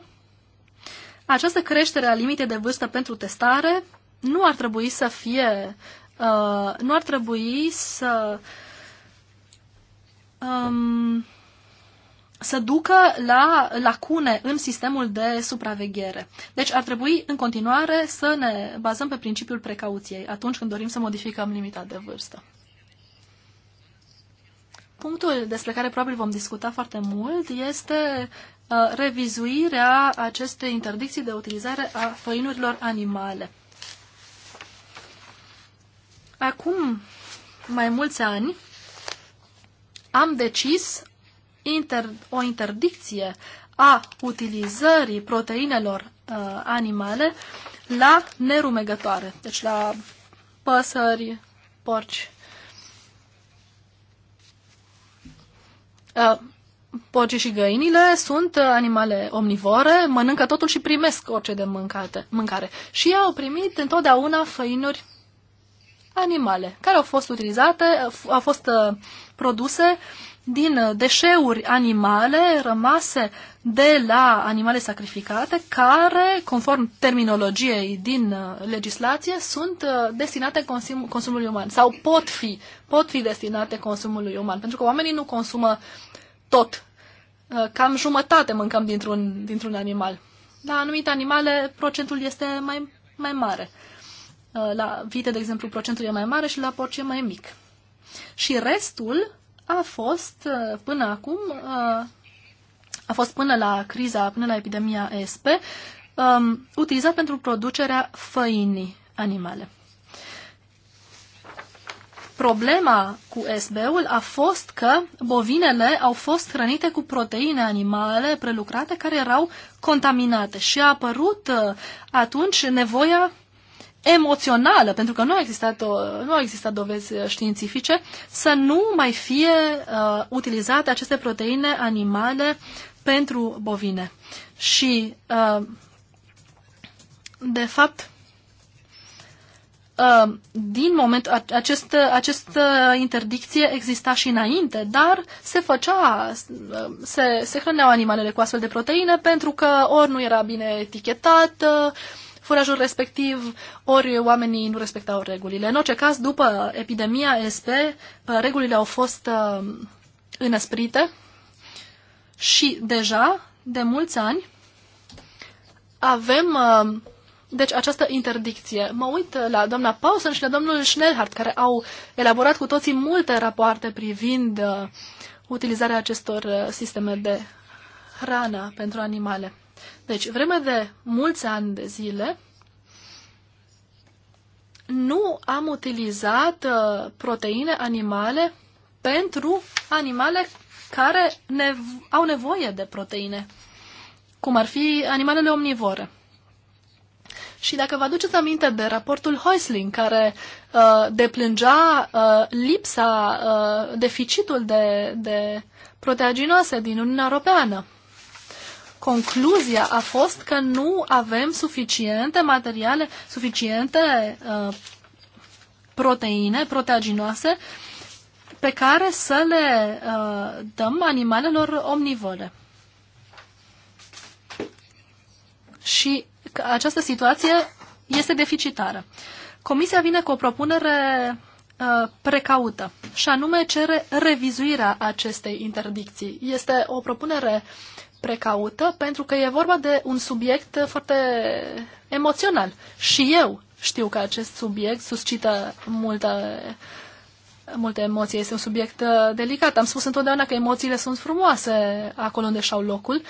Speaker 2: această creștere a limitei de vârstă pentru testare nu ar trebui să fie, uh, nu ar trebui să um, să ducă la lacune în sistemul de supraveghere. Deci ar trebui în continuare să ne bazăm pe principiul precauției atunci când dorim să modificăm limita de vârstă. Punctul despre care probabil vom discuta foarte mult este uh, revizuirea acestei interdicții de utilizare a făinurilor animale. Acum mai mulți ani am decis inter, o interdicție a utilizării proteinelor uh, animale la nerumegătoare, deci la păsări, porci Uh, Porcii și găinile sunt animale omnivore, mănâncă totul și primesc orice de mâncate, mâncare. Și ei au primit întotdeauna făinuri animale, care au fost utilizate, au fost uh, produse din uh, deșeuri animale rămase de la animale sacrificate, care, conform terminologiei din uh, legislație, sunt uh, destinate consum- consumului uman sau pot fi, pot fi destinate consumului uman, pentru că oamenii nu consumă tot. Cam jumătate mâncăm dintr-un, dintr-un animal. La anumite animale procentul este mai, mai mare. La vite, de exemplu, procentul e mai mare și la porci e mai mic. Și restul a fost uh, până acum, uh, a fost până la criza, până la epidemia ESP, um, utilizat pentru producerea făinii animale. Problema cu SB-ul a fost că bovinele au fost hrănite cu proteine animale prelucrate care erau contaminate și a apărut uh, atunci nevoia emoțională, pentru că nu au existat, nu au existat dovezi uh, științifice, să nu mai fie uh, utilizate aceste proteine animale pentru bovine. Și, uh, de fapt, uh, din moment, acest, această interdicție exista și înainte, dar se făcea, uh, se, se hrăneau animalele cu astfel de proteine pentru că ori nu era bine etichetată, uh, furajul respectiv, ori oamenii nu respectau regulile. În orice caz, după epidemia SP, uh, regulile au fost uh, înăsprite și deja, de mulți ani, avem uh, deci această interdicție. Mă uit la doamna Paulsen și la domnul Schnellhardt, care au elaborat cu toții multe rapoarte privind uh, utilizarea acestor uh, sisteme de hrană pentru animale. Deci, vreme de mulți ani de zile, nu am utilizat uh, proteine animale pentru animale care ne- au nevoie de proteine, cum ar fi animalele omnivore. Și dacă vă aduceți aminte de raportul Heusling, care uh, deplângea uh, lipsa, uh, deficitul de, de proteaginoase din Uniunea Europeană, concluzia a fost că nu avem suficiente materiale, suficiente uh, proteine, proteaginoase, pe care să le uh, dăm animalelor omnivore. Și această situație este deficitară. Comisia vine cu o propunere uh, precaută și anume cere revizuirea acestei interdicții. Este o propunere uh, precaută pentru că e vorba de un subiect foarte emoțional. Și eu știu că acest subiect suscită multă, multe emoții. Este un subiect uh, delicat. Am spus întotdeauna că emoțiile sunt frumoase acolo unde și-au locul,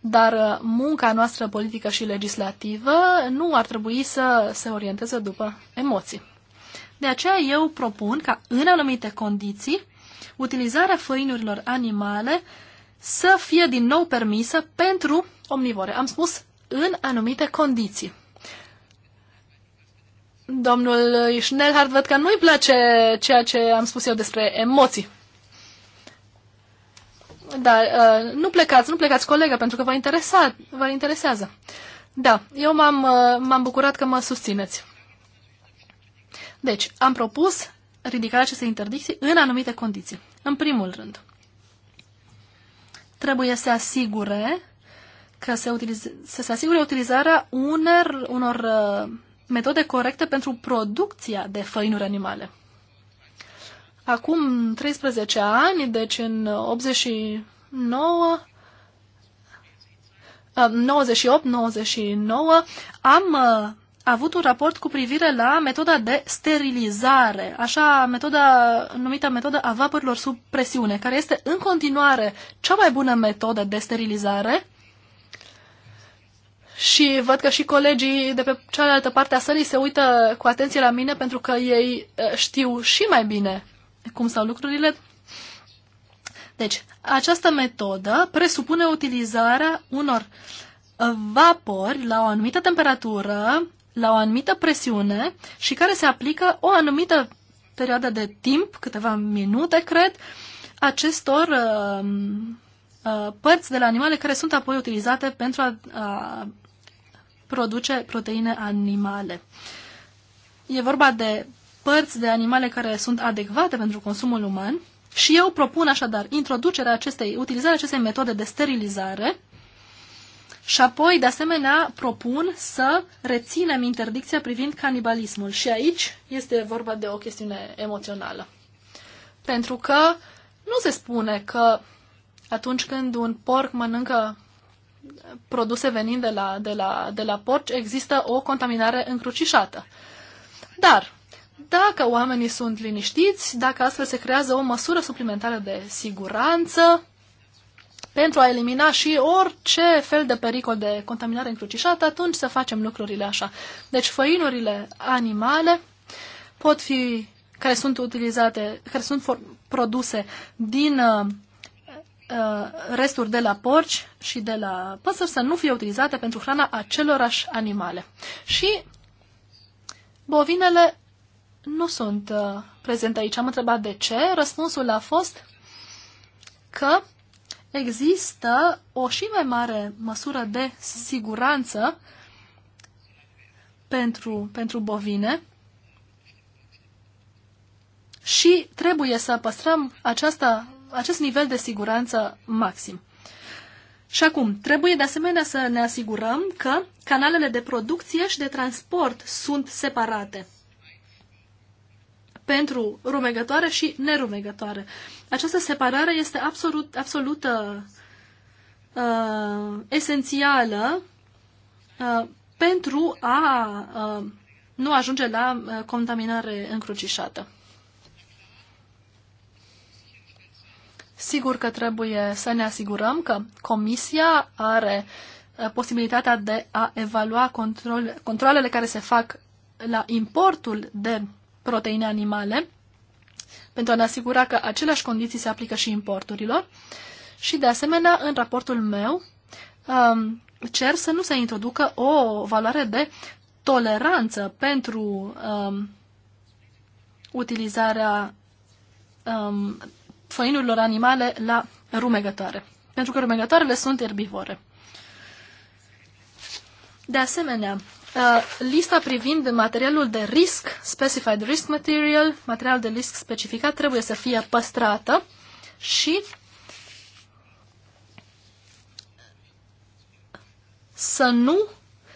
Speaker 2: dar uh, munca noastră politică și legislativă nu ar trebui să se orienteze după emoții. De aceea eu propun ca în anumite condiții utilizarea făinurilor animale uh, să fie din nou permisă pentru omnivore. Am spus în anumite condiții. Domnul Schnellhardt, văd că nu-i place ceea ce am spus eu despre emoții. Dar uh, nu plecați, nu plecați, colegă, pentru că vă, interesa, vă interesează. Da, eu m-am, uh, m-am bucurat că mă susțineți. Deci, am propus ridicarea acestei interdicții în anumite condiții. În primul rând, trebuie să asigure că se utilize, să se asigure utilizarea uner, unor uh, metode corecte pentru producția de făinuri animale. Acum 13 ani, deci în 89, 98-99, uh, am uh, avut un raport cu privire la metoda de sterilizare, așa metoda numită metoda a vaporilor sub presiune, care este în continuare cea mai bună metodă de sterilizare. Și văd că și colegii de pe cealaltă parte a sălii se uită cu atenție la mine pentru că ei știu și mai bine cum stau lucrurile. Deci, această metodă presupune utilizarea unor vapori la o anumită temperatură la o anumită presiune și care se aplică o anumită perioadă de timp, câteva minute, cred, acestor uh, uh, părți de la animale care sunt apoi utilizate pentru a, a produce proteine animale. E vorba de părți de animale care sunt adecvate pentru consumul uman și eu propun așadar introducerea acestei, utilizarea acestei metode de sterilizare și apoi, de asemenea, propun să reținem interdicția privind canibalismul. Și aici este vorba de o chestiune emoțională. Pentru că nu se spune că atunci când un porc mănâncă produse venind de la, de la, de la porci, există o contaminare încrucișată. Dar, dacă oamenii sunt liniștiți, dacă astfel se creează o măsură suplimentară de siguranță, pentru a elimina și orice fel de pericol de contaminare încrucișată, atunci să facem lucrurile așa. Deci făinurile animale pot fi, care sunt utilizate, care sunt produse din uh, uh, resturi de la porci și de la păsări să nu fie utilizate pentru hrana acelorași animale. Și bovinele nu sunt uh, prezente aici. Am întrebat de ce. Răspunsul a fost că există o și mai mare măsură de siguranță pentru, pentru bovine și trebuie să păstrăm aceasta, acest nivel de siguranță maxim. Și acum, trebuie de asemenea să ne asigurăm că canalele de producție și de transport sunt separate pentru rumegătoare și nerumegătoare. Această separare este absolut, absolută uh, esențială uh, pentru a uh, nu ajunge la uh, contaminare încrucișată. Sigur că trebuie să ne asigurăm că Comisia are uh, posibilitatea de a evalua control, controlele care se fac la importul de proteine animale pentru a ne asigura că aceleași condiții se aplică și importurilor. Și, de asemenea, în raportul meu um, cer să nu se introducă o valoare de toleranță pentru um, utilizarea um, făinurilor animale la rumegătoare, pentru că rumegătoarele sunt erbivore. De asemenea, Uh, lista privind materialul de risc, specified risk material, material de risc specificat, trebuie să fie păstrată și să nu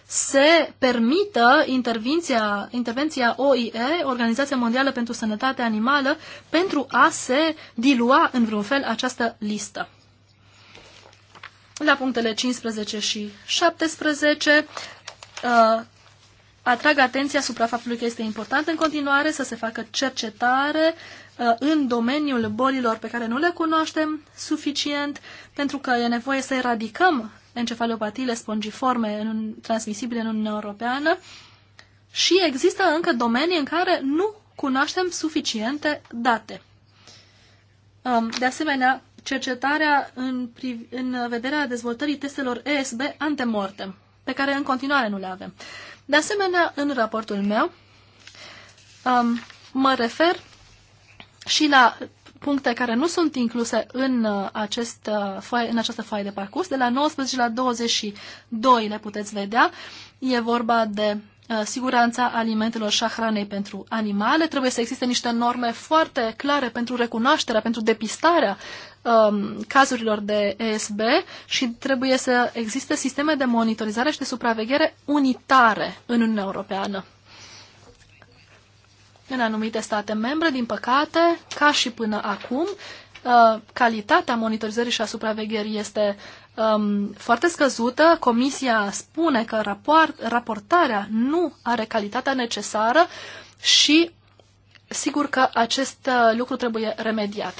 Speaker 2: se permită intervenția, intervenția OIE, Organizația Mondială pentru Sănătatea Animală, pentru a se dilua în vreun fel această listă. La punctele 15 și 17 uh, atrag atenția asupra faptului că este important în continuare să se facă cercetare uh, în domeniul bolilor pe care nu le cunoaștem suficient, pentru că e nevoie să eradicăm encefalopatiile spongiforme în, transmisibile în Uniunea Europeană și există încă domenii în care nu cunoaștem suficiente date. Um, de asemenea, cercetarea în, în vederea dezvoltării testelor ESB antemortem pe care în continuare nu le avem. De asemenea, în raportul meu um, mă refer și la puncte care nu sunt incluse în, uh, acest, uh, foaie, în această foaie de parcurs. De la 19 la 22 le puteți vedea. E vorba de Uh, siguranța alimentelor și a hranei pentru animale. Trebuie să existe niște norme foarte clare pentru recunoașterea, pentru depistarea um, cazurilor de ESB și trebuie să existe sisteme de monitorizare și de supraveghere unitare în Uniunea Europeană. În anumite state membre, din păcate, ca și până acum, uh, calitatea monitorizării și a supravegherii este um, foarte scăzută. Comisia spune că raport, raportarea nu are calitatea necesară și sigur că acest uh, lucru trebuie remediat.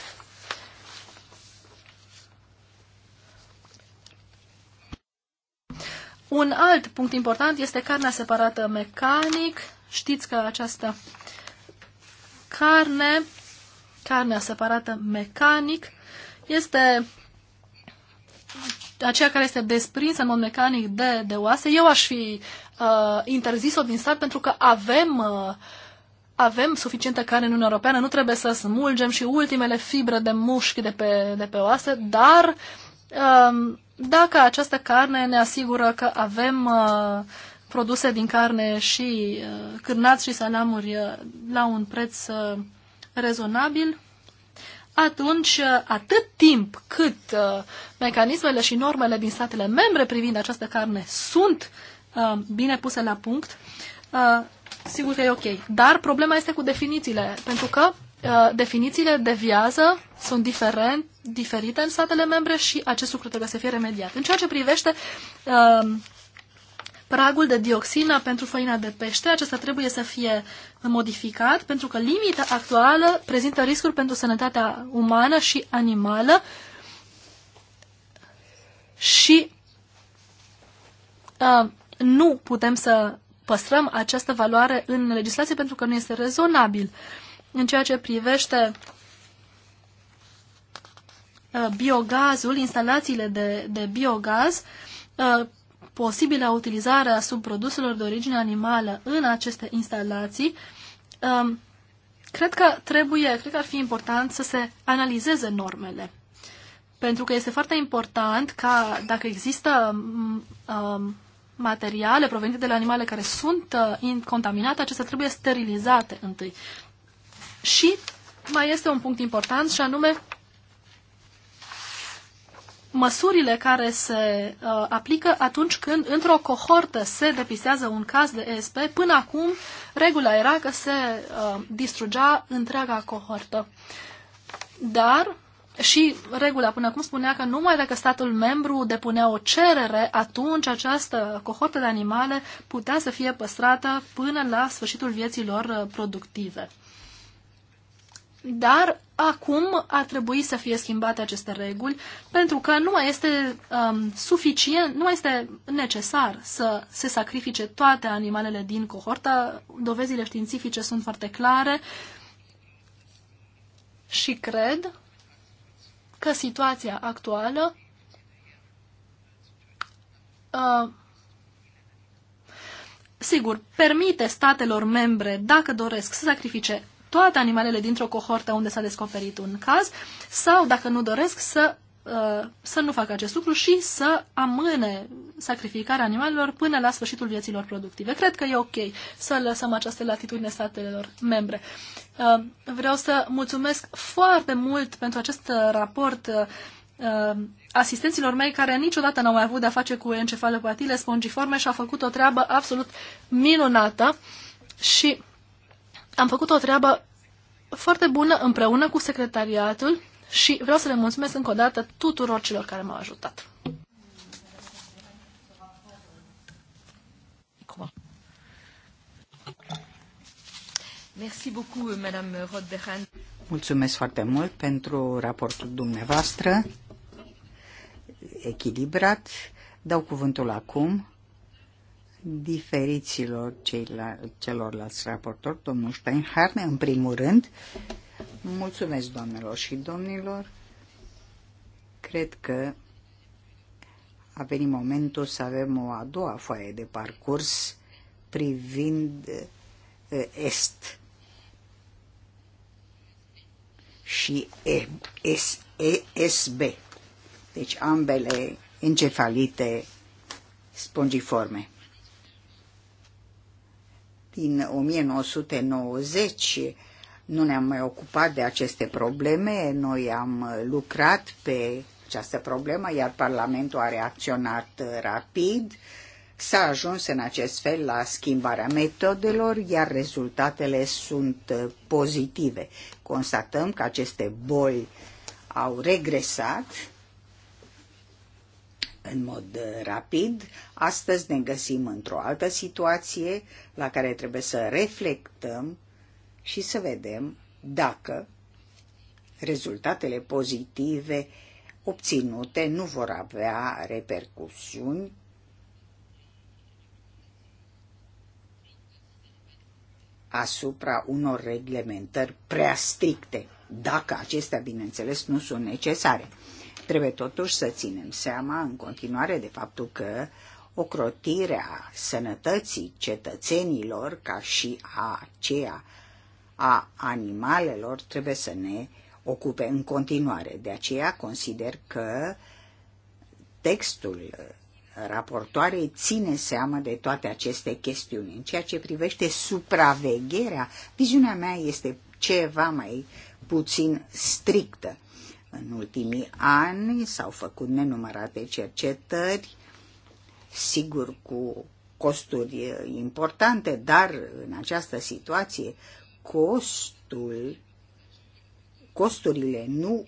Speaker 2: Un alt punct important este carnea separată mecanic. Știți că această carne, carnea separată mecanic, este aceea care este desprinsă în mod mecanic de, de oase, eu aș fi uh, interzis-o din stat pentru că avem, uh, avem suficientă carne în Uniunea Europeană, nu trebuie să smulgem și ultimele fibre de mușchi de pe, de pe oase, dar uh, dacă această carne ne asigură că avem uh, produse din carne și uh, cârnați și salamuri uh, la un preț uh, rezonabil, atunci uh, atât timp cât uh, mecanismele și normele din statele membre privind această carne sunt uh, bine puse la punct, uh, sigur că e ok. Dar problema este cu definițiile, pentru că uh, definițiile deviază, sunt diferent, diferite în statele membre și acest lucru trebuie să fie remediat. În ceea ce privește uh, pragul de dioxină pentru făina de pește. Acesta trebuie să fie modificat pentru că limita actuală prezintă riscuri pentru sănătatea umană și animală și uh, nu putem să păstrăm această valoare în legislație pentru că nu este rezonabil. În ceea ce privește uh, biogazul, instalațiile de, de biogaz, uh, posibilă utilizare a subproduselor de origine animală în aceste instalații, um, cred că trebuie, cred că ar fi important să se analizeze normele. Pentru că este foarte important ca dacă există um, materiale provenite de la animale care sunt uh, contaminate, acestea trebuie sterilizate întâi. Și mai este un punct important și anume măsurile care se uh, aplică atunci când într-o cohortă se depistează un caz de ESP. Până acum, regula era că se uh, distrugea întreaga cohortă. Dar și regula până acum spunea că numai dacă statul membru depunea o cerere, atunci această cohortă de animale putea să fie păstrată până la sfârșitul vieții lor uh, productive. Dar acum ar trebui să fie schimbate aceste reguli, pentru că nu mai este um, suficient, nu mai este necesar să se sacrifice toate animalele din cohortă. Dovezile științifice sunt foarte clare și cred că situația actuală uh, sigur, permite statelor membre, dacă doresc, să sacrifice toate animalele dintr-o cohortă unde s-a descoperit un caz sau, dacă nu doresc, să, uh, să nu facă acest lucru și să amâne sacrificarea animalelor până la sfârșitul vieților productive. Cred că e ok să lăsăm această latitudine statelor membre. Uh, vreau să mulțumesc foarte mult pentru acest raport uh, asistenților mei care niciodată n-au mai avut de-a face cu encefalopatile spongiforme și a făcut o treabă absolut minunată și am făcut o treabă foarte bună împreună cu secretariatul și vreau să le mulțumesc încă o dată tuturor celor care m-au ajutat.
Speaker 3: Mulțumesc foarte mult pentru raportul dumneavoastră echilibrat. Dau cuvântul acum diferiților celorlalți raportori, domnul Steinhardt, în primul rând. Mulțumesc, doamnelor și domnilor. Cred că a venit momentul să avem o a doua foaie de parcurs privind uh, Est și e, S, ESB. Deci ambele encefalite spongiforme din 1990 nu ne-am mai ocupat de aceste probleme, noi am lucrat pe această problemă, iar Parlamentul a reacționat rapid. S-a ajuns în acest fel la schimbarea metodelor, iar rezultatele sunt pozitive. Constatăm că aceste boli au regresat în mod uh, rapid. Astăzi ne găsim într-o altă situație la care trebuie să reflectăm și să vedem dacă rezultatele pozitive obținute nu vor avea repercusiuni asupra unor reglementări prea stricte, dacă acestea, bineînțeles, nu sunt necesare. Trebuie totuși să ținem seama în continuare de faptul că ocrotirea sănătății cetățenilor ca și a aceea a animalelor trebuie să ne ocupe în continuare. De aceea consider că textul raportoarei ține seama de toate aceste chestiuni. În ceea ce privește supravegherea, viziunea mea este ceva mai puțin strictă. În ultimii ani s-au făcut nenumărate cercetări, sigur cu costuri importante, dar în această situație costul, costurile nu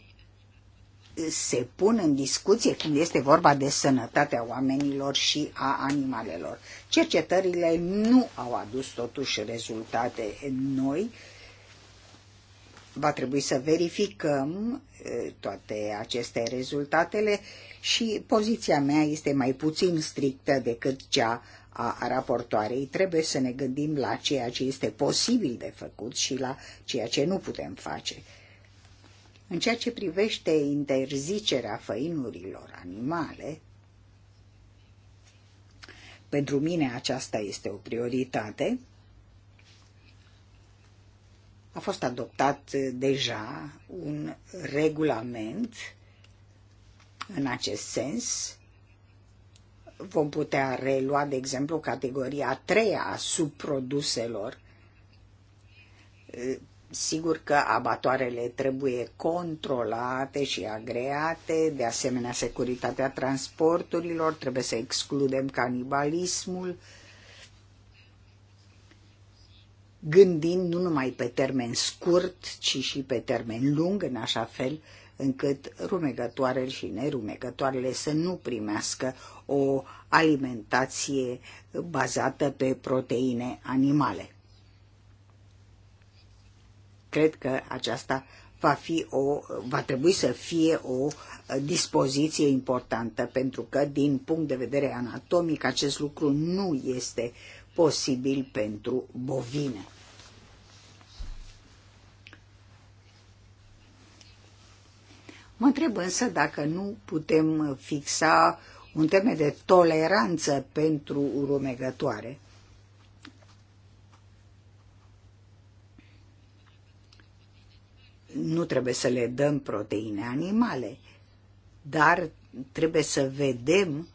Speaker 3: se pun în discuție când este vorba de sănătatea oamenilor și a animalelor. Cercetările nu au adus totuși rezultate noi va trebui să verificăm toate aceste rezultatele și poziția mea este mai puțin strictă decât cea a raportoarei. Trebuie să ne gândim la ceea ce este posibil de făcut și la ceea ce nu putem face. În ceea ce privește interzicerea făinurilor animale, pentru mine aceasta este o prioritate a fost adoptat eh, deja un regulament în acest sens. Vom putea relua, de exemplu, categoria a treia a subproduselor. Eh, sigur că abatoarele trebuie controlate și agreate, de asemenea securitatea transporturilor, trebuie să excludem canibalismul, gândind nu numai pe termen scurt, ci și pe termen lung, în așa fel încât rumegătoarele și nerumegătoarele să nu primească o alimentație bazată pe proteine animale. Cred că aceasta va, fi o, va trebui să fie o dispoziție importantă, pentru că, din punct de vedere anatomic, acest lucru nu este posibil pentru bovine. Mă întreb însă dacă nu putem fixa un teme de toleranță pentru rumegătoare. Nu trebuie să le dăm proteine animale, dar trebuie să vedem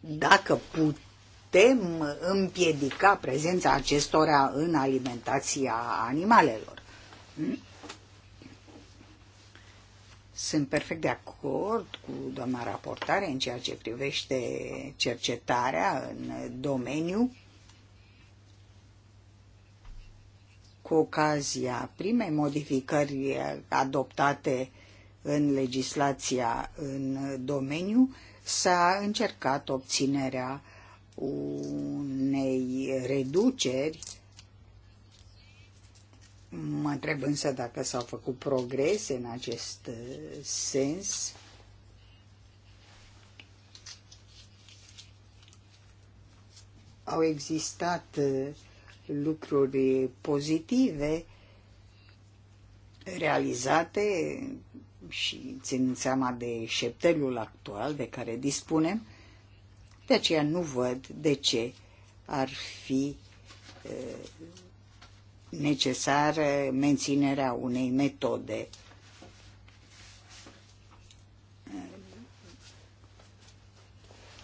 Speaker 3: dacă putem împiedica prezența acestora în alimentația animalelor. Sunt perfect de acord cu doamna raportare în ceea ce privește cercetarea în domeniu. Cu ocazia primei modificări adoptate în legislația în domeniu, s-a încercat obținerea unei reduceri Mă întreb însă dacă s-au făcut progrese în acest uh, sens. Au existat uh, lucruri pozitive realizate și ținând seama de șeptelul actual de care dispunem, de aceea nu văd de ce ar fi uh, necesară menținerea unei metode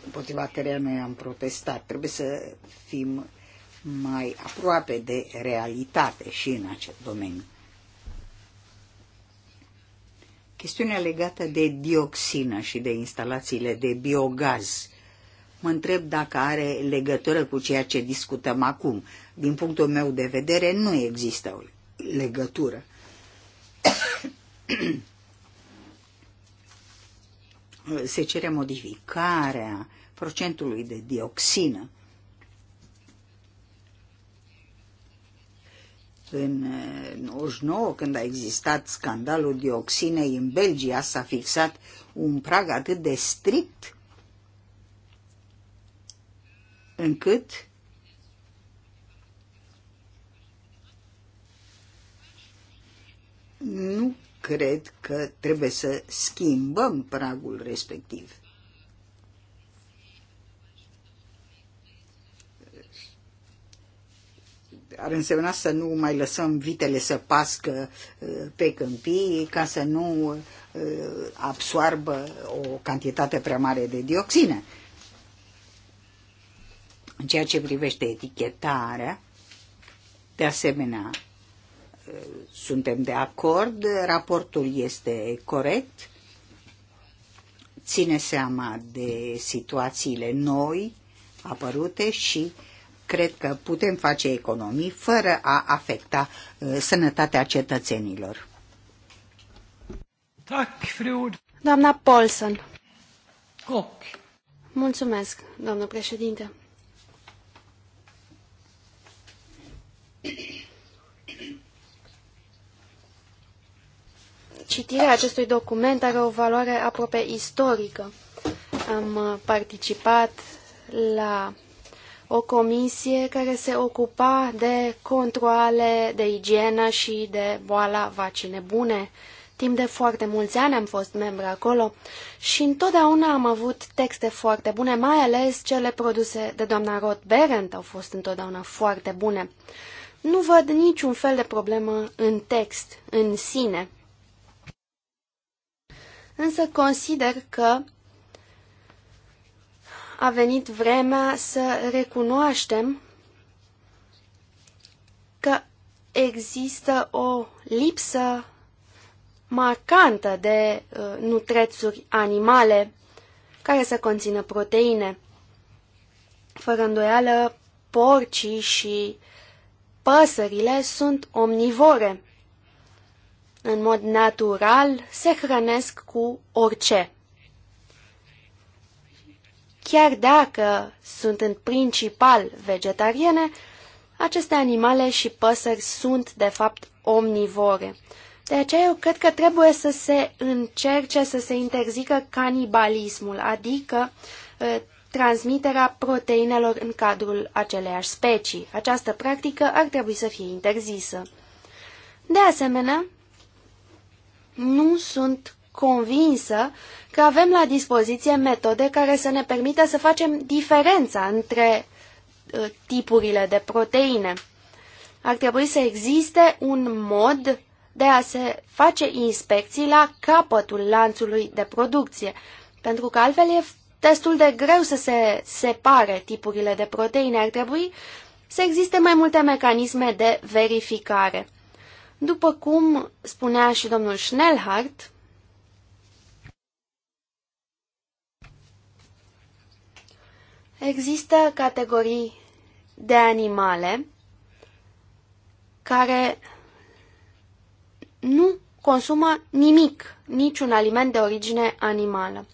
Speaker 3: împotriva căreia noi am protestat. Trebuie să fim mai aproape de realitate și în acest domeniu. Chestiunea legată de dioxină și de instalațiile de biogaz mă întreb dacă are legătură cu ceea ce discutăm acum. Din punctul meu de vedere, nu există o legătură. *coughs* Se cere modificarea procentului de dioxină În 99, când a existat scandalul dioxinei în Belgia, s-a fixat un prag atât de strict încât nu cred că trebuie să schimbăm pragul respectiv. Ar însemna să nu mai lăsăm vitele să pască uh, pe câmpii ca să nu uh, absoarbă o cantitate prea mare de dioxină. În ceea ce privește etichetarea, de asemenea, suntem de acord, raportul este corect, ține seama de situațiile noi apărute și cred că putem face economii fără a afecta uh, sănătatea cetățenilor.
Speaker 1: Doamna Paulson. Mulțumesc, doamnă președinte. Citirea acestui document are o valoare aproape istorică. Am uh, participat la o comisie care se ocupa de controle de igienă și de boala vacine bune. Timp de foarte mulți ani am fost membru acolo și întotdeauna am avut texte foarte bune, mai ales cele produse de doamna Roth Berendt au fost întotdeauna foarte bune. Nu văd niciun fel de problemă în text, în sine. Însă consider că a venit vremea să recunoaștem că există o lipsă marcantă de uh, nutrețuri animale care să conțină proteine. Fără îndoială, porcii și păsările sunt omnivore. În mod natural se hrănesc cu orice. Chiar dacă sunt în principal vegetariene, aceste animale și păsări sunt, de fapt, omnivore. De aceea eu cred că trebuie să se încerce să se interzică canibalismul, adică ă, transmiterea proteinelor în cadrul aceleiași specii. Această practică ar trebui să fie interzisă. De asemenea, nu sunt convinsă că avem la dispoziție metode care să ne permită să facem diferența între uh, tipurile de proteine. Ar trebui să existe un mod de a se face inspecții la capătul lanțului de producție, pentru că altfel e destul de greu să se separe tipurile de proteine. Ar trebui să existe mai multe mecanisme de verificare. După cum spunea și domnul Schnellhardt, există categorii de animale care nu consumă nimic, niciun aliment de origine animală.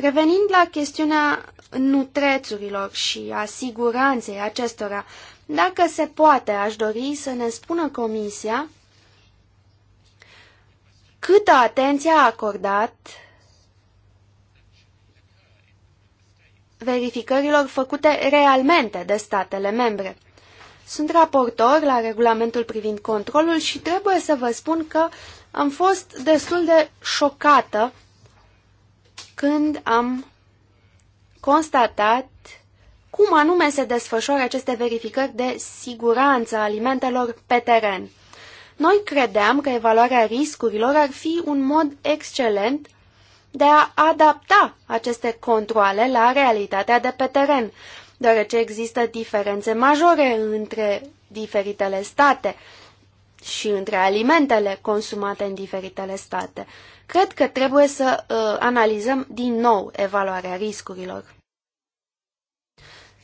Speaker 1: Revenind la chestiunea nutrețurilor și a siguranței acestora, dacă se poate, aș dori să ne spună Comisia câtă atenție a acordat verificărilor făcute realmente de statele membre. Sunt raportor la regulamentul privind controlul și trebuie să vă spun că am fost destul de șocată când am constatat cum anume se desfășoară aceste verificări de siguranță a alimentelor pe teren. Noi credeam că evaluarea riscurilor ar fi un mod excelent de a adapta aceste controle la realitatea de pe teren, deoarece există diferențe majore între diferitele state și între alimentele consumate în diferitele state. Cred că trebuie să uh, analizăm din nou evaluarea riscurilor.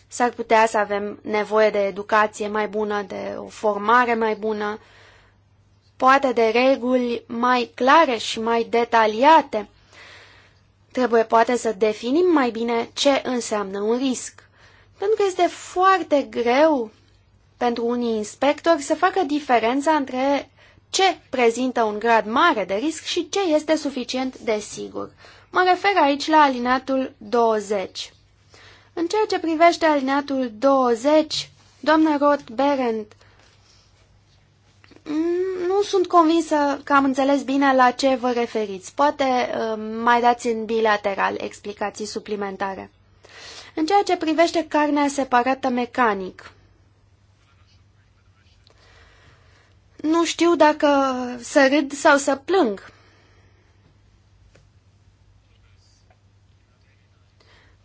Speaker 1: S-ar putea să avem nevoie de educație mai bună, de o formare mai bună, poate de reguli mai clare și mai detaliate. Trebuie poate să definim mai bine ce înseamnă un risc, pentru că este foarte greu pentru unii inspectori să facă diferența între ce prezintă un grad mare de risc și ce este suficient de sigur. Mă refer aici la alineatul 20. În ceea ce privește alineatul 20, doamna Roth Berend, mm, nu sunt convinsă că am înțeles bine la ce vă referiți. Poate uh, mai dați în bilateral explicații suplimentare. În ceea ce privește carnea separată mecanic, Nu știu dacă să râd sau să plâng.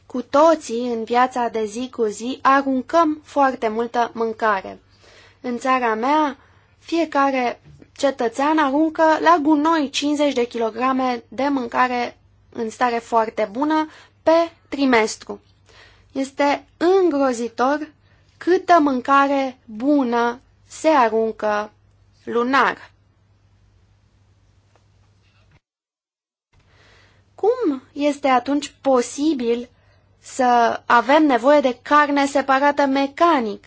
Speaker 1: Cu toții, în viața de zi cu zi, aruncăm foarte multă mâncare. În țara mea, fiecare cetățean aruncă la gunoi 50 de kilograme de mâncare în stare foarte bună pe trimestru. Este îngrozitor câtă mâncare bună se aruncă lunar. Cum este atunci posibil să avem nevoie de carne separată mecanic?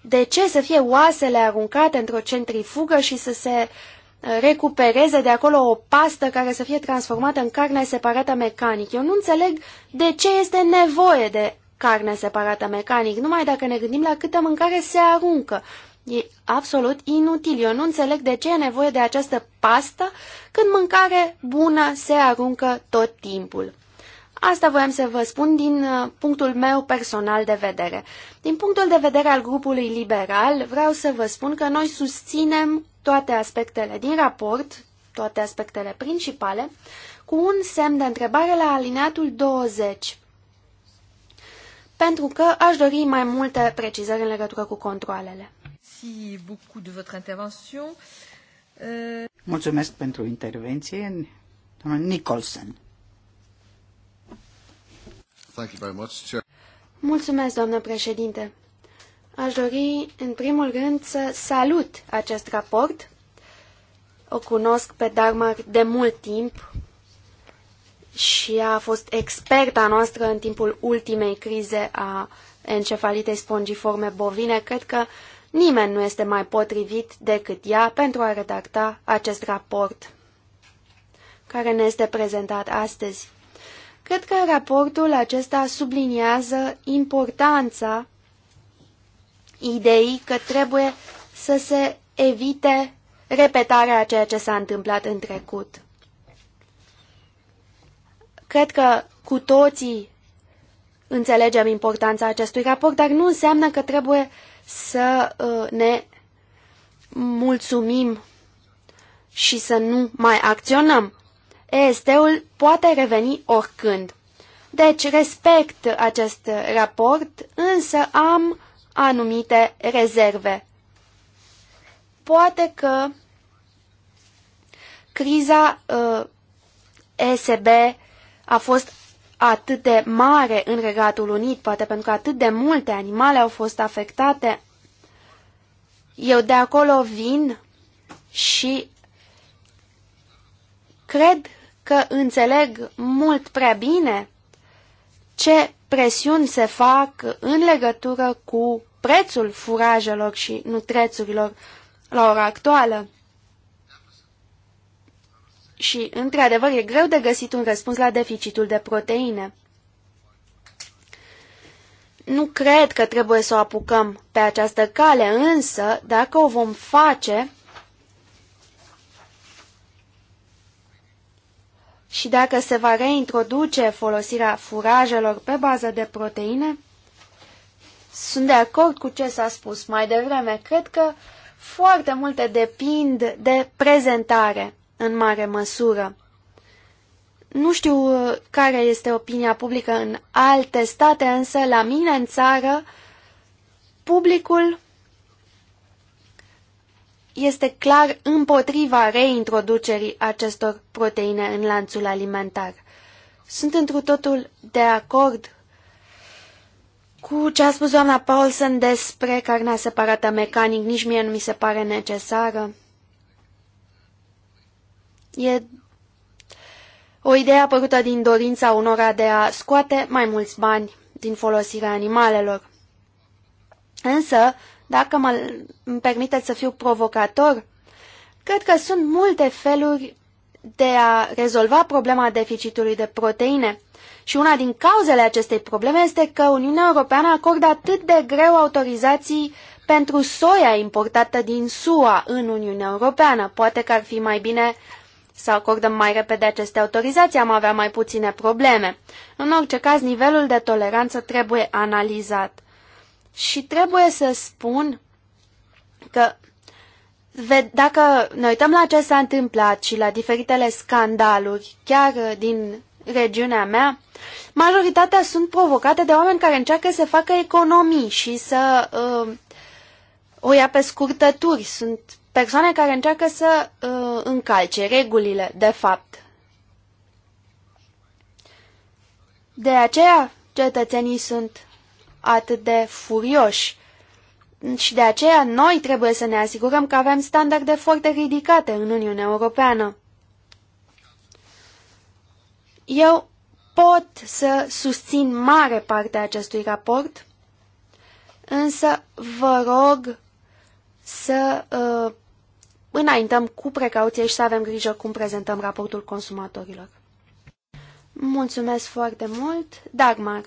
Speaker 1: De ce să fie oasele aruncate într-o centrifugă și să se uh, recupereze de acolo o pastă care să fie transformată în carne separată mecanic? Eu nu înțeleg de ce este nevoie de carne separată mecanic, numai dacă ne gândim la câtă mâncare se aruncă. E absolut inutil. Eu nu înțeleg de ce e nevoie de această pastă când mâncare bună se aruncă tot timpul. Asta voiam să vă spun din uh, punctul meu personal de vedere. Din punctul de vedere al grupului liberal, vreau să vă spun că noi susținem toate aspectele din raport, toate aspectele principale, cu un semn de întrebare la alineatul 20 pentru că aș dori mai multe precizări în legătură cu controlele.
Speaker 2: Merci beaucoup de votre intervention.
Speaker 1: Euh,
Speaker 3: Mulțumesc pentru intervenție, domnul Nicholson. Thank you very much.
Speaker 1: Mulțumesc, doamnă președinte. Aș dori, în primul rând, să salut acest raport. O cunosc pe Dagmar de mult timp și a fost experta noastră în timpul ultimei crize a encefalitei spongiforme bovine. Cred că uh, Nimeni nu este mai potrivit decât ea pentru a redacta acest raport care ne este prezentat astăzi. Cred că raportul acesta subliniază importanța ideii că trebuie să se evite repetarea a ceea ce s-a întâmplat în trecut. Cred că cu toții înțelegem importanța acestui raport, dar nu înseamnă că trebuie să uh, ne mulțumim și să nu mai acționăm. EST-ul poate reveni oricând. Deci respect acest raport, însă am anumite rezerve. Poate că criza uh, ESB a fost atât de mare în Regatul Unit, poate pentru că atât de multe animale au fost afectate. Eu de acolo vin și cred că înțeleg mult prea bine ce presiuni se fac în legătură cu prețul furajelor și nutrețurilor la ora actuală. Și, într-adevăr, e greu de găsit un răspuns la deficitul de proteine. Nu cred că trebuie să o apucăm pe această cale, însă, dacă o vom face și dacă se va reintroduce folosirea furajelor pe bază de proteine, sunt de acord cu ce s-a spus mai devreme. Cred că foarte multe depind de prezentare în mare măsură. Nu știu uh, care este opinia publică în alte state, însă la mine în țară publicul este clar împotriva reintroducerii acestor proteine în lanțul alimentar. Sunt întru totul de acord cu ce a spus doamna Paulsen despre carnea separată mecanic, nici mie nu mi se pare necesară. E o idee apărută din dorința unora de a scoate mai mulți bani din folosirea animalelor. Însă, dacă mă, îmi permiteți să fiu provocator, cred că sunt multe feluri de a rezolva problema deficitului de proteine. Și una din cauzele acestei probleme este că Uniunea Europeană acordă atât de greu autorizații pentru soia importată din SUA în Uniunea Europeană. Poate că ar fi mai bine să acordăm mai repede aceste autorizații, am avea mai puține probleme. În orice caz, nivelul de toleranță trebuie analizat. Și trebuie să spun că dacă ne uităm la ce s-a întâmplat și la diferitele scandaluri, chiar uh, din regiunea mea, majoritatea sunt provocate de oameni care încearcă să facă economii și să uh, o ia pe scurtături. Sunt persoane care încearcă să uh, încalce regulile, de fapt. De aceea cetățenii sunt atât de furioși și de aceea noi trebuie să ne asigurăm că avem standarde foarte ridicate în Uniunea Europeană. Eu pot să susțin mare parte a acestui raport, însă vă rog să uh, înaintăm cu precauție și să avem grijă cum prezentăm raportul consumatorilor. Mulțumesc
Speaker 2: foarte mult, Dagmar.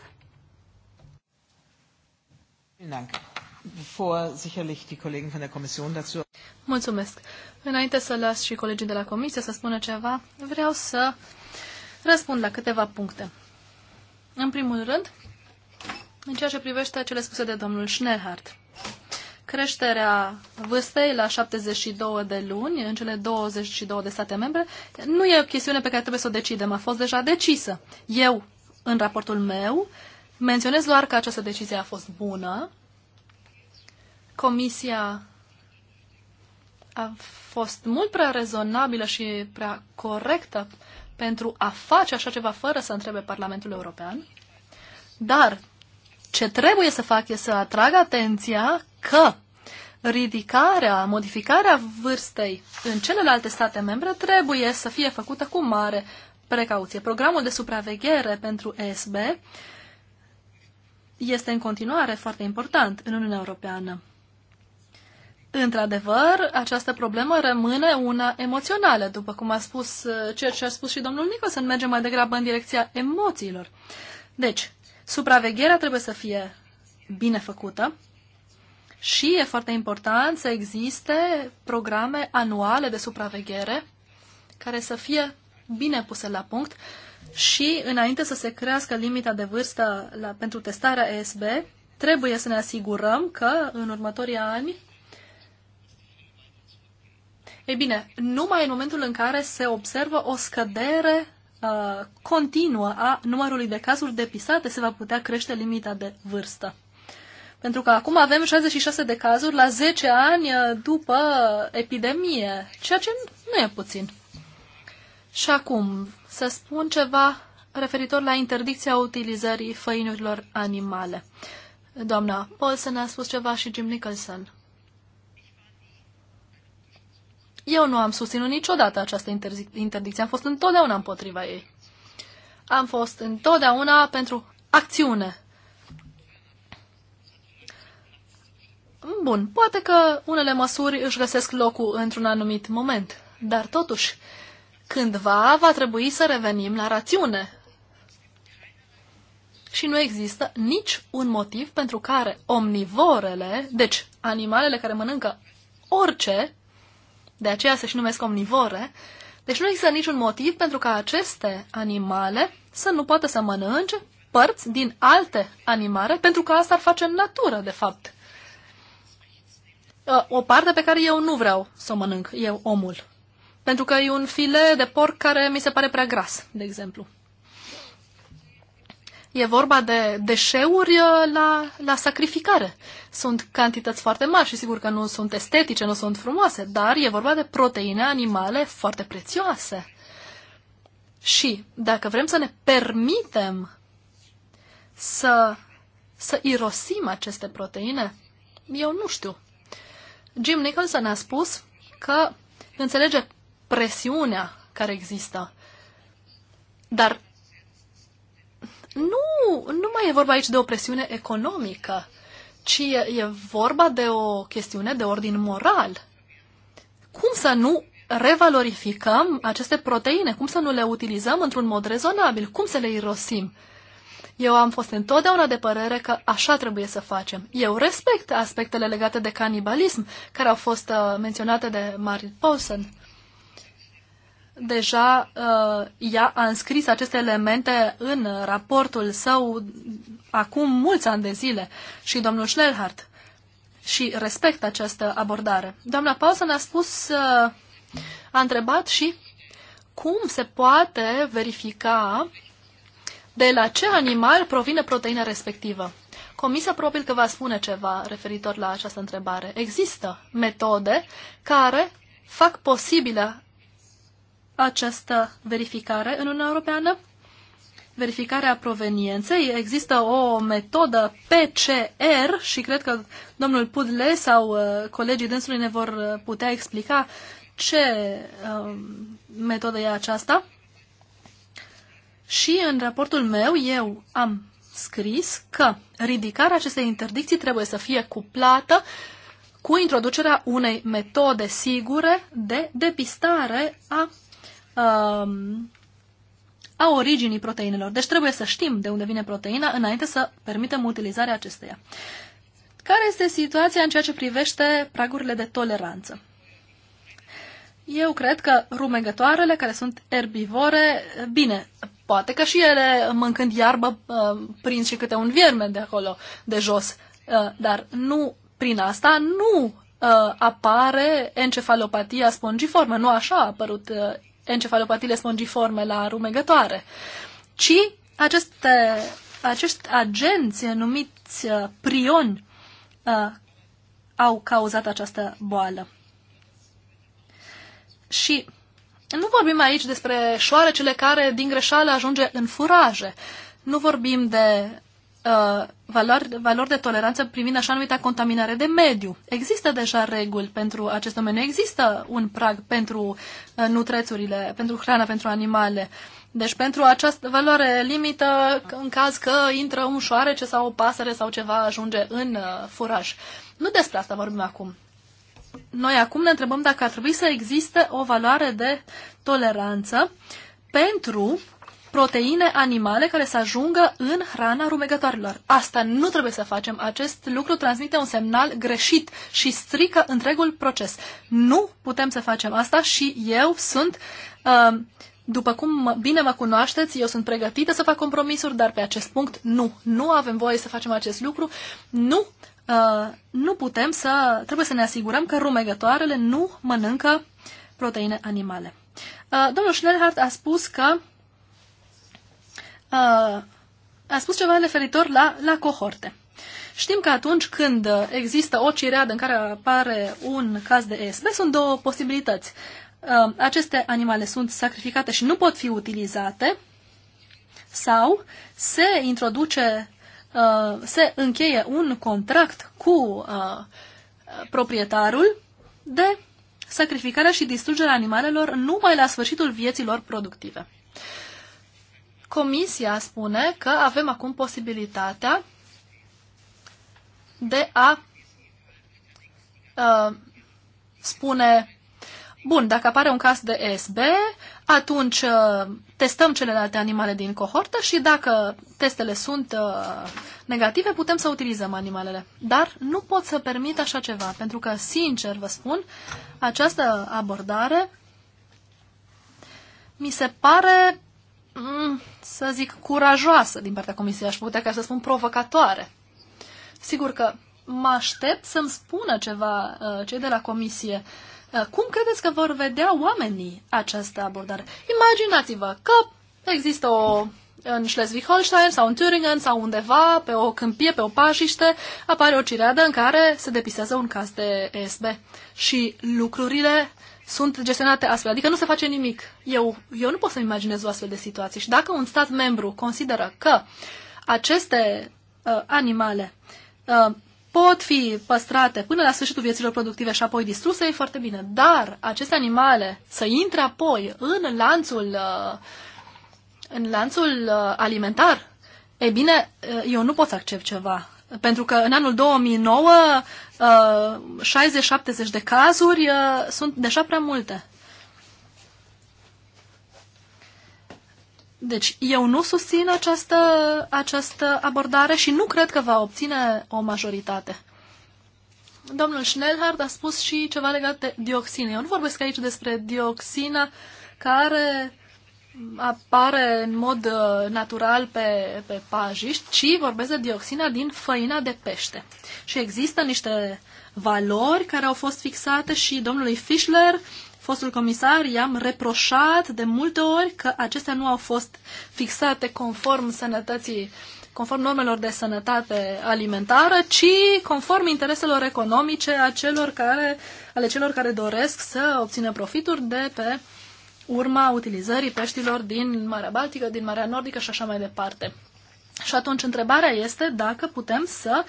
Speaker 2: Mulțumesc. Înainte să las și colegii de la comisie să spună ceva, vreau să răspund la câteva puncte. În primul rând, în ceea ce privește cele spuse de domnul Schnellhardt creșterea vârstei la 72 de luni în cele 22 de state membre nu e o chestiune pe care trebuie să o decidem, a fost deja decisă. Eu, în raportul meu, menționez doar că această decizie a fost bună. Comisia a fost mult prea rezonabilă și prea corectă pentru a face așa ceva fără să întrebe Parlamentul European. Dar ce trebuie să fac e să atrag atenția că ridicarea, modificarea vârstei în celelalte state membre trebuie să fie făcută cu mare precauție. Programul de supraveghere pentru ESB este în continuare foarte important în Uniunea Europeană. Într-adevăr, această problemă rămâne una emoțională, după cum a spus ceea ce a spus și domnul Nicholson, merge mai degrabă în direcția emoțiilor. Deci, supravegherea trebuie să fie bine făcută, și e foarte important să existe programe anuale de supraveghere care să fie bine puse la punct și înainte să se crească limita de vârstă la, pentru testarea ESB, trebuie să ne asigurăm că în următorii ani ei bine, numai în momentul în care se observă o scădere uh, continuă a numărului de cazuri depisate, se va putea crește limita de vârstă. Pentru că acum avem 66 de cazuri la 10 ani uh, după epidemie, ceea ce nu e puțin. Și acum, să spun ceva referitor la interdicția utilizării făinurilor animale. Doamna Paulsen a spus ceva și Jim Nicholson. Eu nu am susținut niciodată această interdicție, am fost întotdeauna împotriva ei. Am fost întotdeauna pentru acțiune Bun, poate că unele măsuri își găsesc locul într-un anumit moment, dar totuși, cândva va trebui să revenim la rațiune. Și nu există nici un motiv pentru care omnivorele, deci animalele care mănâncă orice, de aceea se și numesc omnivore, deci nu există niciun motiv pentru ca aceste animale să nu poată să mănânce părți din alte animale, pentru că asta ar face în natură, de fapt. Uh, o parte pe care eu nu vreau să o mănânc, eu, omul. Pentru că e un file de porc care mi se pare prea gras, de exemplu. E vorba de deșeuri uh, la, la sacrificare. Sunt cantități foarte mari și sigur că nu sunt estetice, nu sunt frumoase, dar e vorba de proteine animale foarte prețioase. Și dacă vrem să ne permitem să, să irosim aceste proteine, eu nu știu Jim Nicholson a spus că înțelege presiunea care există. Dar nu, nu mai e vorba aici de o presiune economică, ci e, e vorba de o chestiune de ordin moral. Cum să nu revalorificăm aceste proteine? Cum să nu le utilizăm într-un mod rezonabil? Cum să le irosim? Eu am fost întotdeauna de părere că așa trebuie să facem. Eu respect aspectele legate de canibalism, care au fost uh, menționate de Marit Paulsen. Deja uh, ea a înscris aceste elemente în raportul său acum mulți ani de zile și domnul Schnellhardt și respect această abordare. Doamna Paulsen a spus, uh, a întrebat și cum se poate verifica de la ce animal provine proteina respectivă. Comisia probabil că va spune ceva referitor la această întrebare. Există metode care fac posibilă această verificare în Uniunea Europeană? verificarea provenienței. Există o metodă PCR și cred că domnul Pudle sau uh, colegii dânsului ne vor uh, putea explica ce uh, metodă e aceasta. Și în raportul meu eu am scris că ridicarea acestei interdicții trebuie să fie cuplată cu introducerea unei metode sigure de depistare a, um, a originii proteinelor. Deci trebuie să știm de unde vine proteina înainte să permitem utilizarea acesteia. Care este situația în ceea ce privește pragurile de toleranță? Eu cred că rumegătoarele care sunt erbivore, bine, Poate că și ele, mâncând iarbă, uh, prind și câte un vierme de acolo, de jos. Uh, dar nu, prin asta nu uh, apare encefalopatia spongiformă. Nu așa a apărut encefalopatiile spongiforme la rumegătoare, ci aceste, acești agenți numiți prioni au cauzat această boală. Și nu vorbim aici despre șoarecele care din greșeală ajunge în furaje. Nu vorbim de uh, valori, valori de toleranță privind așa numita contaminare de mediu. Există deja reguli pentru acest domeniu. Există un prag pentru uh, nutrețurile, pentru hrana pentru animale. Deci pentru această valoare limită, în caz că intră un șoarece sau o pasăre sau ceva ajunge în uh, furaj. Nu despre asta vorbim acum noi acum ne întrebăm dacă ar trebui să existe o valoare de toleranță pentru proteine animale care să ajungă în hrana rumegătoarelor. Asta nu trebuie să facem. Acest lucru transmite un semnal greșit și strică întregul proces. Nu putem să facem asta și eu sunt, uh, după cum bine mă cunoașteți, eu sunt pregătită să fac compromisuri, dar pe acest punct nu. Nu avem voie să facem acest lucru. Nu Uh, nu putem să, trebuie să ne asigurăm că rumegătoarele nu mănâncă proteine animale. Uh, domnul Schnellhardt a spus că uh, a spus ceva referitor la, la cohorte. Știm că atunci când există o cireadă în care apare un caz de ESB, sunt două posibilități. Aceste animale sunt sacrificate și nu pot fi utilizate sau se introduce Uh, se încheie un contract cu uh, proprietarul de sacrificarea și distrugerea animalelor numai la sfârșitul vieților productive. Comisia spune că avem acum posibilitatea de a uh, spune Bun, dacă apare un caz de SB, atunci uh, testăm celelalte animale din cohortă și dacă testele sunt uh, negative, putem să utilizăm animalele. Dar nu pot să permit așa ceva, pentru că, sincer vă spun, această abordare mi se pare, mm, să zic, curajoasă din partea comisiei, aș putea ca să spun provocatoare. Sigur că mă aștept să-mi spună ceva uh, cei de la comisie uh, Uh, cum credeți că vor vedea oamenii această abordare? Imaginați-vă că există o în Schleswig-Holstein sau în Thüringen sau undeva, pe o câmpie, pe o pașiște, apare o cireadă în care se depisează un caz de ESB. Și lucrurile sunt gestionate astfel, adică nu se face nimic. Eu, eu nu pot să imaginez o astfel de situație. Și dacă un stat membru consideră că aceste uh, animale uh, pot fi păstrate până la sfârșitul vieților productive și apoi distruse, e foarte bine. Dar aceste animale să intre apoi în lanțul, uh, în lanțul uh, alimentar, e bine, uh, eu nu pot să accept ceva. Pentru că în anul 2009 60-70 de cazuri sunt deja prea multe. Deci, eu nu susțin această, această abordare și nu cred că va obține o majoritate. Domnul Schnellhardt a spus și ceva legat de dioxine. Eu nu vorbesc aici despre dioxina care apare în mod uh, natural pe, pe pajiști, ci vorbesc de dioxina din făina de pește. Și există niște valori care au fost fixate și domnului Fischler fostul comisar, i-am reproșat de multe ori că acestea nu au fost fixate conform sănătății conform normelor de sănătate alimentară, ci conform intereselor economice a celor care, ale celor care doresc să obțină profituri de pe urma utilizării peștilor din Marea Baltică, din Marea Nordică și așa mai departe. Și atunci întrebarea este dacă putem să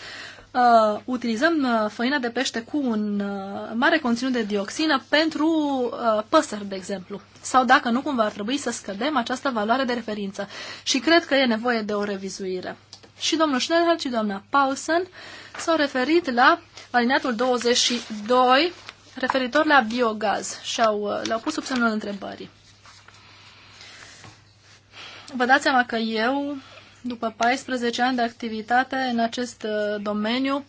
Speaker 2: uh, utilizăm uh, făina de pește cu un uh, mare conținut de dioxină pentru uh, păsări, de exemplu. Sau dacă nu, cumva ar trebui să scădem această valoare de referință. Și cred că e nevoie de o revizuire. Și domnul Schneider și doamna Paulsen s-au referit la alineatul 22 referitor la biogaz și au, uh, le-au pus sub semnul întrebării. Vă dați seama că eu după 14 ani de activitate în acest uh, domeniu,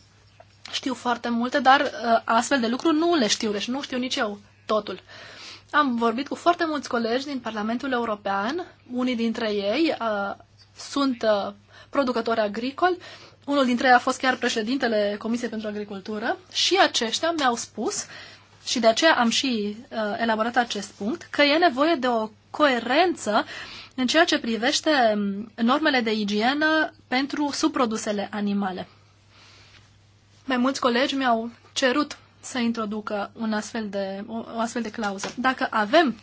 Speaker 2: știu foarte multe, dar uh, astfel de lucruri nu le știu, deci nu știu nici eu totul. Am vorbit cu foarte mulți colegi din Parlamentul European, unii dintre ei uh, sunt uh, producători agricoli, unul dintre ei a fost chiar președintele Comisiei pentru Agricultură și aceștia mi-au spus, și de aceea am și uh, elaborat acest punct, că e nevoie de o coerență uh, în ceea ce privește mm, normele de igienă pentru subprodusele animale. Mai mulți colegi mi-au cerut să introducă un astfel de, o, astfel de clauză. Dacă avem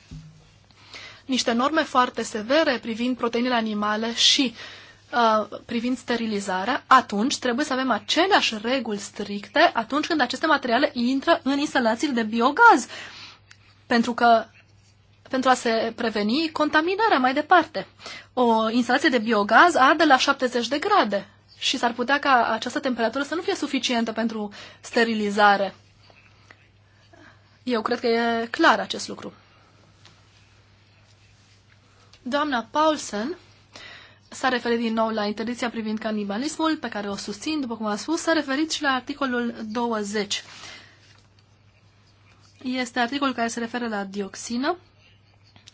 Speaker 2: niște norme foarte severe privind proteinele animale și uh, privind sterilizarea, atunci trebuie să avem aceleași reguli stricte atunci când aceste materiale intră în instalațiile de biogaz. Pentru că pentru a se preveni contaminarea mai departe. O instalație de biogaz arde la 70 de grade și s-ar putea ca această temperatură să nu fie suficientă pentru sterilizare. Eu cred că e clar acest lucru. Doamna Paulsen s-a referit din nou la interdicția privind canibalismul, pe care o susțin, după cum am spus, s-a referit și la articolul 20. Este articolul care se referă la dioxină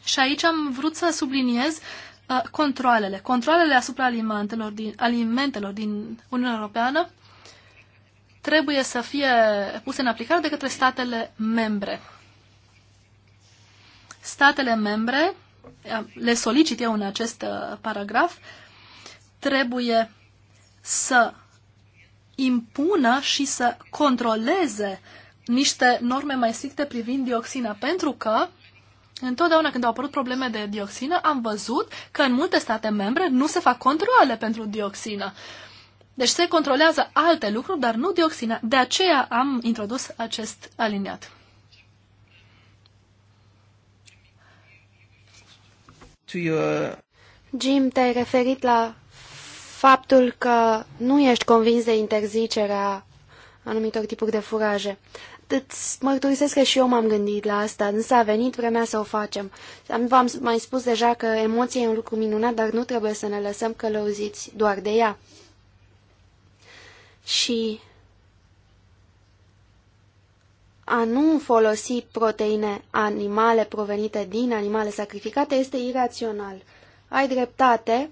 Speaker 2: și aici am vrut să subliniez uh, controlele. Controlele asupra alimentelor din, alimentelor din Uniunea Europeană trebuie să fie puse în aplicare de către statele membre. Statele membre, uh, le solicit eu în acest uh, paragraf, trebuie să impună și să controleze niște norme mai stricte privind dioxina, pentru că întotdeauna când au apărut probleme de dioxină, am văzut că în multe state membre nu se fac controle pentru dioxină. Deci se controlează alte lucruri, dar nu dioxina. De aceea am introdus acest aliniat.
Speaker 1: Jim, te-ai referit la faptul că nu ești convins de interzicerea anumitor tipuri de furaje. Uh, îți mărturisesc că și eu m-am gândit la asta, însă a venit vremea să o facem. V-am mai spus deja că emoția e un lucru minunat, dar nu trebuie să ne lăsăm călăuziți doar de ea. Și a nu folosi proteine animale provenite din animale sacrificate este irațional. Ai dreptate,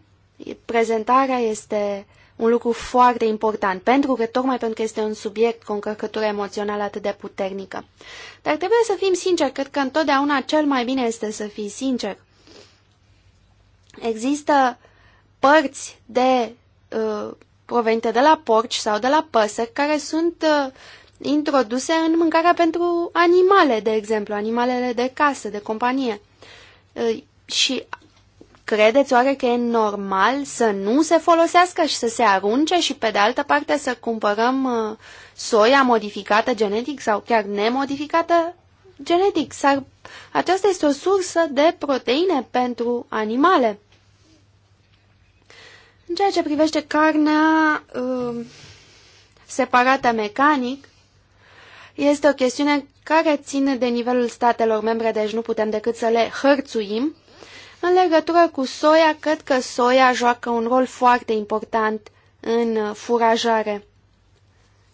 Speaker 1: prezentarea este uh, un lucru foarte important, pentru că tocmai pentru că este un subiect cu o încărcătură emoțională atât de puternică. Dar trebuie să fim sinceri, cred că întotdeauna cel mai bine este să fii sincer. Există părți de uh, provenite de la porci sau de la păsări care sunt uh, introduse în mâncarea pentru animale, de exemplu, animalele de casă, de companie. Uh, și Credeți oare că e normal să nu se folosească și să se arunce și pe de altă parte să cumpărăm uh, soia modificată genetic sau chiar nemodificată genetic? S-ar... Aceasta este o sursă de proteine pentru animale. În ceea ce privește carnea uh, separată mecanic, este o chestiune care ține de nivelul statelor membre, deci nu putem decât să le hărțuim în legătură cu soia, cred că soia joacă un rol foarte important în furajare,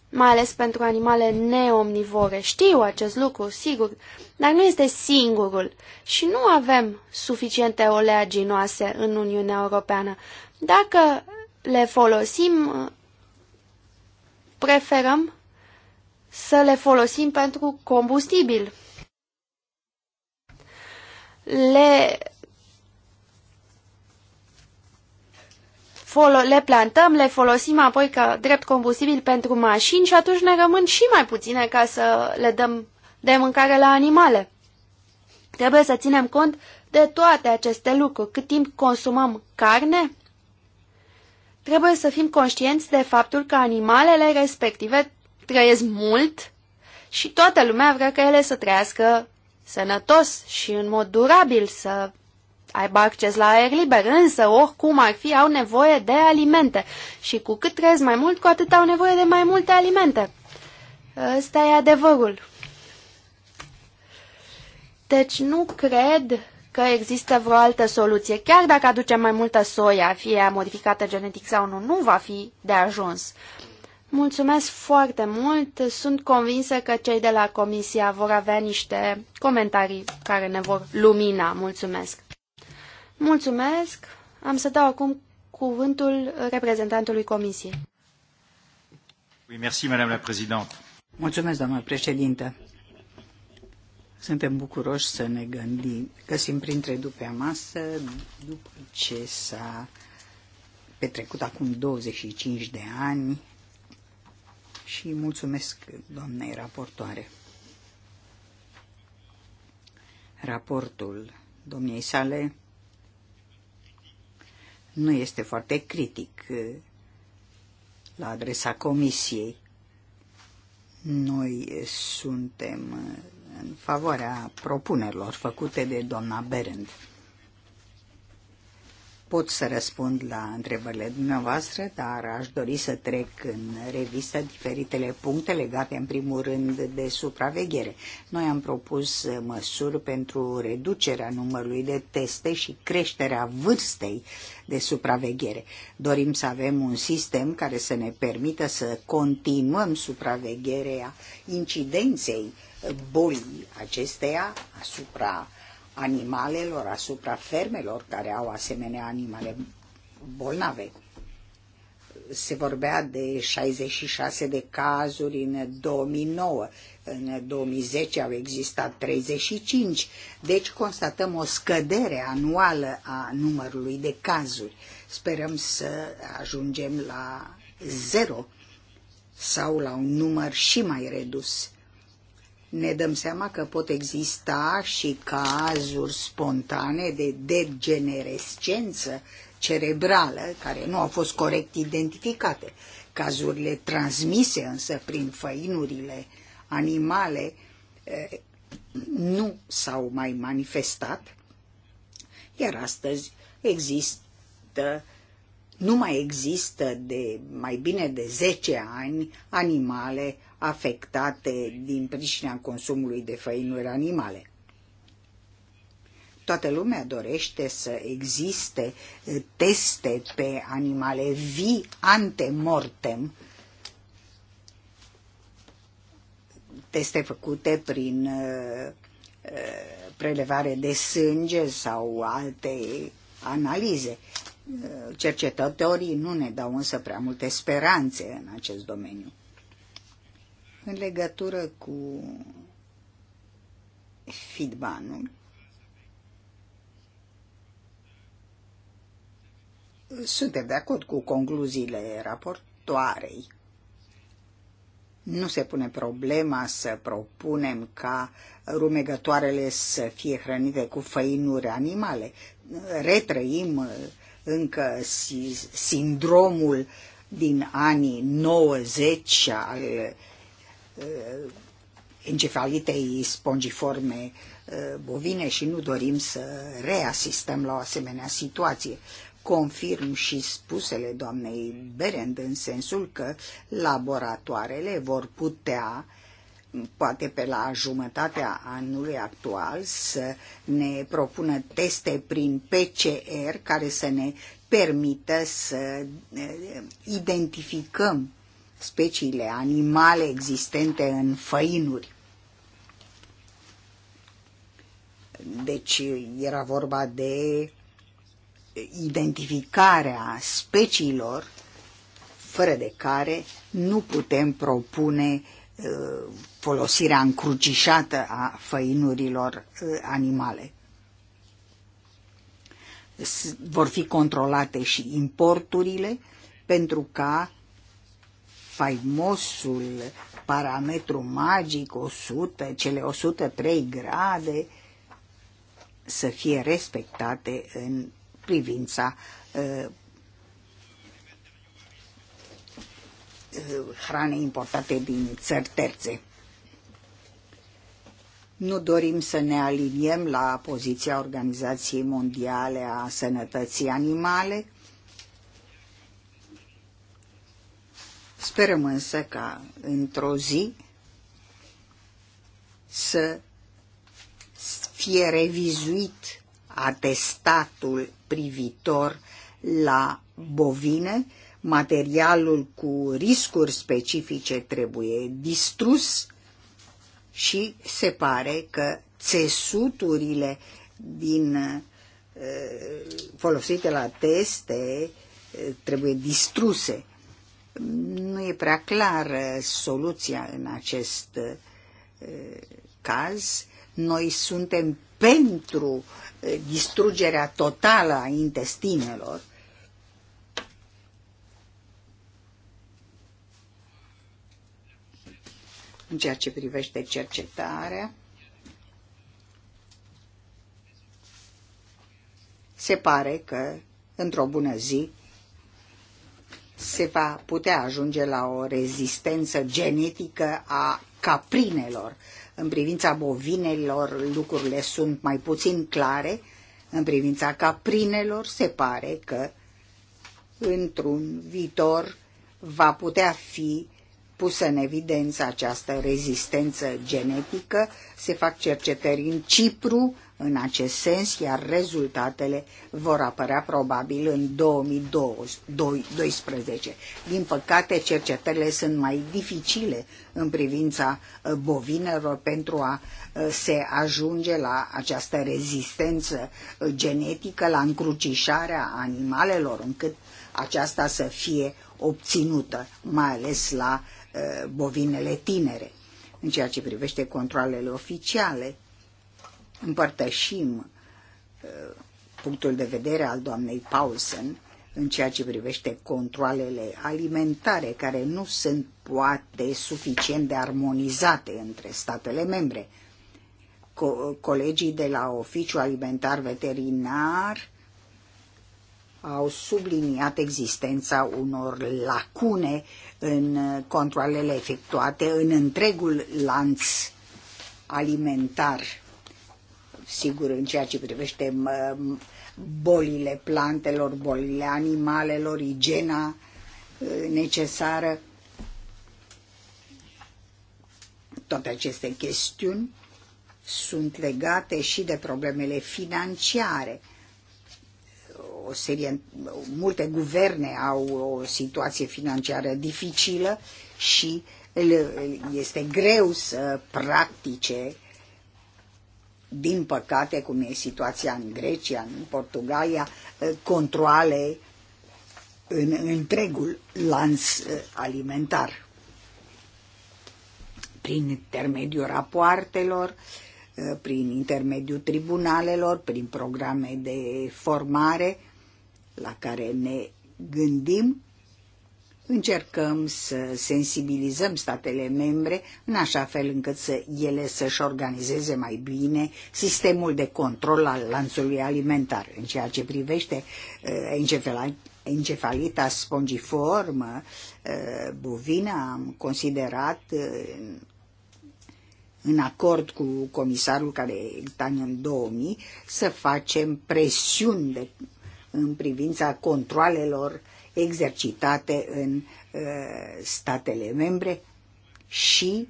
Speaker 1: mai ales pentru animale neomnivore. Știu acest lucru, sigur, dar nu este singurul și nu avem suficiente oleaginoase în Uniunea Europeană. Dacă le folosim, preferăm să le folosim pentru combustibil. Le le plantăm, le folosim apoi ca drept combustibil pentru mașini și atunci ne rămân și mai puține ca să le dăm de mâncare la animale. Trebuie să ținem cont de toate aceste lucruri. Cât timp consumăm carne, trebuie să fim conștienți de faptul că animalele respective trăiesc mult și toată lumea vrea că ele să trăiască sănătos și în mod durabil, să aibă acces la aer liber, însă oricum ar fi, au nevoie de alimente. Și cu cât trăiesc mai mult, cu atât au nevoie de mai multe alimente. Ăsta e adevărul. Deci nu cred că există vreo altă soluție. Chiar dacă aducem mai multă soia, fie modificată genetic sau nu, nu va fi de ajuns. Mulțumesc foarte mult. Sunt convinsă că cei de la Comisia vor avea niște comentarii care ne vor lumina. Mulțumesc. Mulțumesc. Am să dau acum cuvântul reprezentantului Comisiei.
Speaker 3: Oui, merci, Madame la Présidente. Mulțumesc, doamnă președintă. Suntem bucuroși să ne gândim, găsim printre după masă, după ce s-a petrecut acum 25 de ani și mulțumesc doamnei raportoare. Raportul domniei sale nu este foarte critic uh, la adresa Comisiei. Noi suntem uh, în favoarea propunerilor făcute de doamna Berend pot să răspund la întrebările dumneavoastră, dar aș dori să trec în revistă diferitele puncte legate, în primul rând, de supraveghere. Noi am propus măsuri pentru reducerea numărului de teste și creșterea vârstei de supraveghere. Dorim să avem un sistem care să ne permită să continuăm supravegherea incidenței bolii acesteia asupra animalelor, asupra fermelor care au asemenea animale bolnave. Se vorbea de 66 de cazuri în 2009, în 2010 au existat 35, deci constatăm o scădere anuală a numărului de cazuri. Sperăm să ajungem la zero sau la un număr și mai redus ne dăm seama că pot exista și cazuri spontane de degenerescență cerebrală, care nu au fost corect identificate. Cazurile transmise însă prin făinurile animale nu s-au mai manifestat, iar astăzi există, nu mai există de mai bine de 10 ani animale afectate din pricina consumului de făinuri animale. Toată lumea dorește să existe eh, teste pe animale vii antemortem, teste făcute prin eh, eh, prelevare de sânge sau alte analize. Cercetătorii nu ne dau însă prea multe speranțe în acest domeniu în legătură cu fitbanul. Suntem de acord cu concluziile raportoarei. Nu se pune problema să propunem ca rumegătoarele să fie hrănite cu făinuri animale. Retrăim uh, încă sindromul din anii 90 al Uh, encefalitei spongiforme uh, bovine și nu dorim să reasistăm la o asemenea situație. Confirm și spusele doamnei Berend în sensul că laboratoarele vor putea poate pe la jumătatea anului actual să ne propună teste prin PCR care să ne permită să uh, identificăm speciile animale existente în făinuri. Deci era vorba de identificarea speciilor fără de care nu putem propune uh, folosirea încrucișată a făinurilor uh, animale. Vor fi controlate și importurile pentru ca faimosul parametru magic 100, cele 103 grade să fie respectate în privința uh, uh hrane importate din țări terțe. Nu dorim să ne aliniem la poziția Organizației Mondiale a Sănătății Animale, Sperăm însă ca într-o zi să fie revizuit atestatul privitor la bovine, materialul cu riscuri specifice trebuie distrus și se pare că țesuturile din eh, folosite la teste eh, trebuie distruse nu e prea clară soluția în acest uh, caz. Noi suntem pentru uh, distrugerea totală a intestinelor, în ceea ce privește cercetarea. Se pare că, într-o bună zi, se va putea ajunge la o rezistență genetică a caprinelor. În privința bovinelor lucrurile sunt mai puțin clare, în privința caprinelor se pare că într-un viitor va putea fi pusă în evidență această rezistență genetică. Se fac cercetări în Cipru în acest sens, iar rezultatele vor apărea probabil în 2012. Din păcate, cercetările sunt mai dificile în privința uh, bovinelor pentru a uh, se ajunge la această rezistență uh, genetică, la încrucișarea animalelor, încât aceasta să fie obținută, mai ales la bovinele tinere. În ceea ce privește controlele oficiale, Împărtășim uh, punctul de vedere al doamnei Paulsen în ceea ce privește controlele alimentare, care nu sunt poate suficient de armonizate între statele membre. Co- colegii de la Oficiul Alimentar Veterinar au subliniat existența unor lacune în controlele efectuate în întregul lanț alimentar sigur, în ceea ce privește bolile plantelor, bolile animalelor, igiena necesară, toate aceste chestiuni sunt legate și de problemele financiare. O serie, multe guverne au o situație financiară dificilă și este greu să practice din păcate, cum e situația în Grecia, în Portugalia, ă, controle în întregul lanț ă, alimentar. Prin intermediul rapoartelor, ă, prin intermediul tribunalelor, prin programe de formare la care ne gândim, Încercăm să sensibilizăm statele membre în așa fel încât să ele să-și organizeze mai bine sistemul de control al lanțului alimentar. În ceea ce privește uh, encefalita spongiformă uh, bovina, am considerat uh, în acord cu comisarul care e în 2000, să facem presiuni de, în privința controlelor uh, exercitate în uh, statele membre și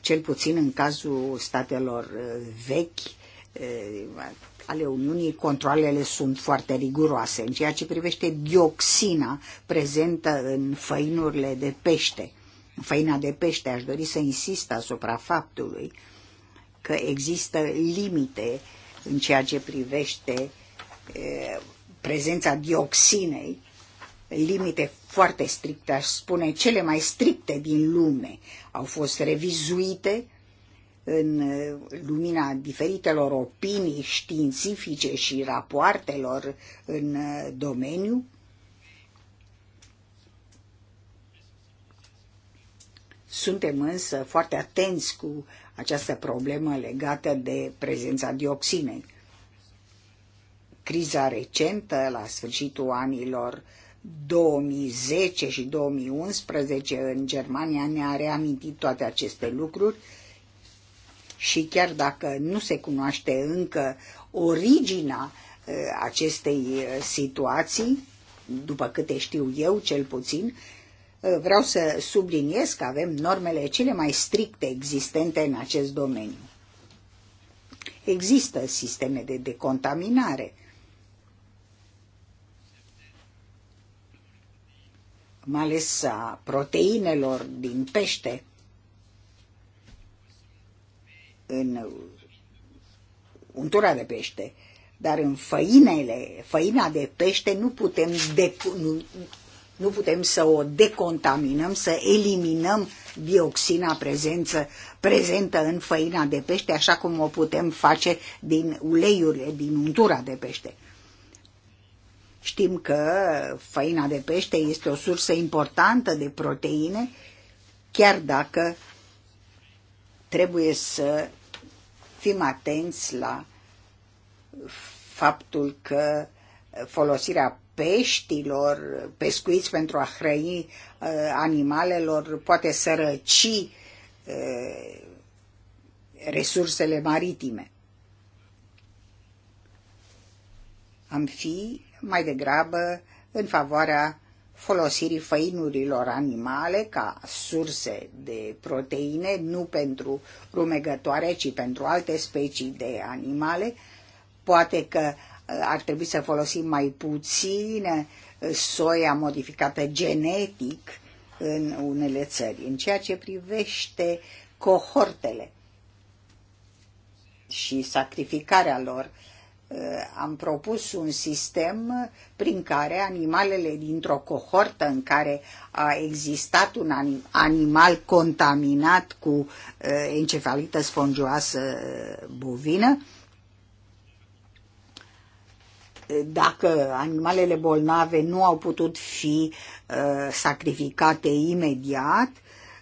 Speaker 3: cel puțin în cazul statelor uh, vechi uh, ale Uniunii, controlele sunt foarte riguroase în ceea ce privește dioxina prezentă în făinurile de pește. În făina de pește aș dori să insist asupra faptului că există limite în ceea ce privește prezența dioxinei, limite foarte stricte, aș spune cele mai stricte din lume, au fost revizuite în uh, lumina diferitelor opinii științifice și rapoartelor în uh, domeniu, Suntem însă foarte atenți cu această problemă legată de prezența dioxinei criza recentă, la sfârșitul anilor 2010 și 2011 în Germania ne-a reamintit toate aceste lucruri și chiar dacă nu se cunoaște încă originea uh, acestei uh, situații, după câte știu eu cel puțin, uh, vreau să subliniez că avem normele cele mai stricte existente în acest domeniu. Există sisteme de decontaminare, mai ales a proteinelor din pește în untura de pește, dar în făinele, făina de pește nu putem, de, nu, nu putem să o decontaminăm, să eliminăm dioxina prezență, prezentă în făina de pește, așa cum o putem face din uleiurile, din untura de pește. Știm că făina de pește este o sursă importantă de proteine, chiar dacă trebuie să fim atenți la faptul că folosirea peștilor pescuiți pentru a hrăni uh, animalelor poate sărăci uh, resursele maritime. Am fi mai degrabă în favoarea folosirii făinurilor animale ca surse de proteine, nu pentru rumegătoare, ci pentru alte specii de animale. Poate că uh, ar trebui să folosim mai puțin uh, soia modificată genetic în unele țări, în ceea ce privește cohortele și sacrificarea lor. Eh, am propus un sistem prin care animalele dintr-o cohortă în care a existat un animal contaminat cu eh, encefalită spongioasă eh, bovină, dacă animalele bolnave nu au putut fi sacrificate imediat,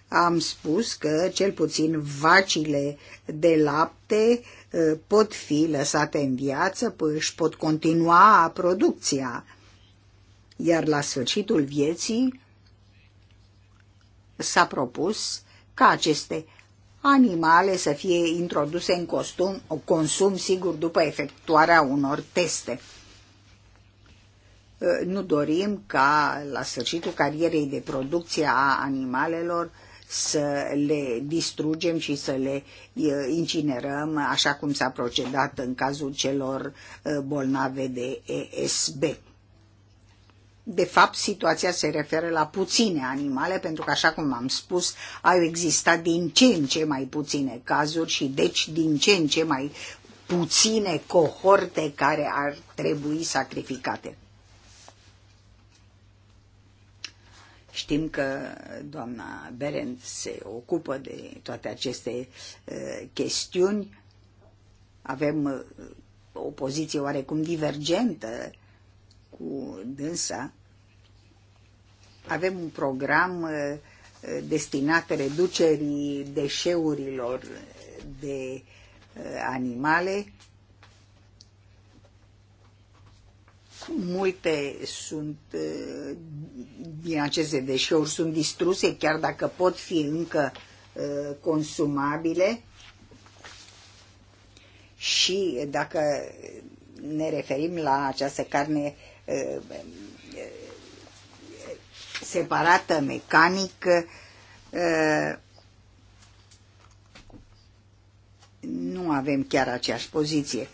Speaker 3: am spus că cel puțin vacile de lapte uh, pot fi lăsate în viață, își pot continua producția, iar la sfârșitul vieții s-a propus ca aceste animale să fie introduse în costum, o consum, sigur, după efectuarea unor teste. Nu dorim ca la sfârșitul carierei de producție a animalelor să le distrugem și să le incinerăm, așa cum s-a procedat în cazul celor bolnave de ESB. De fapt, situația se referă la puține animale, pentru că, așa cum am spus, au existat din ce în ce mai puține cazuri și, deci, din ce în ce mai puține cohorte care ar trebui sacrificate. Știm că doamna Berend se ocupă de toate aceste chestiuni. Avem o poziție oarecum divergentă cu dânsa. Avem un program destinat reducerii deșeurilor de animale multe sunt uh, din aceste deșeuri sunt distruse, chiar dacă pot fi încă uh, consumabile. Și dacă ne referim la această carne uh, separată mecanic, nu avem chiar aceeași poziție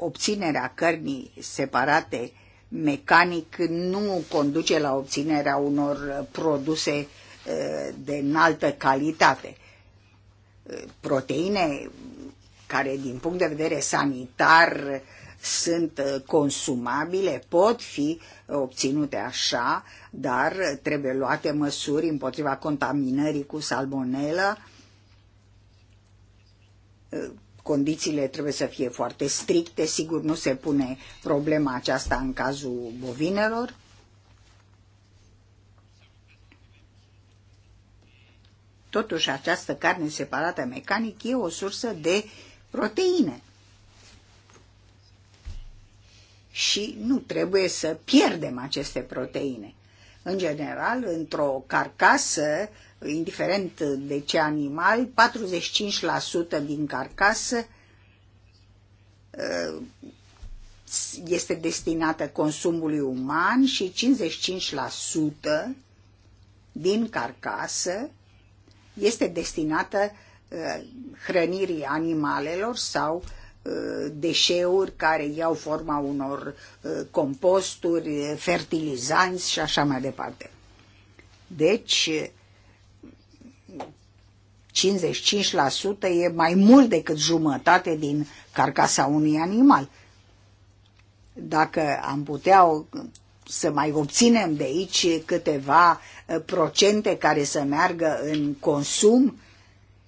Speaker 3: obținerea cărnii separate mecanic nu conduce la obținerea unor produse eh, de înaltă calitate. Proteine care din punct de vedere sanitar sunt eh, consumabile, pot fi eh, obținute așa, dar trebuie luate măsuri împotriva contaminării cu salmonelă condițiile trebuie să fie foarte stricte, sigur nu se pune problema aceasta în cazul bovinelor. Totuși, această carne separată mecanic e o sursă de proteine. Și nu trebuie să pierdem aceste proteine. În general, într-o carcasă indiferent de ce animal, 45% din carcasă uh, este destinată consumului uman și 55% din carcasă este destinată uh, hrănirii animalelor sau uh, deșeuri care iau forma unor composturi, fertilizanți și așa mai departe. Deci, 55% e mai mult decât jumătate din carcasa unui animal. Dacă am putea să mai obținem de aici câteva uh, procente care să meargă în consum,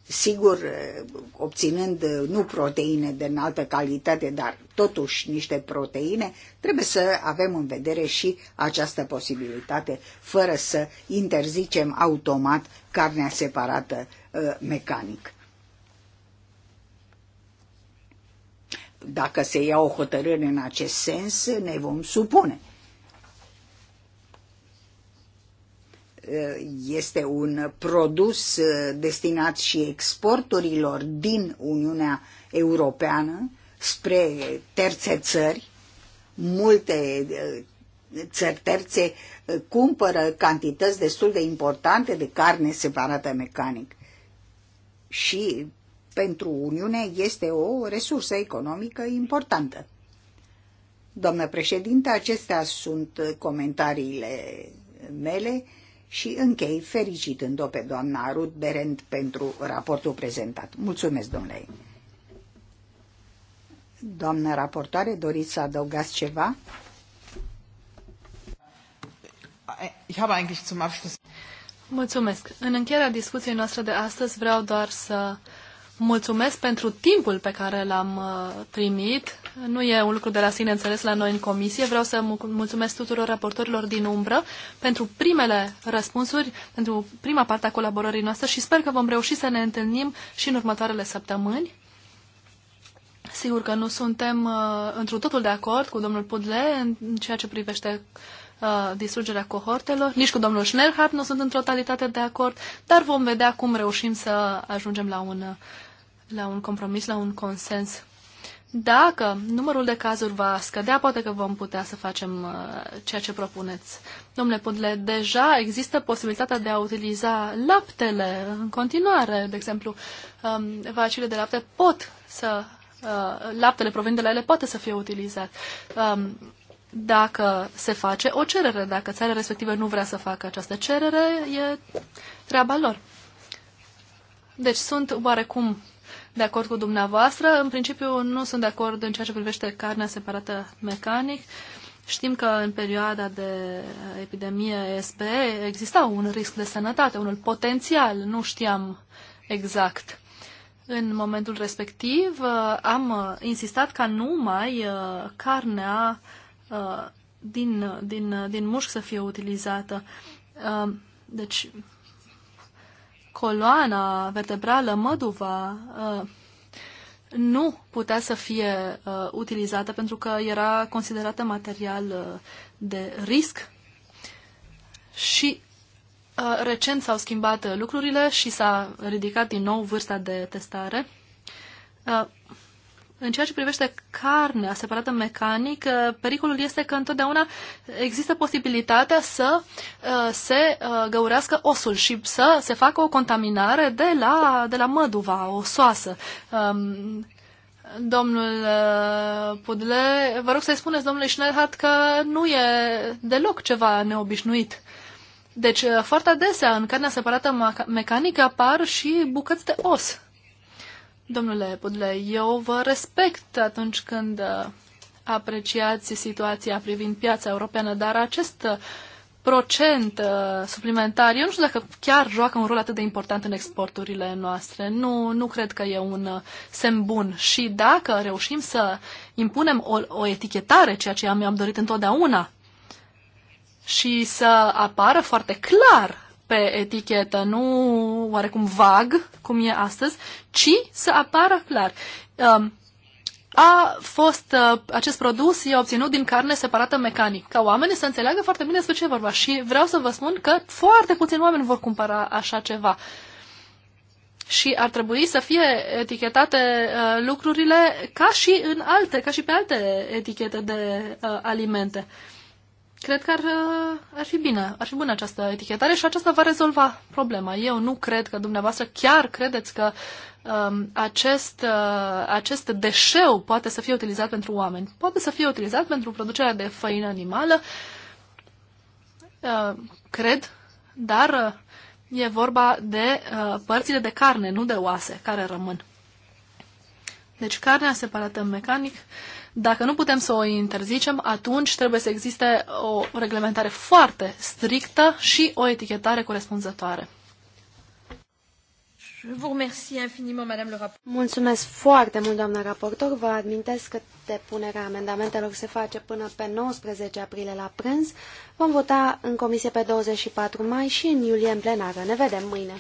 Speaker 3: sigur, uh, obținând uh, nu proteine de înaltă calitate, dar totuși niște proteine, trebuie să avem în vedere și această posibilitate, fără să interzicem automat carnea separată Uh, mecanic. Dacă se ia o hotărâre în acest sens, ne vom supune. Uh, este un produs uh, destinat și exporturilor din Uniunea Europeană spre terțe țări. Multe țări terțe cumpără cantități destul de importante de carne separată mecanic și pentru Uniune este o resursă economică importantă. Doamnă președinte, acestea sunt comentariile mele și închei fericitând-o pe doamna Ruth Berend pentru raportul prezentat. Mulțumesc, domnule. Doamnă raportoare, doriți să adăugați ceva? Ich habe eigentlich zum Abschluss
Speaker 2: Mulțumesc. În încheierea discuției noastre de astăzi vreau doar să mulțumesc pentru timpul pe care l-am uh, primit. Nu e un lucru de la sine înțeles la noi în comisie. Vreau să mulțumesc tuturor raportorilor din umbră pentru primele răspunsuri, pentru prima parte a colaborării noastre și sper că vom reuși să ne întâlnim și în următoarele săptămâni. Sigur că nu suntem uh, într totul de acord cu domnul Pudle în ceea ce privește Uh, distrugerea cohortelor. Nici cu domnul Schnellhardt nu sunt în totalitate de acord, dar vom vedea cum reușim să ajungem la un, uh, la un compromis, la un consens. Dacă numărul de cazuri va scădea, poate că vom putea să facem uh, ceea ce propuneți. Domnule Pudle, deja există posibilitatea de a utiliza laptele în continuare. De exemplu, um, vacile de lapte pot să uh, laptele provenind de la ele poate să fie utilizat. Um, dacă se face o cerere, dacă țara respectivă nu vrea să facă această cerere, e treaba lor. Deci sunt oarecum de acord cu dumneavoastră. În principiu nu sunt de acord în ceea ce privește carnea separată mecanic. Știm că în perioada de epidemie SP exista un risc de sănătate, unul potențial, nu știam exact. În momentul respectiv am insistat ca numai uh, carnea Uh, din, uh, din, uh, din mușc să fie utilizată. deci, coloana vertebrală, măduva, nu putea să fie utilizată pentru că era considerată material de risc și recent s-au schimbat lucrurile și s-a ridicat din nou vârsta de testare. În ceea ce privește carnea separată mecanic, uh, pericolul este că întotdeauna există posibilitatea să uh, se uh, găurească osul și să se facă o contaminare de la, de la măduva osoasă. Um, domnul Pudle, vă rog să-i spuneți domnule Schnellhardt că nu e deloc ceva neobișnuit. Deci, foarte adesea, în carnea separată mecanică apar și bucăți de os Domnule Pudle, eu vă respect atunci când uh, apreciați situația privind piața europeană, dar acest uh, procent uh, suplimentar, eu nu știu dacă chiar joacă un rol atât de important în exporturile noastre. Nu, nu cred că e un uh, semn bun. Și dacă reușim să impunem o, o etichetare, ceea ce mi-am dorit întotdeauna, și să apară foarte clar pe etichetă, nu oarecum vag, cum e astăzi, ci să apară clar. Um, a fost, uh, acest produs e obținut din carne separată mecanic, ca oamenii să înțeleagă foarte bine despre ce e vorba. Și vreau să vă spun că foarte puțini oameni vor cumpăra așa ceva și ar trebui să fie etichetate uh, lucrurile ca și în alte, ca și pe alte etichete de uh, alimente. Cred că ar, ar fi bine, ar fi bună această etichetare și aceasta va rezolva problema. Eu nu cred că dumneavoastră chiar credeți că um, acest, uh, acest deșeu poate să fie utilizat pentru oameni. Poate să fie utilizat pentru producerea de făină animală, uh, cred, dar uh, e vorba de uh, părțile de carne, nu de oase, care rămân. Deci carnea separată mecanic uh, dacă nu putem să o interzicem, atunci trebuie să existe o reglementare foarte strictă și o etichetare corespunzătoare.
Speaker 1: Mulțumesc foarte mult, doamna raportor. Vă amintesc că depunerea amendamentelor se face până pe 19 aprilie la prânz. Vom vota în comisie pe 24 mai și în iulie în plenară. Ne vedem mâine.